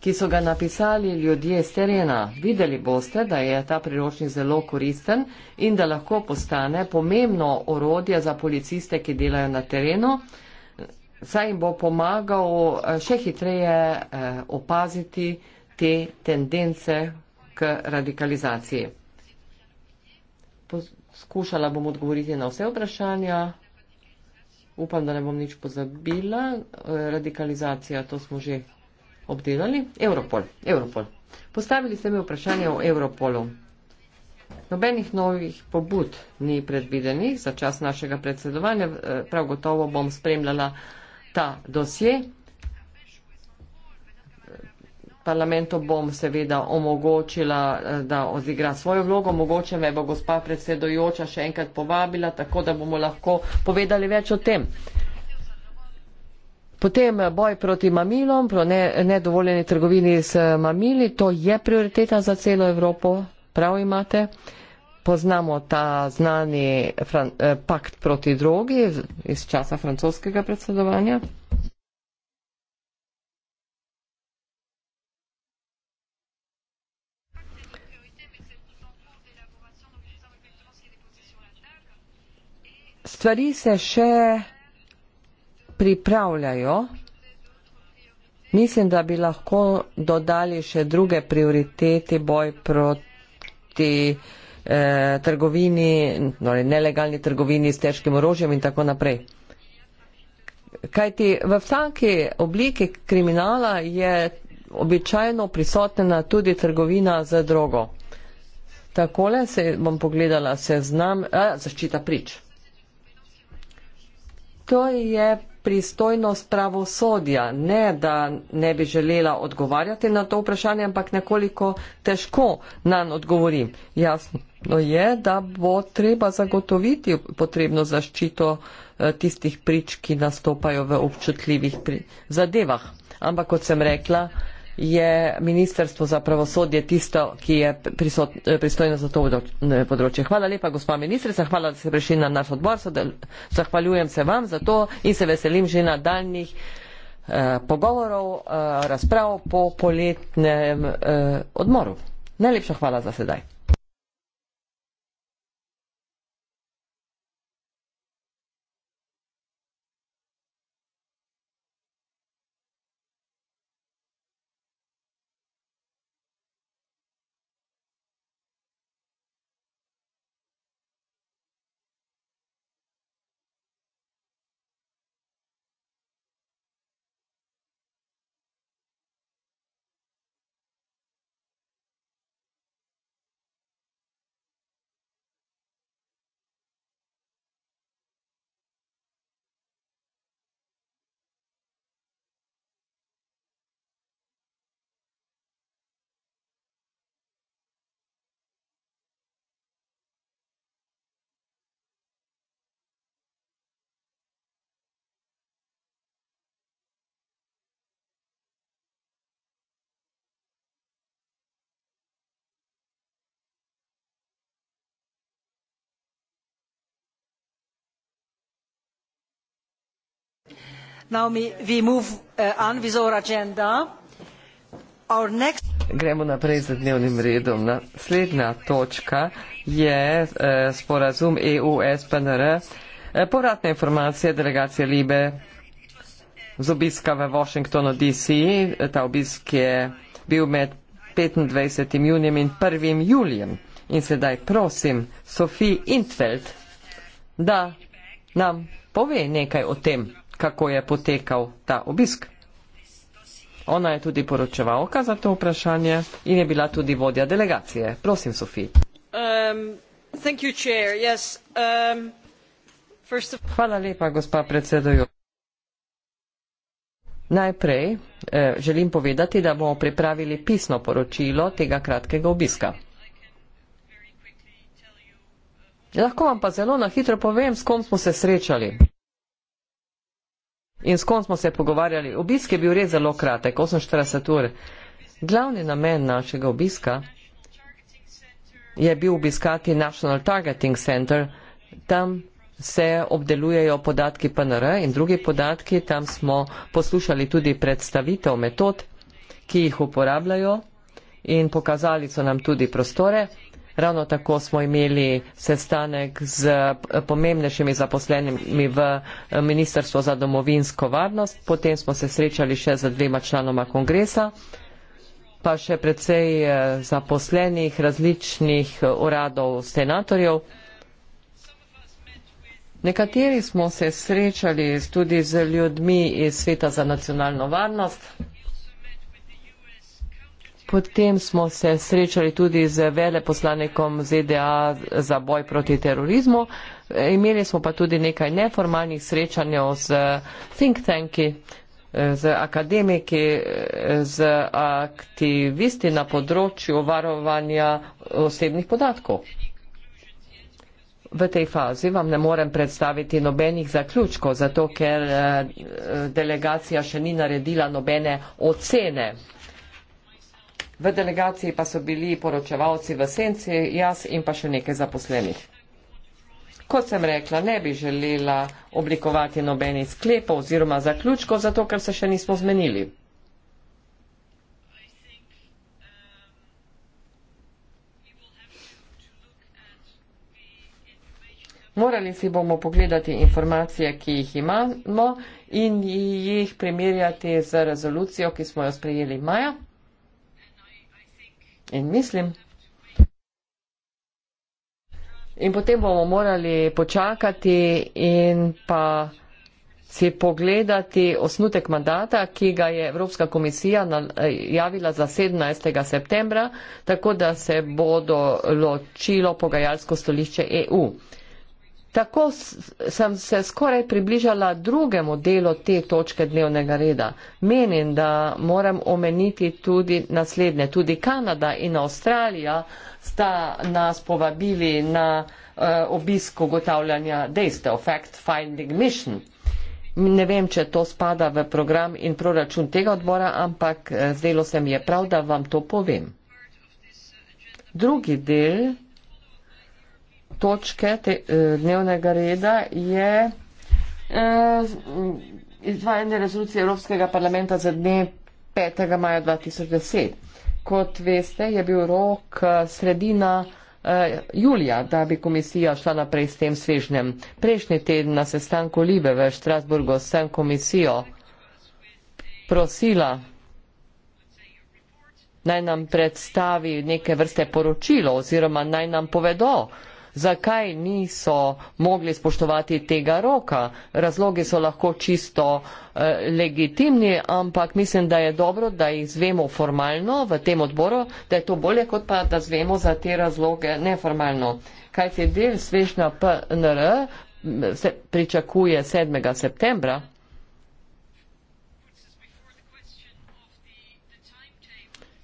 ki so ga napisali ljudje z terena. Videli boste, da je ta priročnik zelo koristen in da lahko postane pomembno orodje za policiste, ki delajo na terenu, saj jim bo pomagal eh, še hitreje eh, opaziti te tendence k radikalizaciji. Skušala bom odgovoriti na vse vprašanja. Upam, da ne bom nič pozabila. Eh, radikalizacija, to smo že obdelali, Europol, Europol. Postavili ste mi vprašanje o Europolu. Nobenih novih pobud ni predvidenih za čas našega predsedovanja, eh, prav gotovo bom spremljala ta dosje. Parlamentu bom seveda omogočila, eh, da odigra svojo vlogo, mogoče me bo gospa predsedojoča še enkrat povabila, tako da bomo lahko povedali več o tem. Potem eh, boj proti mamilom, pro ne, nedovoljeni trgovini z eh, mamili, to je prioriteta za celo Evropo, prav imate. Poznamo ta znani fran, eh, pakt proti drogi iz, iz časa francoskega predsedovanja. Stvari se še pripravljajo. Mislim, da bi lahko dodali še druge prioritete boj proti eh, trgovini, nore, nelegalni trgovini s težkim orožjem in tako naprej. Kajti v vsaki obliki kriminala je običajno prisotna tudi trgovina z drogo. Takole se bom pogledala seznam, a, eh, zaščita prič. To je pristojnost pravosodja. Ne, da ne bi želela odgovarjati na to vprašanje, ampak nekoliko težko nam odgovori. Jasno je, da bo treba zagotoviti potrebno zaščito eh, tistih prič, ki nastopajo v občutljivih zadevah. Ampak, kot sem rekla, je Ministrstvo za pravosodje tisto, ki je prisot, pristojno za to področje. Hvala lepa, gospa ministrica, hvala, da ste prišli na naš odbor. Zahvaljujem se vam za to in se veselim že na daljnih eh, pogovorov, eh, razprav po poletnem eh, odmoru. Najlepša hvala za sedaj. Uh, Gremo naprej z dnevnim redom. Naslednja točka je eh, sporazum EU-SPNR. Eh, poradna informacija delegacije Libe z obiska v Washingtonu DC. Eh, ta obisk je bil med 25. junijem in 1. julijem. In sedaj prosim Sofi Intfeld, da nam pove nekaj o tem kako je potekal ta obisk. Ona je tudi poročevalka za to vprašanje in je bila tudi vodja delegacije. Prosim, Sofi. Um, um Hvala lepa, gospa predsedujoča. Najprej eh, želim povedati, da bomo pripravili pisno poročilo tega kratkega obiska. Lahko vam pa zelo na hitro povem, s kom smo se srečali. In s kom smo se pogovarjali? Obisk je bil res zelo kratek, 48 ur. Glavni namen našega obiska je bil obiskati National Targeting Center. Tam se obdelujejo podatki PNR in drugi podatki. Tam smo poslušali tudi predstavitev metod, ki jih uporabljajo in pokazali so nam tudi prostore. Ravno tako smo imeli sestanek z pomembnejšimi zaposlenimi v Ministrstvo za domovinsko varnost, potem smo se srečali še z dvema članoma kongresa, pa še predvsej eh, zaposlenih različnih uradov senatorjev. Nekateri smo se srečali tudi z ljudmi iz sveta za nacionalno varnost. Potem smo se srečali tudi z veleposlanikom ZDA za boj proti terorizmu. Imeli smo pa tudi nekaj neformalnih srečanj z think tanki, z akademiki, z aktivisti na področju varovanja osebnih podatkov. V tej fazi vam ne morem predstaviti nobenih zaključkov, zato ker eh, delegacija še ni naredila nobene ocene V delegaciji pa so bili poročevalci v senci, jaz in pa še nekaj zaposlenih. Kot sem rekla, ne bi želela oblikovati nobenih sklepov oziroma zaključkov, zato ker se še nismo zmenili. Morali si bomo pogledati informacije, ki jih imamo in jih primerjati z rezolucijo, ki smo jo sprejeli maja. In mislim. In potem bomo morali počakati in pa si pogledati osnutek mandata, ki ga je Evropska komisija javila za 17. septembra, tako da se bodo ločilo pogajalsko stolišče EU. Tako sem se skoraj približala drugemu delu te točke dnevnega reda. Menim, da moram omeniti tudi naslednje. Tudi Kanada in Avstralija sta nas povabili na uh, obisk ugotavljanja dejstev, fact finding mission. Ne vem, če to spada v program in proračun tega odbora, ampak eh, zdelo se mi je prav, da vam to povem. Drugi del točke te, eh, dnevnega reda je eh, izvajanje rezolucije Evropskega parlamenta za dne 5. maja 2010. Kot veste, je bil rok eh, sredina julija, da bi komisija šla naprej s tem svežnjem. Prejšnji teden na sestanku Libe v Štrasburgu sem komisijo prosila, naj nam predstavi neke vrste poročilo oziroma naj nam povedo, zakaj niso mogli spoštovati tega roka. Razlogi so lahko čisto eh, legitimni, ampak mislim, da je dobro, da jih zvemo formalno v tem odboru, da je to bolje, kot pa da zvemo za te razloge neformalno. Kaj se del svežna PNR, se pričakuje 7. septembra,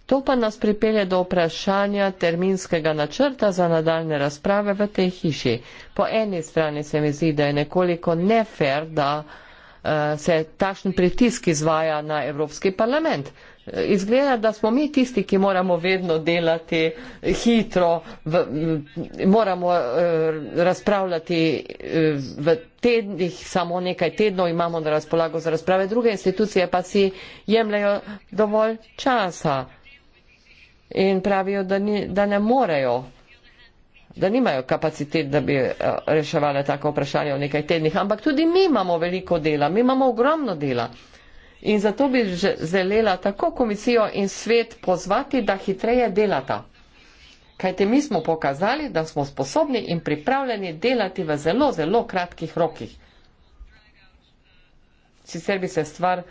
To pa nas pripelje do vprašanja terminskega načrta za nadaljne razprave v tej hiši. Po eni strani se mi zdi, da je nekoliko nefer, da uh, se takšen pritisk izvaja na Evropski parlament. Izgleda, da smo mi tisti, ki moramo vedno delati hitro, v, m, moramo uh, razpravljati uh, v tednih, samo nekaj tednov imamo na razpolago za razprave, druge institucije pa si jemljajo dovolj časa in pravijo, da, ni, da ne morejo, da nimajo kapacitet, da bi eh, reševali tako vprašanje v nekaj tednih. Ampak tudi mi imamo veliko dela, mi imamo ogromno dela. In zato bi želela tako komisijo in svet pozvati, da hitreje delata. Kajte mi smo pokazali, da smo sposobni in pripravljeni delati v zelo, zelo kratkih rokih. Sicer bi se stvar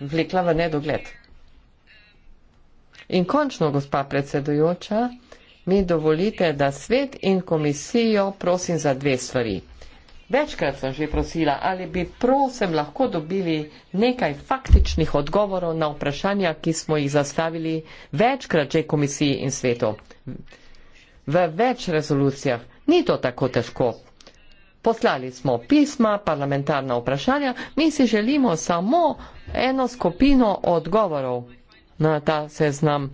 vlekla v nedogled. In končno, gospa predsedujoča, mi dovolite, da svet in komisijo prosim za dve stvari. Večkrat sem že prosila, ali bi prosim lahko dobili nekaj faktičnih odgovorov na vprašanja, ki smo jih zastavili večkrat že komisiji in svetu. V več rezolucijah ni to tako težko. Poslali smo pisma, parlamentarna vprašanja, mi si želimo samo eno skupino odgovorov na ta seznam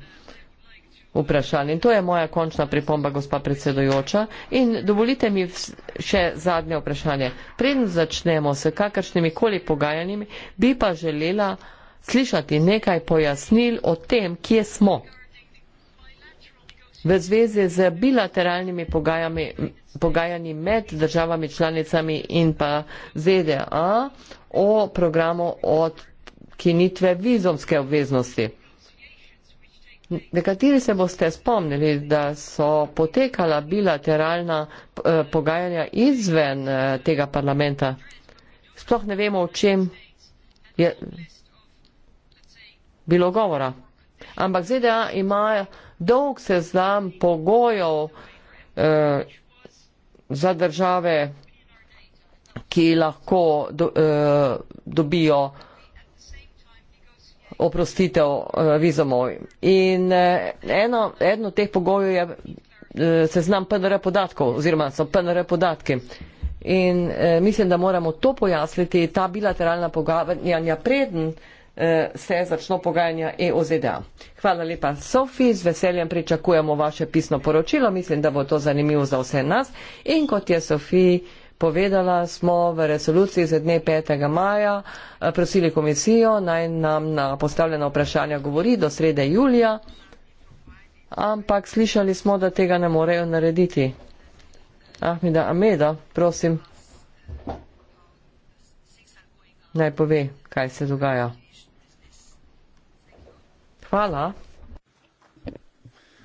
vprašanj. In to je moja končna pripomba, gospa predsedujoča. In dovolite mi še zadnje vprašanje. Preden začnemo s kakršnimi koli pogajanjimi, bi pa želela slišati nekaj pojasnil o tem, kje smo v zvezi z bilateralnimi pogajami, pogajanji med državami članicami in pa ZDA o programu od kinitve vizomske obveznosti. Nekateri se boste spomnili, da so potekala bilateralna eh, pogajanja izven eh, tega parlamenta. Sploh ne vemo, o čem je bilo govora. Ampak ZDA ima dolg seznam pogojev eh, za države, ki lahko do, eh, dobijo oprostitev eh, vizumov. In eh, eno, eno teh pogojev je eh, seznam PNR podatkov oziroma so PNR podatki. In mislim, da moramo to pojasniti, ta bilateralna pogajanja preden se začno pogajanja EU-ZDA. Hvala lepa, Sofi, z veseljem pričakujemo vaše pisno poročilo, mislim, da bo to zanimivo za vse nas. In kot je Sofi, Povedala smo v resoluciji za dne 5. maja, eh, prosili komisijo naj nam na postavljena vprašanja govori do srede julija, ampak slišali smo, da tega ne morejo narediti. Ahmida Ameda, prosim, naj pove, kaj se dogaja. Hvala.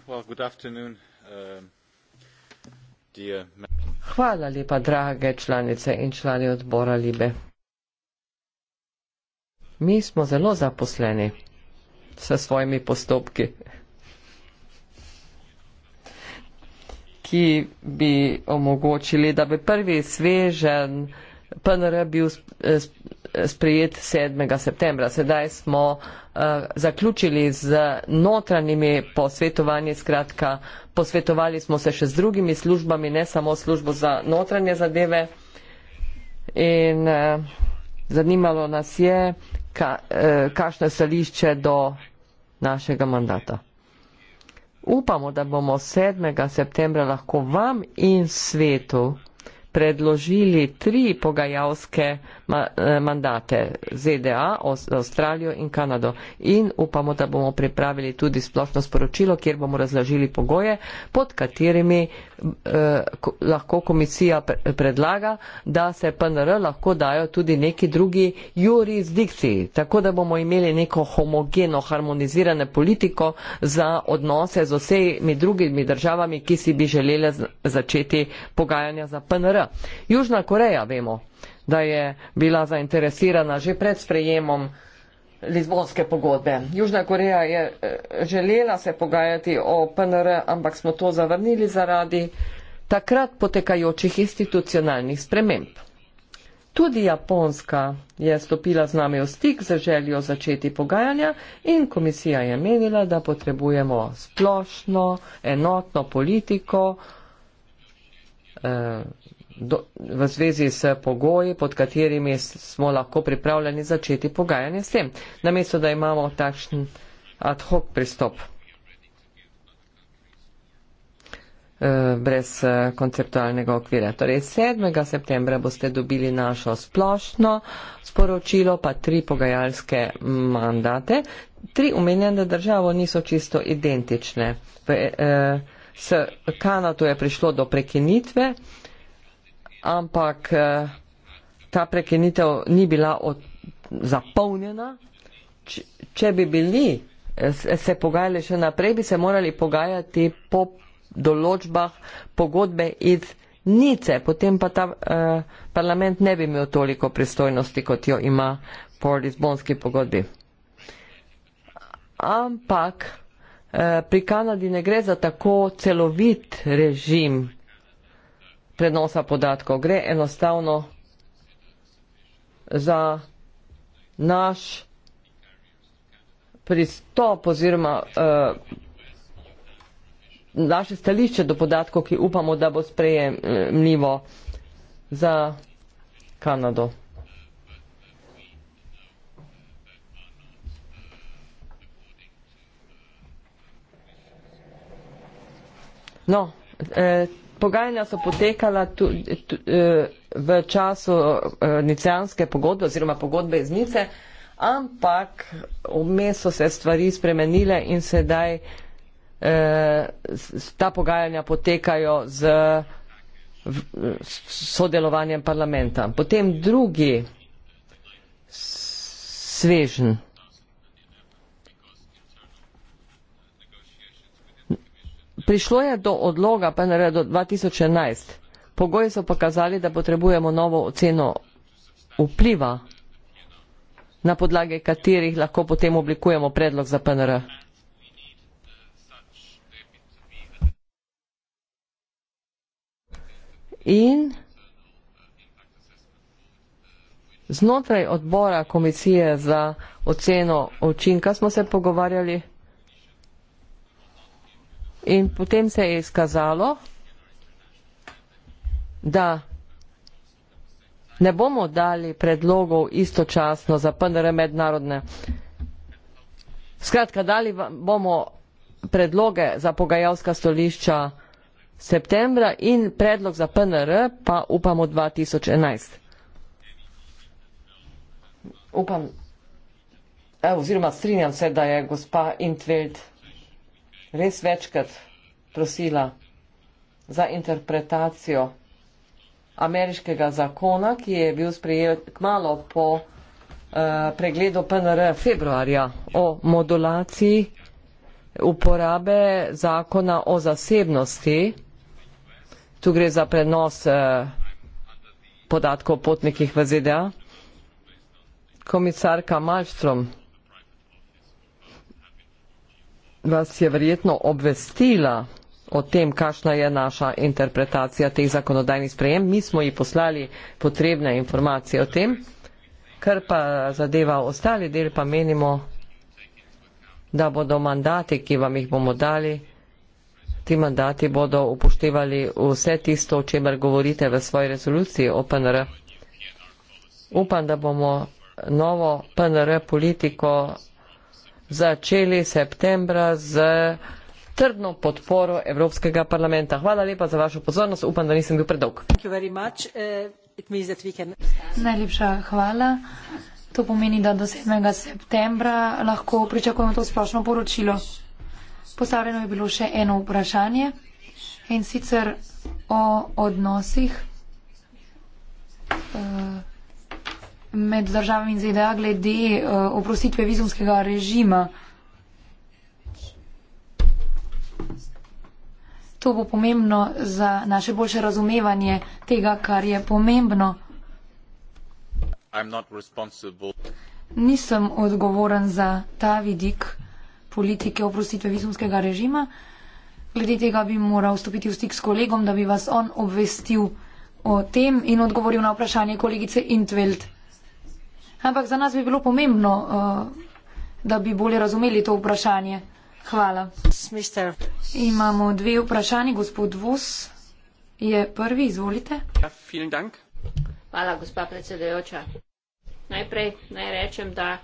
Well, good afternoon, uh, dear... Hvala lepa, drage članice in člani odbora Libe. Mi smo zelo zaposleni s svojimi postopki, ki bi omogočili, da bi prvi svežen PNR bil sp sp sprejet 7. septembra. Sedaj smo uh, zaključili z notranjimi posvetovanji, skratka, posvetovali smo se še z drugimi službami, ne samo službo za notranje zadeve. In uh, zanimalo nas je, ka, uh, kakšno je stališče do našega mandata. Upamo, da bomo 7. septembra lahko vam in svetu predložili tri pogajalske Eh, mandate ZDA, Avstralijo in Kanado. In upamo, da bomo pripravili tudi splošno sporočilo, kjer bomo razložili pogoje, pod katerimi eh, lahko komisija predlaga, da se PNR lahko dajo tudi neki drugi jurisdikciji. Tako da bomo imeli neko homogeno, harmonizirano politiko za odnose z vsemi drugimi državami, ki si bi želeli začeti pogajanja za PNR. Južna Koreja, vemo, da je bila zainteresirana že pred sprejemom Lizbonske pogodbe. Južna Koreja je eh, želela se pogajati o PNR, ampak smo to zavrnili zaradi takrat potekajočih institucionalnih sprememb. Tudi Japonska je stopila z nami v stik za željo začeti pogajanja in komisija je menila, da potrebujemo splošno, enotno politiko. Eh, do, v zvezi s pogoji, pod katerimi smo lahko pripravljeni začeti pogajanje s tem, namesto da imamo takšen ad hoc pristop eh, brez eh, konceptualnega okvira. Torej 7. septembra boste dobili našo splošno sporočilo, pa tri pogajalske mandate. Tri umenjene državo niso čisto identične. Eh, s Kanato je prišlo do prekinitve ampak eh, ta prekinitev ni bila od, zapolnjena. Če, če bi bili eh, se pogajali še naprej, bi se morali pogajati po določbah pogodbe iz Nice, potem pa ta eh, parlament ne bi imel toliko pristojnosti, kot jo ima po Lizbonski pogodbi. Ampak eh, pri Kanadi ne gre za tako celovit režim prenosa podatkov. Gre enostavno za naš pristop oziroma uh, naše stališče do podatkov, ki upamo, da bo sprejemljivo za Kanado. No, eh, Pogajanja so potekala tu, tu, eh, v času eh, nicijanske pogodbe oziroma pogodbe iz Nice, ampak vmes so se stvari spremenile in sedaj eh, ta pogajanja potekajo z sodelovanjem parlamenta. Potem drugi svežen. prišlo je do odloga PNR do 2011. Pogoji so pokazali, da potrebujemo novo oceno vpliva, na podlage katerih lahko potem oblikujemo predlog za PNR. In znotraj odbora komisije za oceno učinka smo se pogovarjali. In potem se je izkazalo, da ne bomo dali predlogov istočasno za PNR mednarodne. Skratka, dali bomo predloge za pogajalska stolišča septembra in predlog za PNR pa upamo 2011. Upam, eh, oziroma strinjam se, da je gospa Intveld res večkrat prosila za interpretacijo ameriškega zakona, ki je bil sprejet kmalo po uh, pregledu PNR februarja o modulaciji uporabe zakona o zasebnosti. Tu gre za prenos uh, podatkov o potnikih v ZDA. Komisarka Malmström vas je verjetno obvestila o tem, kakšna je naša interpretacija teh zakonodajnih sprejem. Mi smo ji poslali potrebne informacije o tem, kar pa zadeva ostali del, pa menimo, da bodo mandati, ki vam jih bomo dali, ti mandati bodo upoštevali vse tisto, o čemer govorite v svoji rezoluciji o PNR. Upam, da bomo novo PNR politiko začeli septembra z trdno podporo Evropskega parlamenta. Hvala lepa za vašo pozornost. Upam, da nisem bil predolg. Uh, Najlepša hvala. To pomeni, da do 7. septembra lahko pričakujemo to splošno poročilo. Postavljeno je bilo še eno vprašanje in sicer o odnosih. Uh, med državami in ZDA glede uh, oprostitve vizumskega režima. To bo pomembno za naše boljše razumevanje tega, kar je pomembno. Nisem odgovoren za ta vidik politike oprostitve vizumskega režima. Glede tega bi moral stopiti v stik s kolegom, da bi vas on obvestil o tem in odgovoril na vprašanje kolegice Intveld. Ampak za nas bi bilo pomembno, uh, da bi bolje razumeli to vprašanje. Hvala. Mister. Imamo dve vprašanje. Gospod Vos je prvi, izvolite. Ja, dank. Hvala, gospa predsedajoča. Najprej naj rečem, da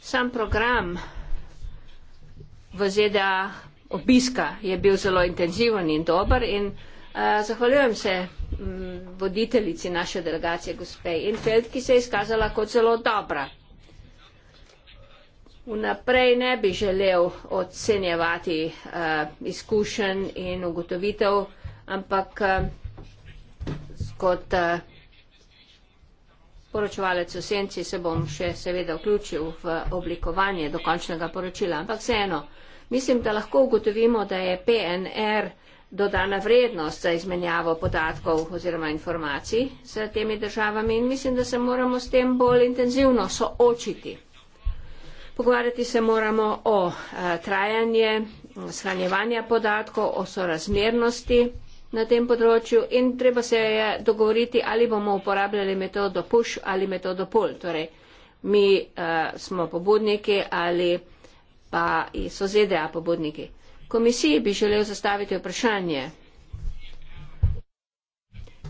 sam program v ZDA obiska je bil zelo intenziven in dober in uh, zahvaljujem se Mm, voditeljici naše delegacije, gospe Infeld, ki se je izkazala kot zelo dobra. Vnaprej ne bi želel ocenjevati uh, izkušenj in ugotovitev, ampak uh, kot uh, poročevalec v senci se bom še seveda vključil v oblikovanje dokončnega poročila. Ampak vseeno, mislim, da lahko ugotovimo, da je PNR dodana vrednost za izmenjavo podatkov oziroma informacij z temi državami in mislim, da se moramo s tem bolj intenzivno soočiti. Pogovarjati se moramo o eh, trajanje, shranjevanje podatkov, o sorazmernosti na tem področju in treba se je dogovoriti, ali bomo uporabljali metodo push ali metodo pull. Torej, mi uh, smo pobudniki ali pa so ZDA pobudniki komisiji bi želel zastaviti vprašanje.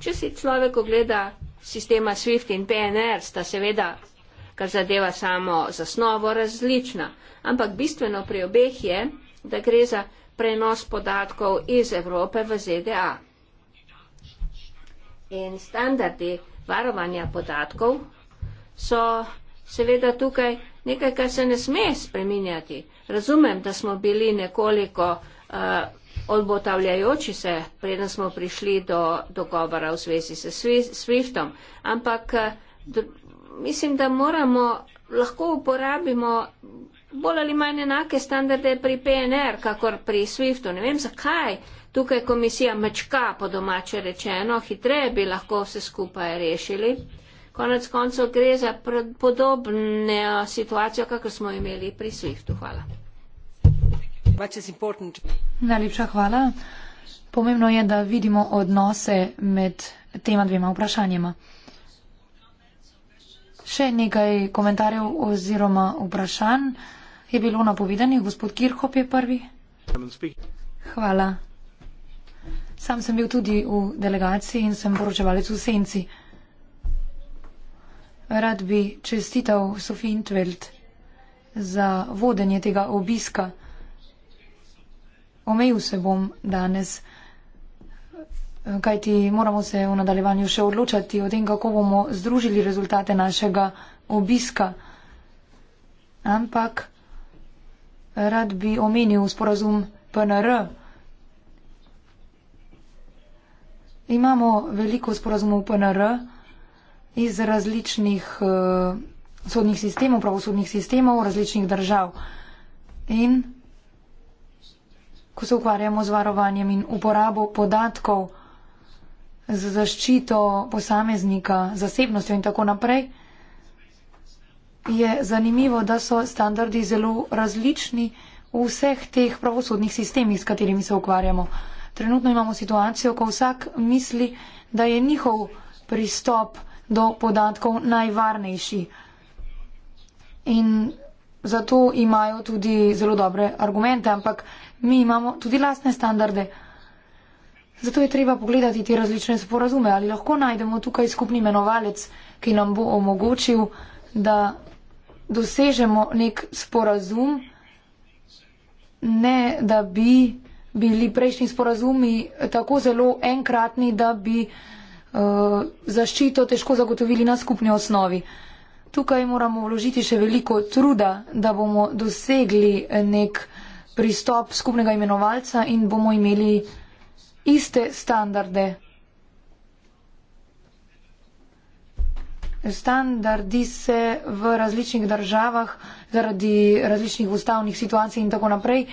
Če si človek ogleda sistema SWIFT in PNR, sta seveda, kar zadeva samo zasnovo, različna, ampak bistveno pri obeh je, da gre za prenos podatkov iz Evrope v ZDA. In standardi varovanja podatkov so seveda tukaj nekaj, kar se ne sme spreminjati. Razumem, da smo bili nekoliko uh, odbotavljajoči se, preden smo prišli do dogovora v zvezi s Swiftom, ampak uh, mislim, da moramo, lahko uporabimo bolj ali manj enake standarde pri PNR, kakor pri Swiftu. Ne vem zakaj. Tukaj komisija mečka po domače rečeno, hitreje bi lahko vse skupaj rešili. Konec koncev gre za podobne situacijo, kakor smo imeli pri SWIFT-u. Hvala. Najlepša hvala. Pomembno je, da vidimo odnose med tema dvema vprašanjima. Še nekaj komentarjev oziroma vprašanj je bilo napovedanih. Gospod Kirhop je prvi. Hvala. Sam sem bil tudi v delegaciji in sem poročevalec v Senci. Rad bi čestital Sofi Intveld za vodenje tega obiska. Omejil se bom danes, kajti moramo se v nadaljevanju še odločati o tem, kako bomo združili rezultate našega obiska. Ampak rad bi omenil sporazum PNR. Imamo veliko sporazumov PNR iz različnih uh, sodnih sistemov, pravosodnih sistemov različnih držav. In ko se ukvarjamo z varovanjem in uporabo podatkov za zaščito posameznika, zasebnostjo in tako naprej, je zanimivo, da so standardi zelo različni v vseh teh pravosodnih sistemih, s katerimi se ukvarjamo. Trenutno imamo situacijo, ko vsak misli, da je njihov pristop do podatkov najvarnejši. In zato imajo tudi zelo dobre argumente, ampak mi imamo tudi lastne standarde. Zato je treba pogledati te različne sporazume, ali lahko najdemo tukaj skupni imenovalec, ki nam bo omogočil, da dosežemo nek sporazum, ne da bi bili prejšnji sporazumi tako zelo enkratni, da bi. Eh, zaščito težko zagotovili na skupni osnovi. Tukaj moramo vložiti še veliko truda, da bomo dosegli nek pristop skupnega imenovalca in bomo imeli iste standarde. Standardi se v različnih državah zaradi različnih ustavnih situacij in tako naprej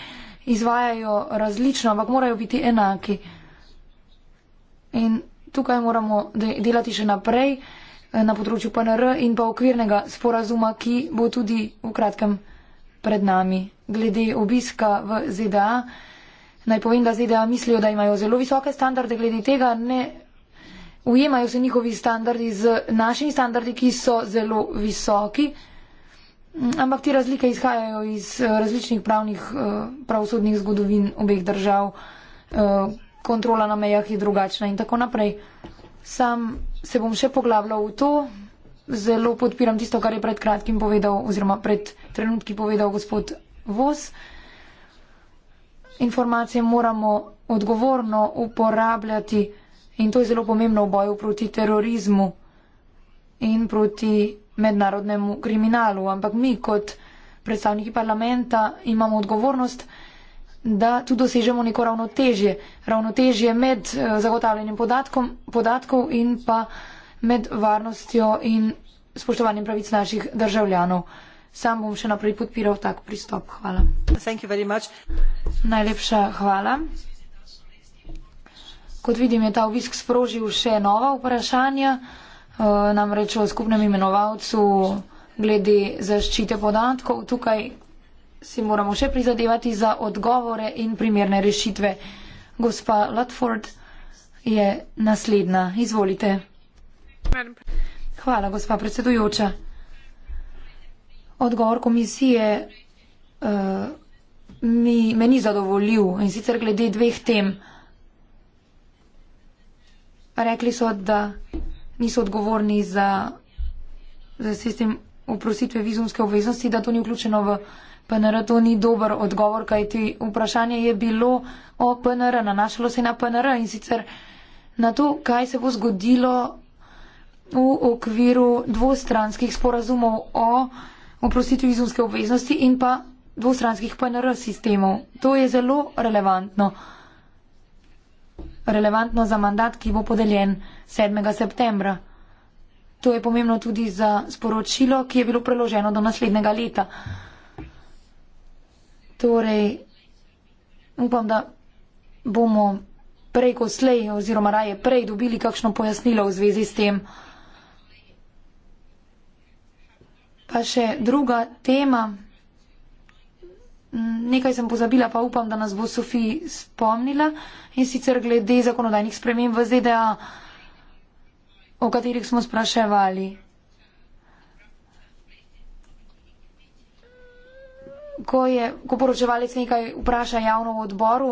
izvajajo različno, ampak morajo biti enaki. In tukaj moramo delati še naprej eh, na področju PNR in pa okvirnega sporazuma, ki bo tudi v kratkem pred nami. Glede obiska v ZDA, naj povem, da ZDA mislijo, da imajo zelo visoke standarde, glede tega ne ujemajo se njihovi standardi z našimi standardi, ki so zelo visoki, mm, ampak te razlike izhajajo iz eh, različnih pravnih eh, pravosodnih zgodovin obeh držav kontrola na mejah je drugačna in tako naprej. Sam se bom še poglavljal v to. Zelo podpiram tisto, kar je pred kratkim povedal oziroma pred trenutki povedal gospod Vos. Informacije moramo odgovorno uporabljati in to je zelo pomembno v boju proti terorizmu in proti mednarodnemu kriminalu. Ampak mi kot predstavniki parlamenta imamo odgovornost, da tu dosežemo neko ravnotežje. Ravnotežje med eh, zagotavljanjem podatkom, podatkov in pa med varnostjo in spoštovanjem pravic naših državljanov. Sam bom še naprej podpiral tak pristop. Hvala. Najlepša hvala. Kot vidim, je ta obisk sprožil še nova vprašanja, eh, namreč o skupnem imenovalcu glede zaščite podatkov. Tukaj si moramo še prizadevati za odgovore in primerne rešitve. Gospa Ludford je naslednja. Izvolite. Hvala, gospa predsedujoča. Odgovor komisije uh, mi, me ni zadovoljil in sicer glede dveh tem. Rekli so, da niso odgovorni za, za sistem oprositve vizumske obveznosti, da to ni vključeno v PNR to ni dober odgovor, kaj ti vprašanje je bilo o PNR, nanašalo se je na PNR in sicer na to, kaj se bo zgodilo v okviru dvostranskih sporazumov o oprostitvi izumske obveznosti in pa dvostranskih PNR sistemov. To je zelo relevantno. Relevantno za mandat, ki bo podeljen 7. septembra. To je pomembno tudi za sporočilo, ki je bilo preloženo do naslednjega leta. Torej, upam, da bomo prej kot slej oziroma raje prej dobili kakšno pojasnilo v zvezi s tem. Pa še druga tema. Mm, nekaj sem pozabila, pa upam, da nas bo Sofiji spomnila in sicer glede zakonodajnih sprememb v ZDA, o katerih smo spraševali. ko je, ko poročevalec nekaj vpraša javno v odboru,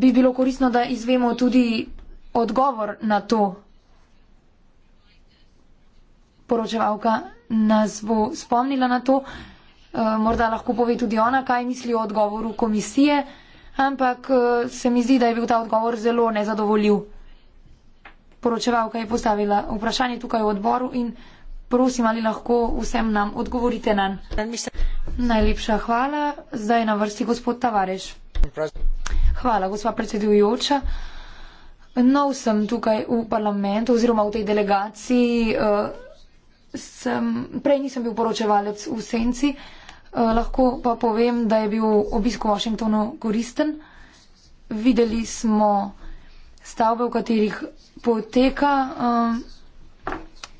bi bilo koristno, da izvemo tudi odgovor na to. Poročevalka nas bo spomnila na to, eh, morda lahko pove tudi ona, kaj misli o odgovoru komisije, ampak eh, se mi zdi, da je bil ta odgovor zelo nezadovoljiv. Poročevalka je postavila vprašanje tukaj v odboru in. Prosim, ali lahko vsem nam odgovorite na njega. Najlepša hvala. Zdaj je na vrsti gospod Tavareš. Hvala, gospa predsedujoča. Nov sem tukaj v parlamentu oziroma v tej delegaciji. Eh, sem, prej nisem bil poročevalec v Senci, eh, lahko pa povem, da je bil obisk v Washingtonu koristen. Videli smo stavbe, v katerih poteka. Eh,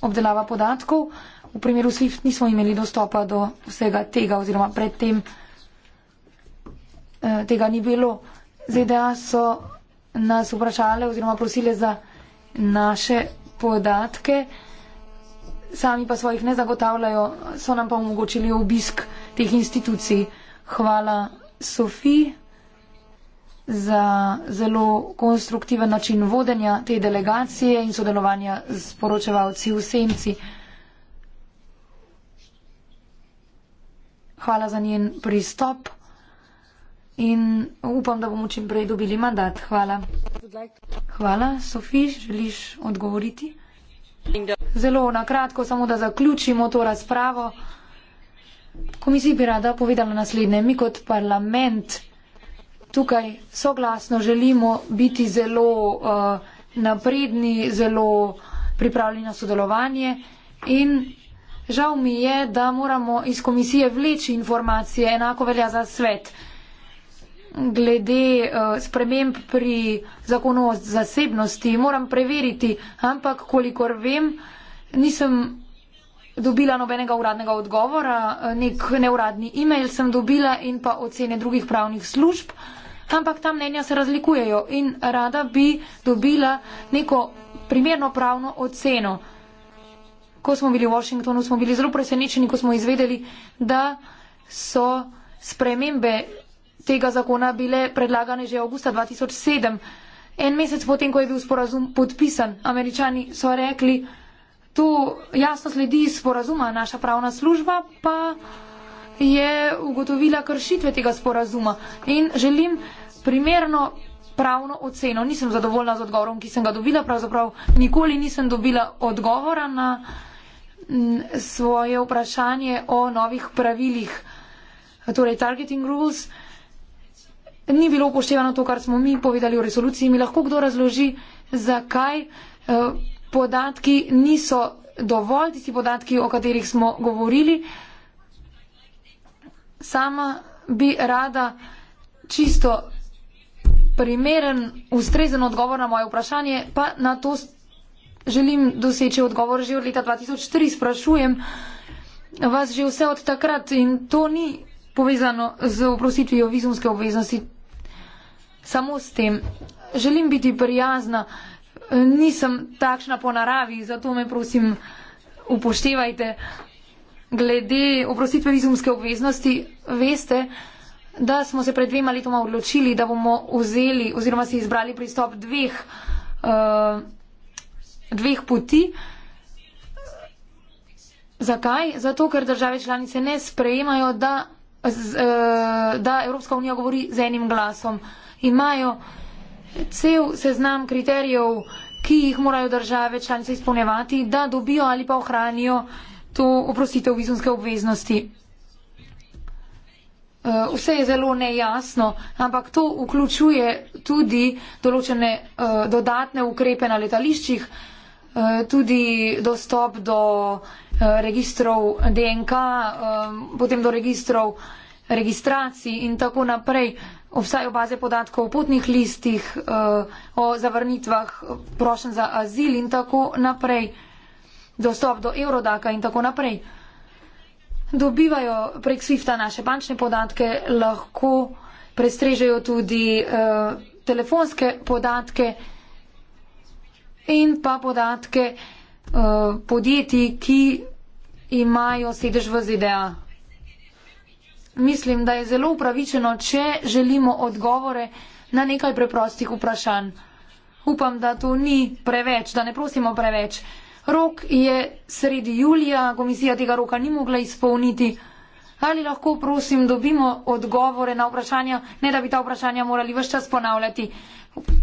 obdelava podatkov. V primeru SWIFT nismo imeli dostopa do vsega tega oziroma predtem eh, tega ni bilo. ZDA so nas vprašali oziroma prosili za naše podatke, sami pa svojih ne zagotavljajo, so nam pa omogočili obisk teh institucij. Hvala Sofiji za zelo konstruktiven način vodenja te delegacije in sodelovanja s poročevalci v Senci. Hvala za njen pristop in upam, da bomo čim prej dobili mandat. Hvala. Hvala, Sofiš, želiš odgovoriti? Zelo na kratko, samo da zaključimo to razpravo. Komisija bi rada povedala naslednje. Mi kot parlament tukaj soglasno želimo biti zelo uh, napredni, zelo pripravljeni na sodelovanje in žal mi je, da moramo iz komisije vleči informacije, enako velja za svet glede uh, sprememb pri zakonu o zasebnosti. Moram preveriti, ampak kolikor vem, nisem dobila nobenega uradnega odgovora, nek neuradni e-mail sem dobila in pa ocene drugih pravnih služb. Uh, ampak ta mnenja se razlikujejo in rada bi dobila neko primerno pravno oceno. Ko smo bili v Washingtonu, smo bili zelo presenečeni, ko smo izvedeli, da so spremembe tega zakona bile predlagane že avgusta 2007. En mesec potem, ko je bil sporazum podpisan, američani so rekli, to jasno sledi sporazuma, naša pravna služba pa je ugotovila kršitve tega sporazuma in želim primerno pravno oceno. Nisem zadovoljna z odgovorom, ki sem ga dobila, pravzaprav nikoli nisem dobila odgovora na mm, svoje vprašanje o novih pravilih, torej targeting rules. Ni bilo upoštevano to, kar smo mi povedali v resoluciji. Mi lahko kdo razloži, zakaj eh, podatki niso dovolj, tisti podatki, o katerih smo govorili sama bi rada čisto primeren, ustrezen odgovor na moje vprašanje, pa na to želim doseči odgovor že od leta 2003. Sprašujem vas že vse od takrat in to ni povezano z oprositvijo vizumske obveznosti, samo s tem. Želim biti prijazna, nisem takšna po naravi, zato me prosim upoštevajte glede oprostitve vizumske obveznosti, veste, da smo se pred dvema letoma odločili, da bomo vzeli oziroma si izbrali pristop dveh, uh, dveh poti. Zakaj? Zato, ker države članice ne sprejemajo, da, z, uh, da Evropska unija govori z enim glasom. Imajo cel seznam kriterijev, ki jih morajo države članice izpolnevati, da dobijo ali pa ohranijo uh, to oprostitev vizumske obveznosti. Eh, vse je zelo nejasno, ampak to vključuje tudi določene eh, dodatne ukrepe na letališčih, eh, tudi dostop do registrov DNK, potem do registrov registracij in tako naprej, vsaj o baze podatkov o potnih listih, o zavrnitvah prošen za azil in tako naprej dostop do Eurodaka in tako naprej. Dobivajo prek SWIFT-a naše bančne podatke, lahko prestrežejo tudi uh, telefonske podatke in pa podatke uh, podjetij, ki imajo sedež v ZDA. Mislim, da je zelo upravičeno, če želimo odgovore na nekaj preprostih vprašanj. Upam, da to ni preveč, da ne prosimo preveč. Uh, Rok je sredi julija, komisija tega roka ni mogla izpolniti. Ali lahko, prosim, dobimo odgovore na vprašanja, ne da bi ta vprašanja morali vse čas ponavljati.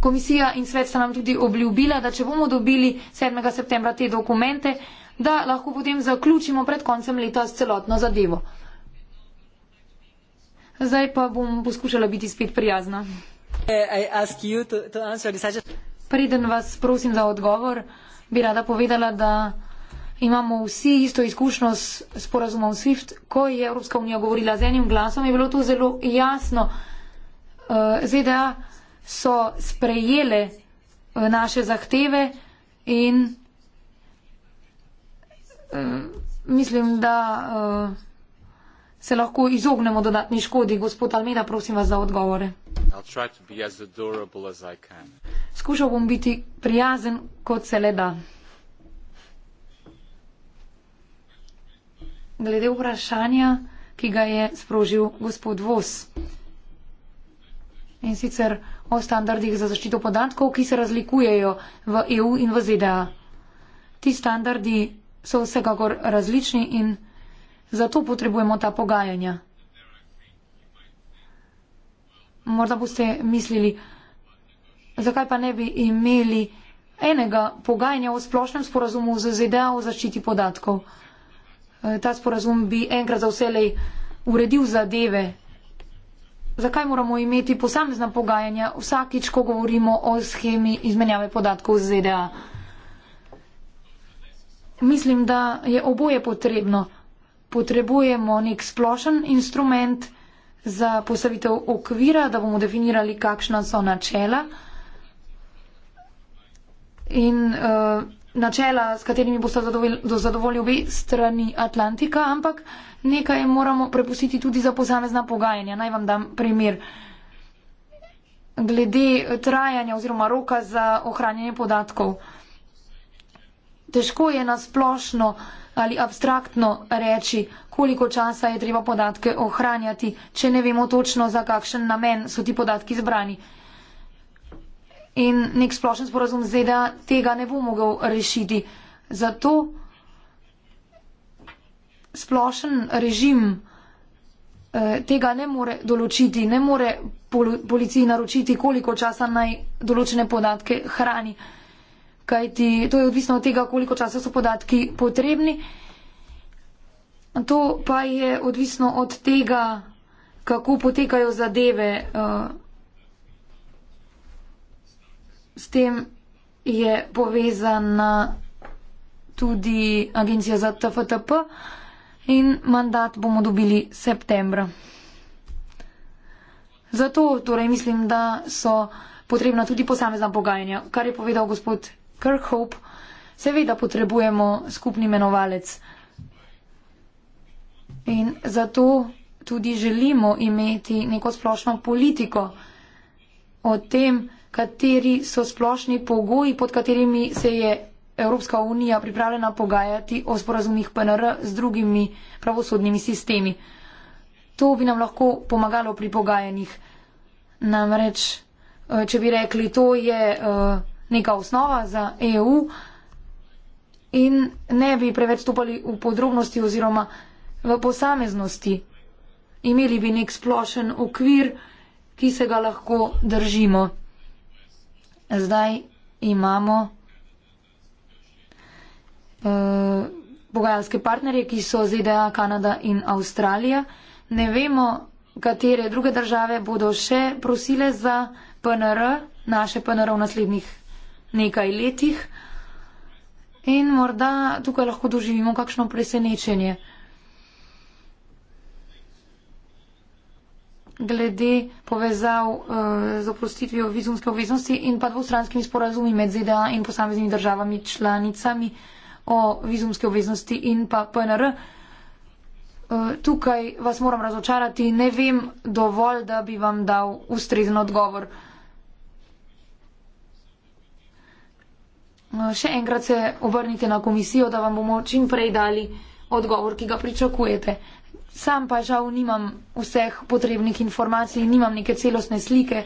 Komisija in svet sta nam tudi obljubila, da če bomo dobili 7. septembra te dokumente, da lahko potem zaključimo pred koncem leta s celotno zadevo. Zdaj pa bom poskušala biti spet prijazna. Eh, Preden vas prosim za odgovor bi rada povedala, da imamo vsi isto izkušnjo s sporazumom SWIFT. Ko je Evropska unija govorila z enim glasom, je bilo to zelo jasno. Eh, ZDA so sprejele eh, naše zahteve in eh, mislim, da se lahko izognemo dodatni škodi. Gospod Almeda, prosim vas za odgovore. As as Skušal bom biti prijazen, kot se le da. Glede vprašanja, ki ga je sprožil gospod Vos. In sicer o standardih za zaščito podatkov, ki se razlikujejo v EU in v ZDA. Ti standardi so vsekakor različni in različni. Zato potrebujemo ta pogajanja. Morda boste mislili, zakaj pa ne bi imeli enega pogajanja o splošnem sporazumu z ZDA o zaščiti podatkov. E, ta sporazum bi enkrat za vselej uredil zadeve. Zakaj moramo imeti posamezna pogajanja vsakič, ko govorimo o schemi izmenjave podatkov z ZDA? Mislim, da je oboje potrebno potrebujemo nek splošen instrument za postavitev okvira, da bomo definirali, kakšna so načela in uh, načela, s katerimi bo se zadovolj, zadovolj obe strani Atlantika, ampak nekaj moramo prepustiti tudi za posamezna pogajanja. Naj vam dam primer. Glede trajanja oziroma roka za ohranjanje podatkov. Težko je nasplošno uh, ali abstraktno reči, koliko časa je treba podatke ohranjati, če ne vemo točno, za kakšen namen so ti podatki zbrani. In nek splošen sporazum ZDA tega ne bo mogel rešiti. Zato splošen režim eh, tega ne more določiti, ne more policiji naročiti, koliko časa naj določene podatke hrani kajti to je odvisno od tega, koliko časa so podatki potrebni. To pa je odvisno od tega, kako potekajo zadeve. Eh, s tem je povezana tudi agencija za TFTP in mandat bomo dobili septembra. Zato torej mislim, da so potrebna tudi posamezna pogajanja, kar je povedal gospod Kirkhope, seveda potrebujemo skupni imenovalec. In zato tudi želimo imeti neko splošno politiko o tem, kateri so splošni pogoji, pod katerimi se je Evropska unija pripravljena pogajati o sporazumih PNR z drugimi pravosodnimi sistemi. To bi nam lahko pomagalo pri pogajanjih. Namreč, eh, če bi rekli, to je. Uh, neka osnova za EU in ne bi preveč stopali v podrobnosti oziroma v posameznosti. Imeli bi nek splošen okvir, ki se ga lahko držimo. Zdaj imamo uh, pogajalske partnerje, ki so ZDA, Kanada in Avstralija. Ne vemo, katere druge države bodo še prosile za PNR, naše PNR v naslednjih nekaj letih in morda tukaj lahko doživimo kakšno presenečenje. glede povezav uh, z oprostitvijo vizumske obveznosti in pa dvostranskimi sporazumi med ZDA in posameznimi državami članicami o vizumske obveznosti in pa PNR. Uh, eh, tukaj vas moram razočarati, ne vem dovolj, da bi vam dal ustrezen odgovor. Uh, Še enkrat se obrnite na komisijo, da vam bomo čim prej dali odgovor, ki ga pričakujete. Sam pa žal nimam vseh potrebnih informacij, nimam neke celostne slike,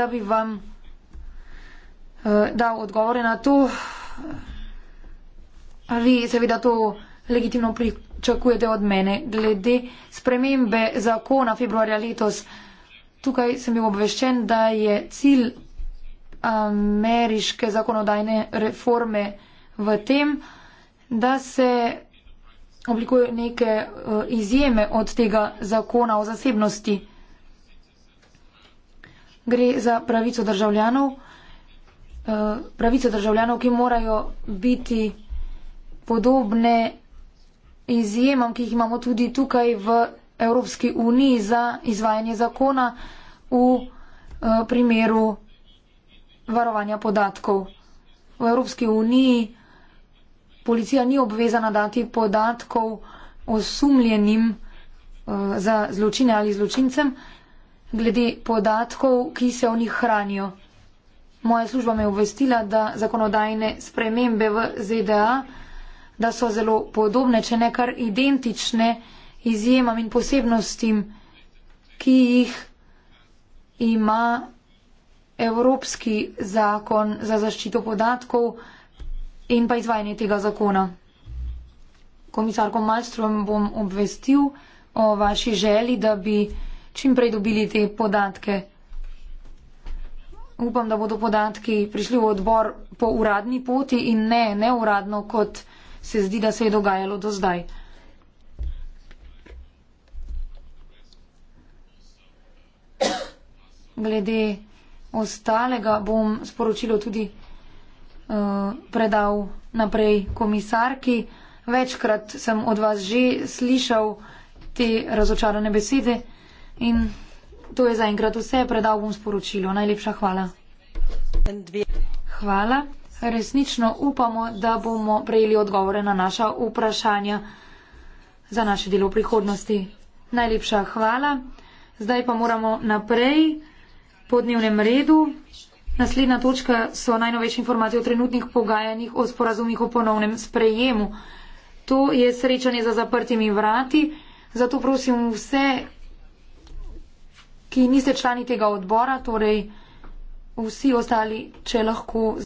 da bi vam eh, dal odgovore na to. Vi seveda to legitimno pričakujete od mene. Glede spremembe zakona februarja letos, tukaj sem bil obveščen, da je cilj ameriške zakonodajne reforme v tem, da se oblikujejo neke eh, izjeme od tega zakona o zasebnosti. Gre za pravico državljanov, eh, pravice državljanov, ki morajo biti podobne izjemam, ki jih imamo tudi tukaj v Evropski uniji za izvajanje zakona v eh, primeru varovanja podatkov. V Evropski uniji policija ni obvezana dati podatkov osumljenim uh, za zločine ali zločincem, glede podatkov, ki se v njih hranijo. Moja služba me je obvestila, da zakonodajne spremembe v ZDA, da so zelo podobne, če ne kar identične izjemam in posebnostim, ki jih ima evropski zakon za zaščito podatkov in pa izvajanje tega zakona. Komisarko Malstrom bom obvestil o vaši želi, da bi čim prej dobili te podatke. Upam, da bodo podatki prišli v odbor po uradni poti in ne neuradno, kot se zdi, da se je dogajalo do zdaj. Glede ostalega bom sporočilo tudi uh, predal naprej komisarki. Večkrat sem od vas že slišal te razočarane besede in to je zaenkrat vse. Predal bom sporočilo. Najlepša hvala. Hvala. Resnično upamo, da bomo prejeli odgovore na naša vprašanja za naše delo v prihodnosti. Najlepša hvala. Zdaj pa moramo naprej po dnevnem redu. Naslednja točka so najnovejše informacije o trenutnih pogajanjih o sporazumih o ponovnem sprejemu. To je srečanje za zaprtimi vrati. Zato prosim vse, ki niste člani tega odbora, torej vsi ostali, če lahko.